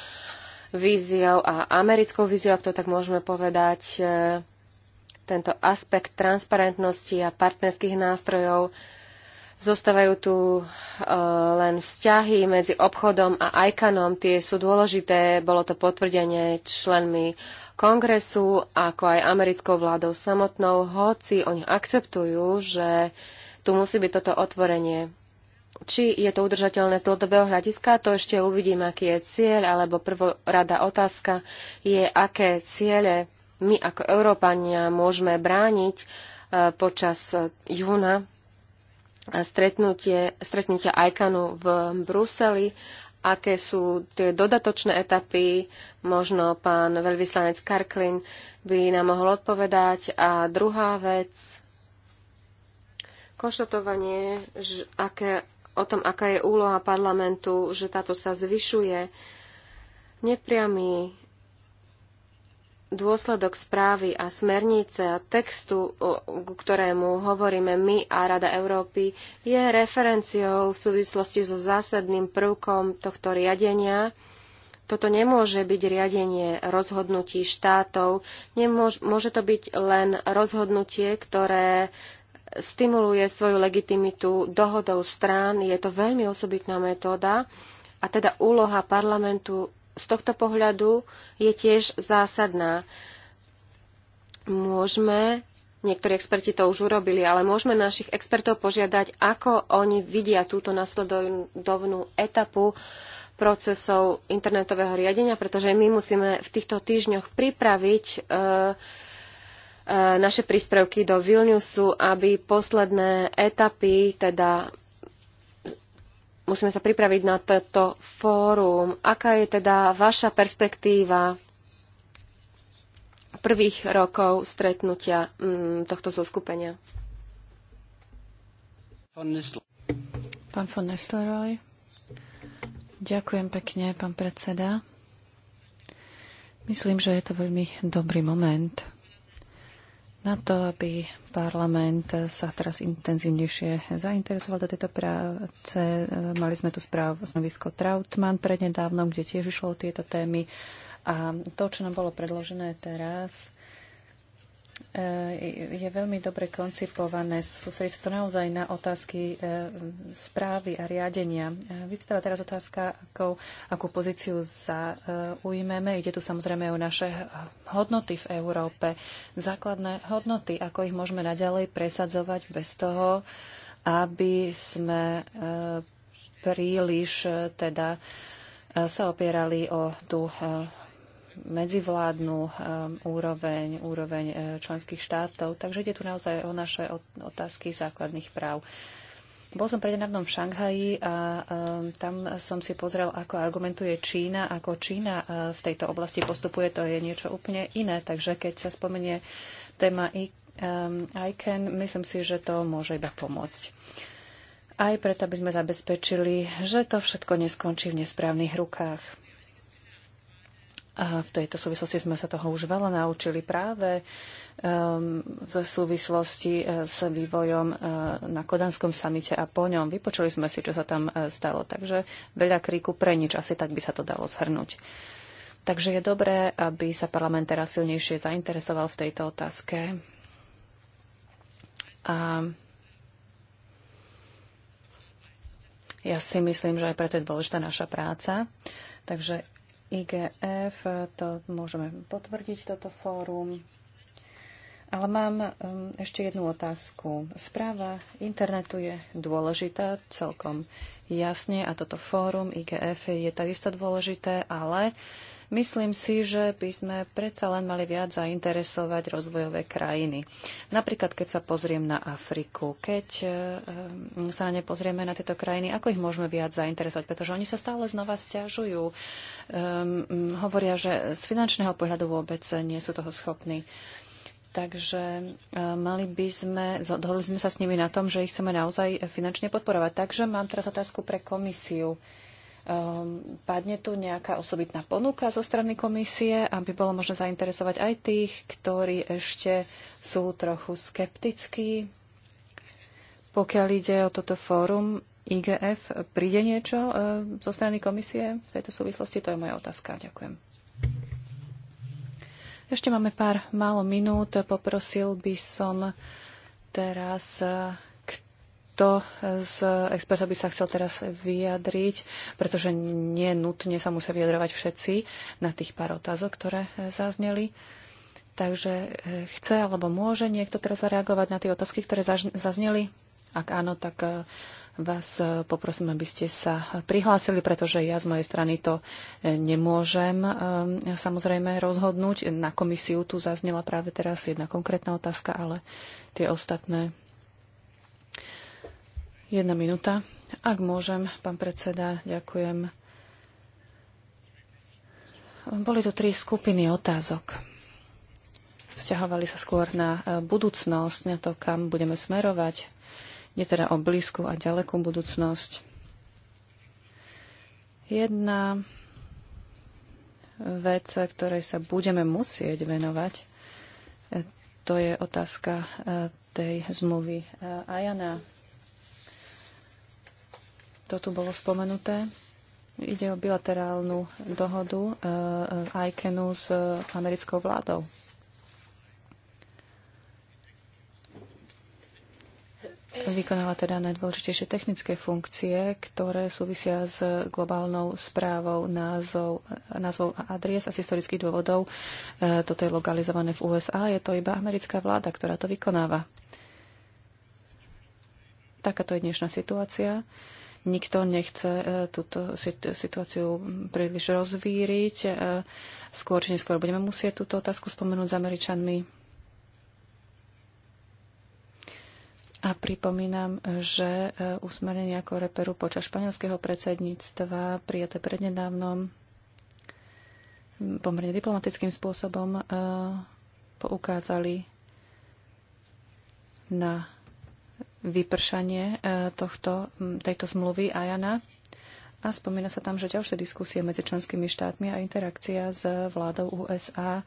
víziou a americkou víziou, ak to tak môžeme povedať, e, tento aspekt transparentnosti a partnerských nástrojov, Zostávajú tu e, len vzťahy medzi obchodom a ICANom, tie sú dôležité, bolo to potvrdenie členmi kongresu, ako aj americkou vládou samotnou, hoci oni akceptujú, že tu musí byť toto otvorenie. Či je to udržateľné z dlhodobého hľadiska, to ešte uvidím, aký je cieľ, alebo prvorada otázka je, aké ciele my ako Európania môžeme brániť e, počas júna stretnutie, stretnutia ICANu v Bruseli aké sú tie dodatočné etapy. Možno pán veľvyslanec Karklin by nám mohol odpovedať. A druhá vec, konštatovanie, že aké, o tom, aká je úloha parlamentu, že táto sa zvyšuje. Nepriamy dôsledok správy a smernice a textu, k ktorému hovoríme my a Rada Európy, je referenciou v súvislosti so zásadným prvkom tohto riadenia. Toto nemôže byť riadenie rozhodnutí štátov, nemôž, môže to byť len rozhodnutie, ktoré stimuluje svoju legitimitu dohodou strán. Je to veľmi osobitná metóda a teda úloha parlamentu z tohto pohľadu je tiež zásadná. Môžeme, niektorí experti to už urobili, ale môžeme našich expertov požiadať, ako oni vidia túto nasledovnú etapu procesov internetového riadenia, pretože my musíme v týchto týždňoch pripraviť e, e naše príspevky do Vilniusu, aby posledné etapy, teda musíme sa pripraviť na toto fórum. Aká je teda vaša perspektíva prvých rokov stretnutia mm, tohto zoskupenia? Pán von Nesleroy. Ďakujem pekne, pán predseda. Myslím, že je to veľmi dobrý moment na to, aby parlament sa teraz intenzívnejšie zainteresoval do tejto práce. Mali sme tu správu stanovisko Trautmann prednedávnom, kde tiež išlo o tieto témy. A to, čo nám bolo predložené teraz, je veľmi dobre koncipované. Sústredí sa to naozaj na otázky e, správy a riadenia. E, vyvstáva teraz otázka, akou, akú pozíciu zaujmeme. Ide tu samozrejme o naše hodnoty v Európe. Základné hodnoty, ako ich môžeme naďalej presadzovať bez toho, aby sme e, príliš teda sa opierali o tú medzivládnu um, úroveň, úroveň uh, členských štátov. Takže ide tu naozaj o naše otázky základných práv. Bol som prednedávnom v Šanghaji a um, tam som si pozrel, ako argumentuje Čína, ako Čína uh, v tejto oblasti postupuje, to je niečo úplne iné. Takže keď sa spomenie téma I, um, myslím si, že to môže iba pomôcť. Aj preto, aby sme zabezpečili, že to všetko neskončí v nesprávnych rukách. A v tejto súvislosti sme sa toho už veľa naučili práve um, v súvislosti e, s vývojom uh, na Kodanskom samite a po ňom. Vypočuli sme si, čo sa tam uh, stalo. Takže veľa kríku pre nič. Asi tak by sa to dalo zhrnúť. Takže je dobré, aby sa parlament teraz silnejšie zainteresoval v tejto otázke. A ja si myslím, že aj preto je dôležitá naša práca. Takže IGF, to môžeme potvrdiť, toto fórum. Ale mám um, ešte jednu otázku. Správa internetu je dôležitá celkom jasne a toto fórum IGF je takisto dôležité, ale uh, Myslím si, že by sme predsa len mali viac zainteresovať rozvojové krajiny. Napríklad, keď sa pozriem na Afriku, keď e, e, sa na ne pozrieme na tieto krajiny, ako ich môžeme viac zainteresovať, pretože oni sa stále znova stiažujú. Um, hovoria, že z finančného pohľadu vôbec nie sú toho schopní. Takže e, mali by sme, dohodli sme sa s nimi na tom, že ich chceme naozaj finančne podporovať. Takže mám teraz otázku pre komisiu. Um, padne tu nejaká osobitná ponuka zo strany komisie, aby bolo možné zainteresovať aj tých, ktorí ešte sú trochu skeptickí. Pokiaľ ide o toto fórum IGF, príde niečo uh, zo strany komisie v tejto súvislosti? To je moja otázka. Ďakujem. Ešte máme pár málo minút. Poprosil by som teraz uh, kto z expertov by sa chcel teraz vyjadriť, pretože nenutne sa musia vyjadrovať všetci na tých pár otázok, ktoré e, zazneli. Takže e, chce alebo môže niekto teraz zareagovať na tie otázky, ktoré zazneli? Ak áno, tak e, vás poprosím, aby ste sa prihlásili, pretože ja z mojej strany to nemôžem samozrejme rozhodnúť. Na komisiu tu zaznela práve teraz jedna konkrétna otázka, ale tie ostatné Jedna minúta. Ak môžem, pán predseda, ďakujem. Boli tu tri skupiny otázok. Vzťahovali sa skôr na e, budúcnosť, na to, kam budeme smerovať. Je teda o blízku a ďalekú budúcnosť. Jedna e, vec, ktorej sa budeme musieť venovať, e, to je otázka tej zmluvy Ajana to tu bolo spomenuté. Ide o bilaterálnu dohodu e, e ICANu s e, americkou vládou. Vykonáva teda najdôležitejšie technické funkcie, ktoré súvisia s globálnou správou názov, názvov a adries a z historických dôvodov. E, toto je lokalizované v USA. Je to iba americká vláda, ktorá to vykonáva. Takáto je dnešná situácia. E, Nikto nechce e, túto situáciu príliš rozvíriť. E, skôr či neskôr budeme musieť túto otázku spomenúť s Američanmi. A pripomínam, že e, usmernenie ako reperu počas španielského predsedníctva prijaté prednedávnom pomerne diplomatickým spôsobom poukázali na vypršanie e, tohto, tejto zmluvy AJANA a spomína sa tam, že ďalšie diskusie medzi členskými štátmi a interakcia s vládou USA e,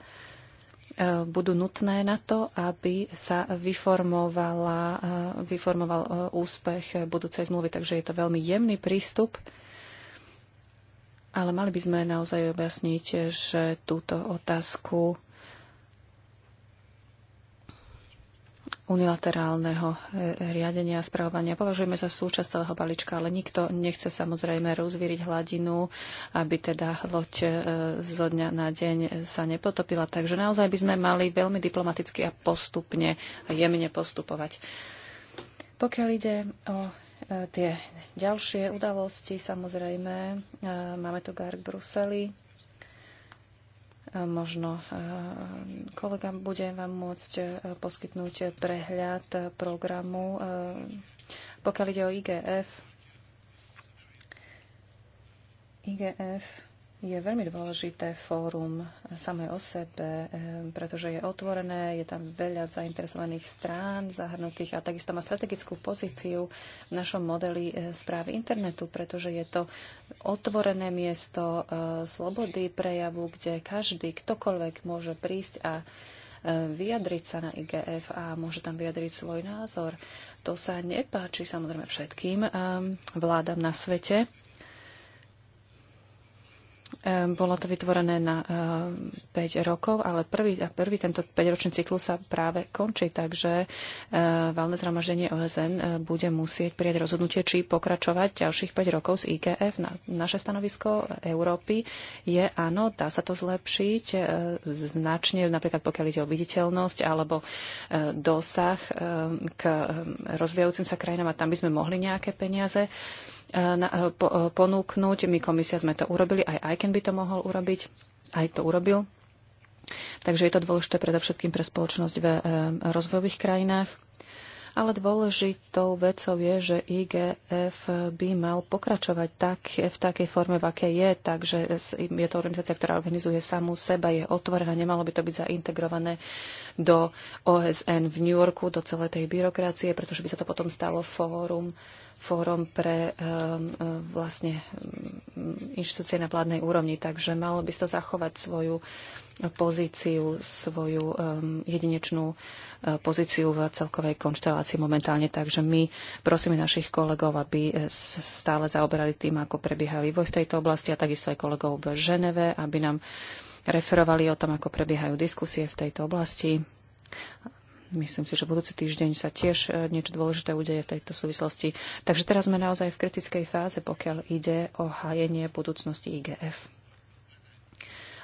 budú nutné na to, aby sa vyformovala, e, vyformoval úspech budúcej zmluvy. Takže je to veľmi jemný prístup, ale mali by sme naozaj objasniť, že túto otázku unilaterálneho e, riadenia a spravovania. Považujeme za súčasť celého balíčka, ale nikto nechce samozrejme rozvíriť hladinu, aby teda loď e, zo dňa na deň sa nepotopila. Takže naozaj by sme mali veľmi diplomaticky a postupne a jemne postupovať. Pokiaľ ide o e, tie ďalšie udalosti, samozrejme, máme tu GAR k Bruseli, Možno e, kolega bude vám môcť e, poskytnúť prehľad programu. E, pokiaľ ide o IGF, IGF je veľmi dôležité fórum samé o sebe, pretože je otvorené, je tam veľa zainteresovaných strán zahrnutých a takisto má strategickú pozíciu v našom modeli eh, správy internetu, pretože je to otvorené miesto eh, slobody prejavu, kde každý, ktokoľvek môže prísť a eh, vyjadriť sa na IGF a môže tam vyjadriť svoj názor. To sa nepáči samozrejme všetkým vládam na svete, Ehm, bolo to vytvorené na 5 ehm, rokov, ale prvý, a prvý tento 5-ročný cyklus sa práve končí, takže ehm, valné zhromaždenie OSN bude musieť prijať rozhodnutie, či pokračovať ďalších 5 rokov z IKF Na, naše stanovisko Európy je áno, dá sa to zlepšiť značne, napríklad pokiaľ ide o viditeľnosť alebo dosah k rozvíjajúcim sa krajinám a tam by sme mohli nejaké peniaze Eh, eh, ponúknuť. My komisia sme to urobili, aj ICAN by to mohol urobiť, aj to urobil. Takže je to dôležité predovšetkým pre spoločnosť v eh, rozvojových krajinách. Ale dôležitou vecou je, že IGF by mal pokračovať tak, v takej forme, v akej je. Takže je to organizácia, ktorá organizuje samú seba, je otvorená, nemalo by to byť zaintegrované do OSN v New Yorku, do celej tej byrokracie, pretože by sa to potom stalo fórum fórum pre um, vlastne um, inštitúcie na vládnej úrovni. Takže malo by sa zachovať svoju pozíciu, svoju um, jedinečnú uh, pozíciu v celkovej konštelácii momentálne. Takže my prosíme našich kolegov, aby sa stále zaoberali tým, ako prebieha vývoj v tejto oblasti a takisto aj kolegov v Ženeve, aby nám referovali o tom, ako prebiehajú diskusie v tejto oblasti Myslím si, že budúci týždeň sa tiež e, niečo dôležité udeje v tejto súvislosti. Takže teraz sme naozaj v kritickej fáze, pokiaľ ide o hájenie budúcnosti IGF.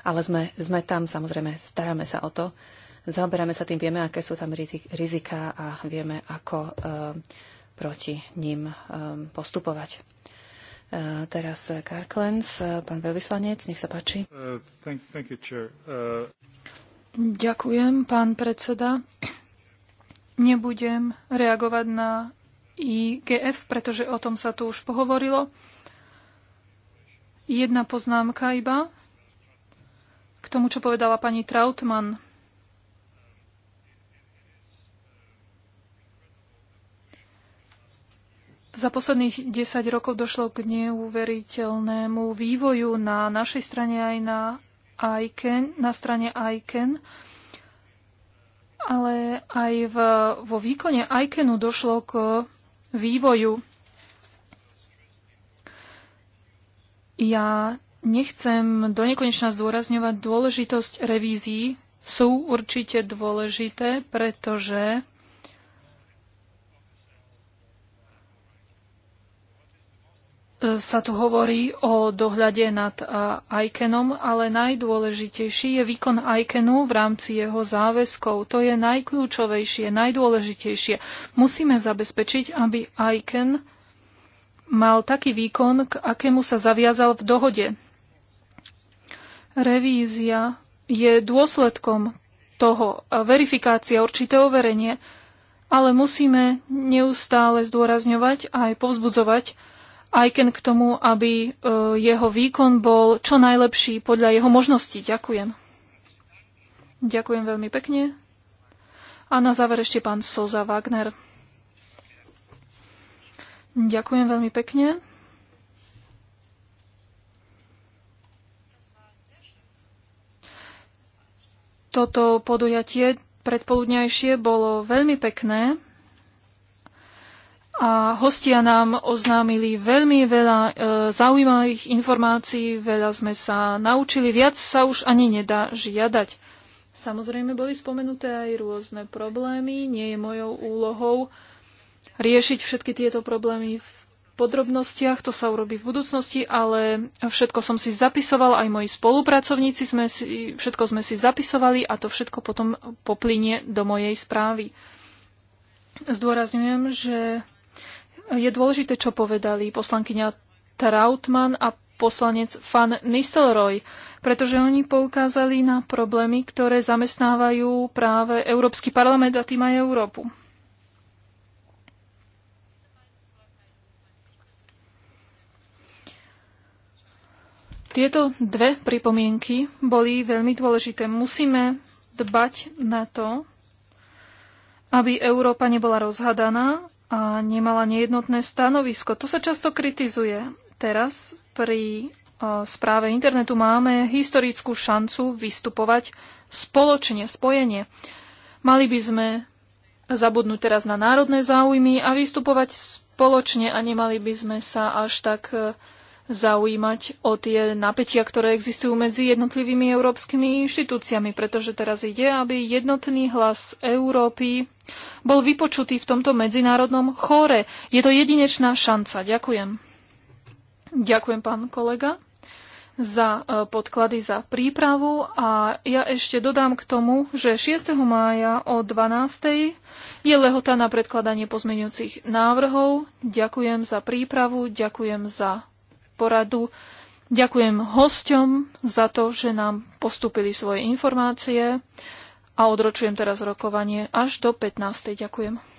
Ale sme, sme tam, samozrejme, staráme sa o to. Zaoberáme sa tým, vieme, aké sú tam riziká a vieme, ako e, proti ním e, postupovať. E, teraz Karklens, e, pán veľvyslanec, nech sa páči. Uh, thank, thank you, uh... Ďakujem, pán predseda. Nebudem reagovať na IGF, pretože o tom sa tu už pohovorilo. Jedna poznámka iba k tomu, čo povedala pani Trautmann. Za posledných 10 rokov došlo k neuveriteľnému vývoju na našej strane aj na ICAN, na strane ICAN ale aj v, vo výkone ICANu došlo k vývoju. Ja nechcem do nekonečna zdôrazňovať dôležitosť revízií. Sú určite dôležité, pretože sa tu hovorí o dohľade nad ICANom, ale najdôležitejší je výkon ICANu v rámci jeho záväzkov. To je najkľúčovejšie, najdôležitejšie. Musíme zabezpečiť, aby ICAN mal taký výkon, k akému sa zaviazal v dohode. Revízia je dôsledkom toho, verifikácia určité overenie, ale musíme neustále zdôrazňovať a aj povzbudzovať ICANN k tomu, aby e, jeho výkon bol čo najlepší podľa jeho možností. Ďakujem. Ďakujem veľmi pekne. A na záver ešte pán Soza Wagner. Ďakujem veľmi pekne. Toto podujatie predpoludňajšie bolo veľmi pekné a hostia nám oznámili veľmi veľa e, zaujímavých informácií, veľa sme sa naučili, viac sa už ani nedá žiadať. Samozrejme boli spomenuté aj rôzne problémy, nie je mojou úlohou riešiť všetky tieto problémy v podrobnostiach, to sa urobí v budúcnosti, ale všetko som si zapisoval, aj moji spolupracovníci sme si, všetko sme si zapisovali a to všetko potom poplynie do mojej správy. Zdôrazňujem, že je dôležité, čo povedali poslankyňa Trautmann a poslanec Fan Nistelrooy, pretože oni poukázali na problémy, ktoré zamestnávajú práve Európsky parlament a tým aj Európu. Tieto dve pripomienky boli veľmi dôležité. Musíme dbať na to, aby Európa nebola rozhadaná a nemala nejednotné stanovisko. To sa často kritizuje. Teraz pri správe internetu máme historickú šancu vystupovať spoločne, spojenie. Mali by sme zabudnúť teraz na národné záujmy a vystupovať spoločne a nemali by sme sa až tak e, zaujímať o tie napätia, ktoré existujú medzi jednotlivými európskymi inštitúciami, pretože teraz ide, aby jednotný hlas Európy bol vypočutý v tomto medzinárodnom chóre. Je to jedinečná šanca. Ďakujem. Ďakujem, pán kolega, za e, podklady za prípravu a ja ešte dodám k tomu, že 6. mája o 12. je lehota na predkladanie pozmeňujúcich návrhov. Ďakujem za prípravu, ďakujem za poradu. Ďakujem hosťom za to, že nám postúpili svoje informácie a odročujem teraz rokovanie až do 15. Ďakujem.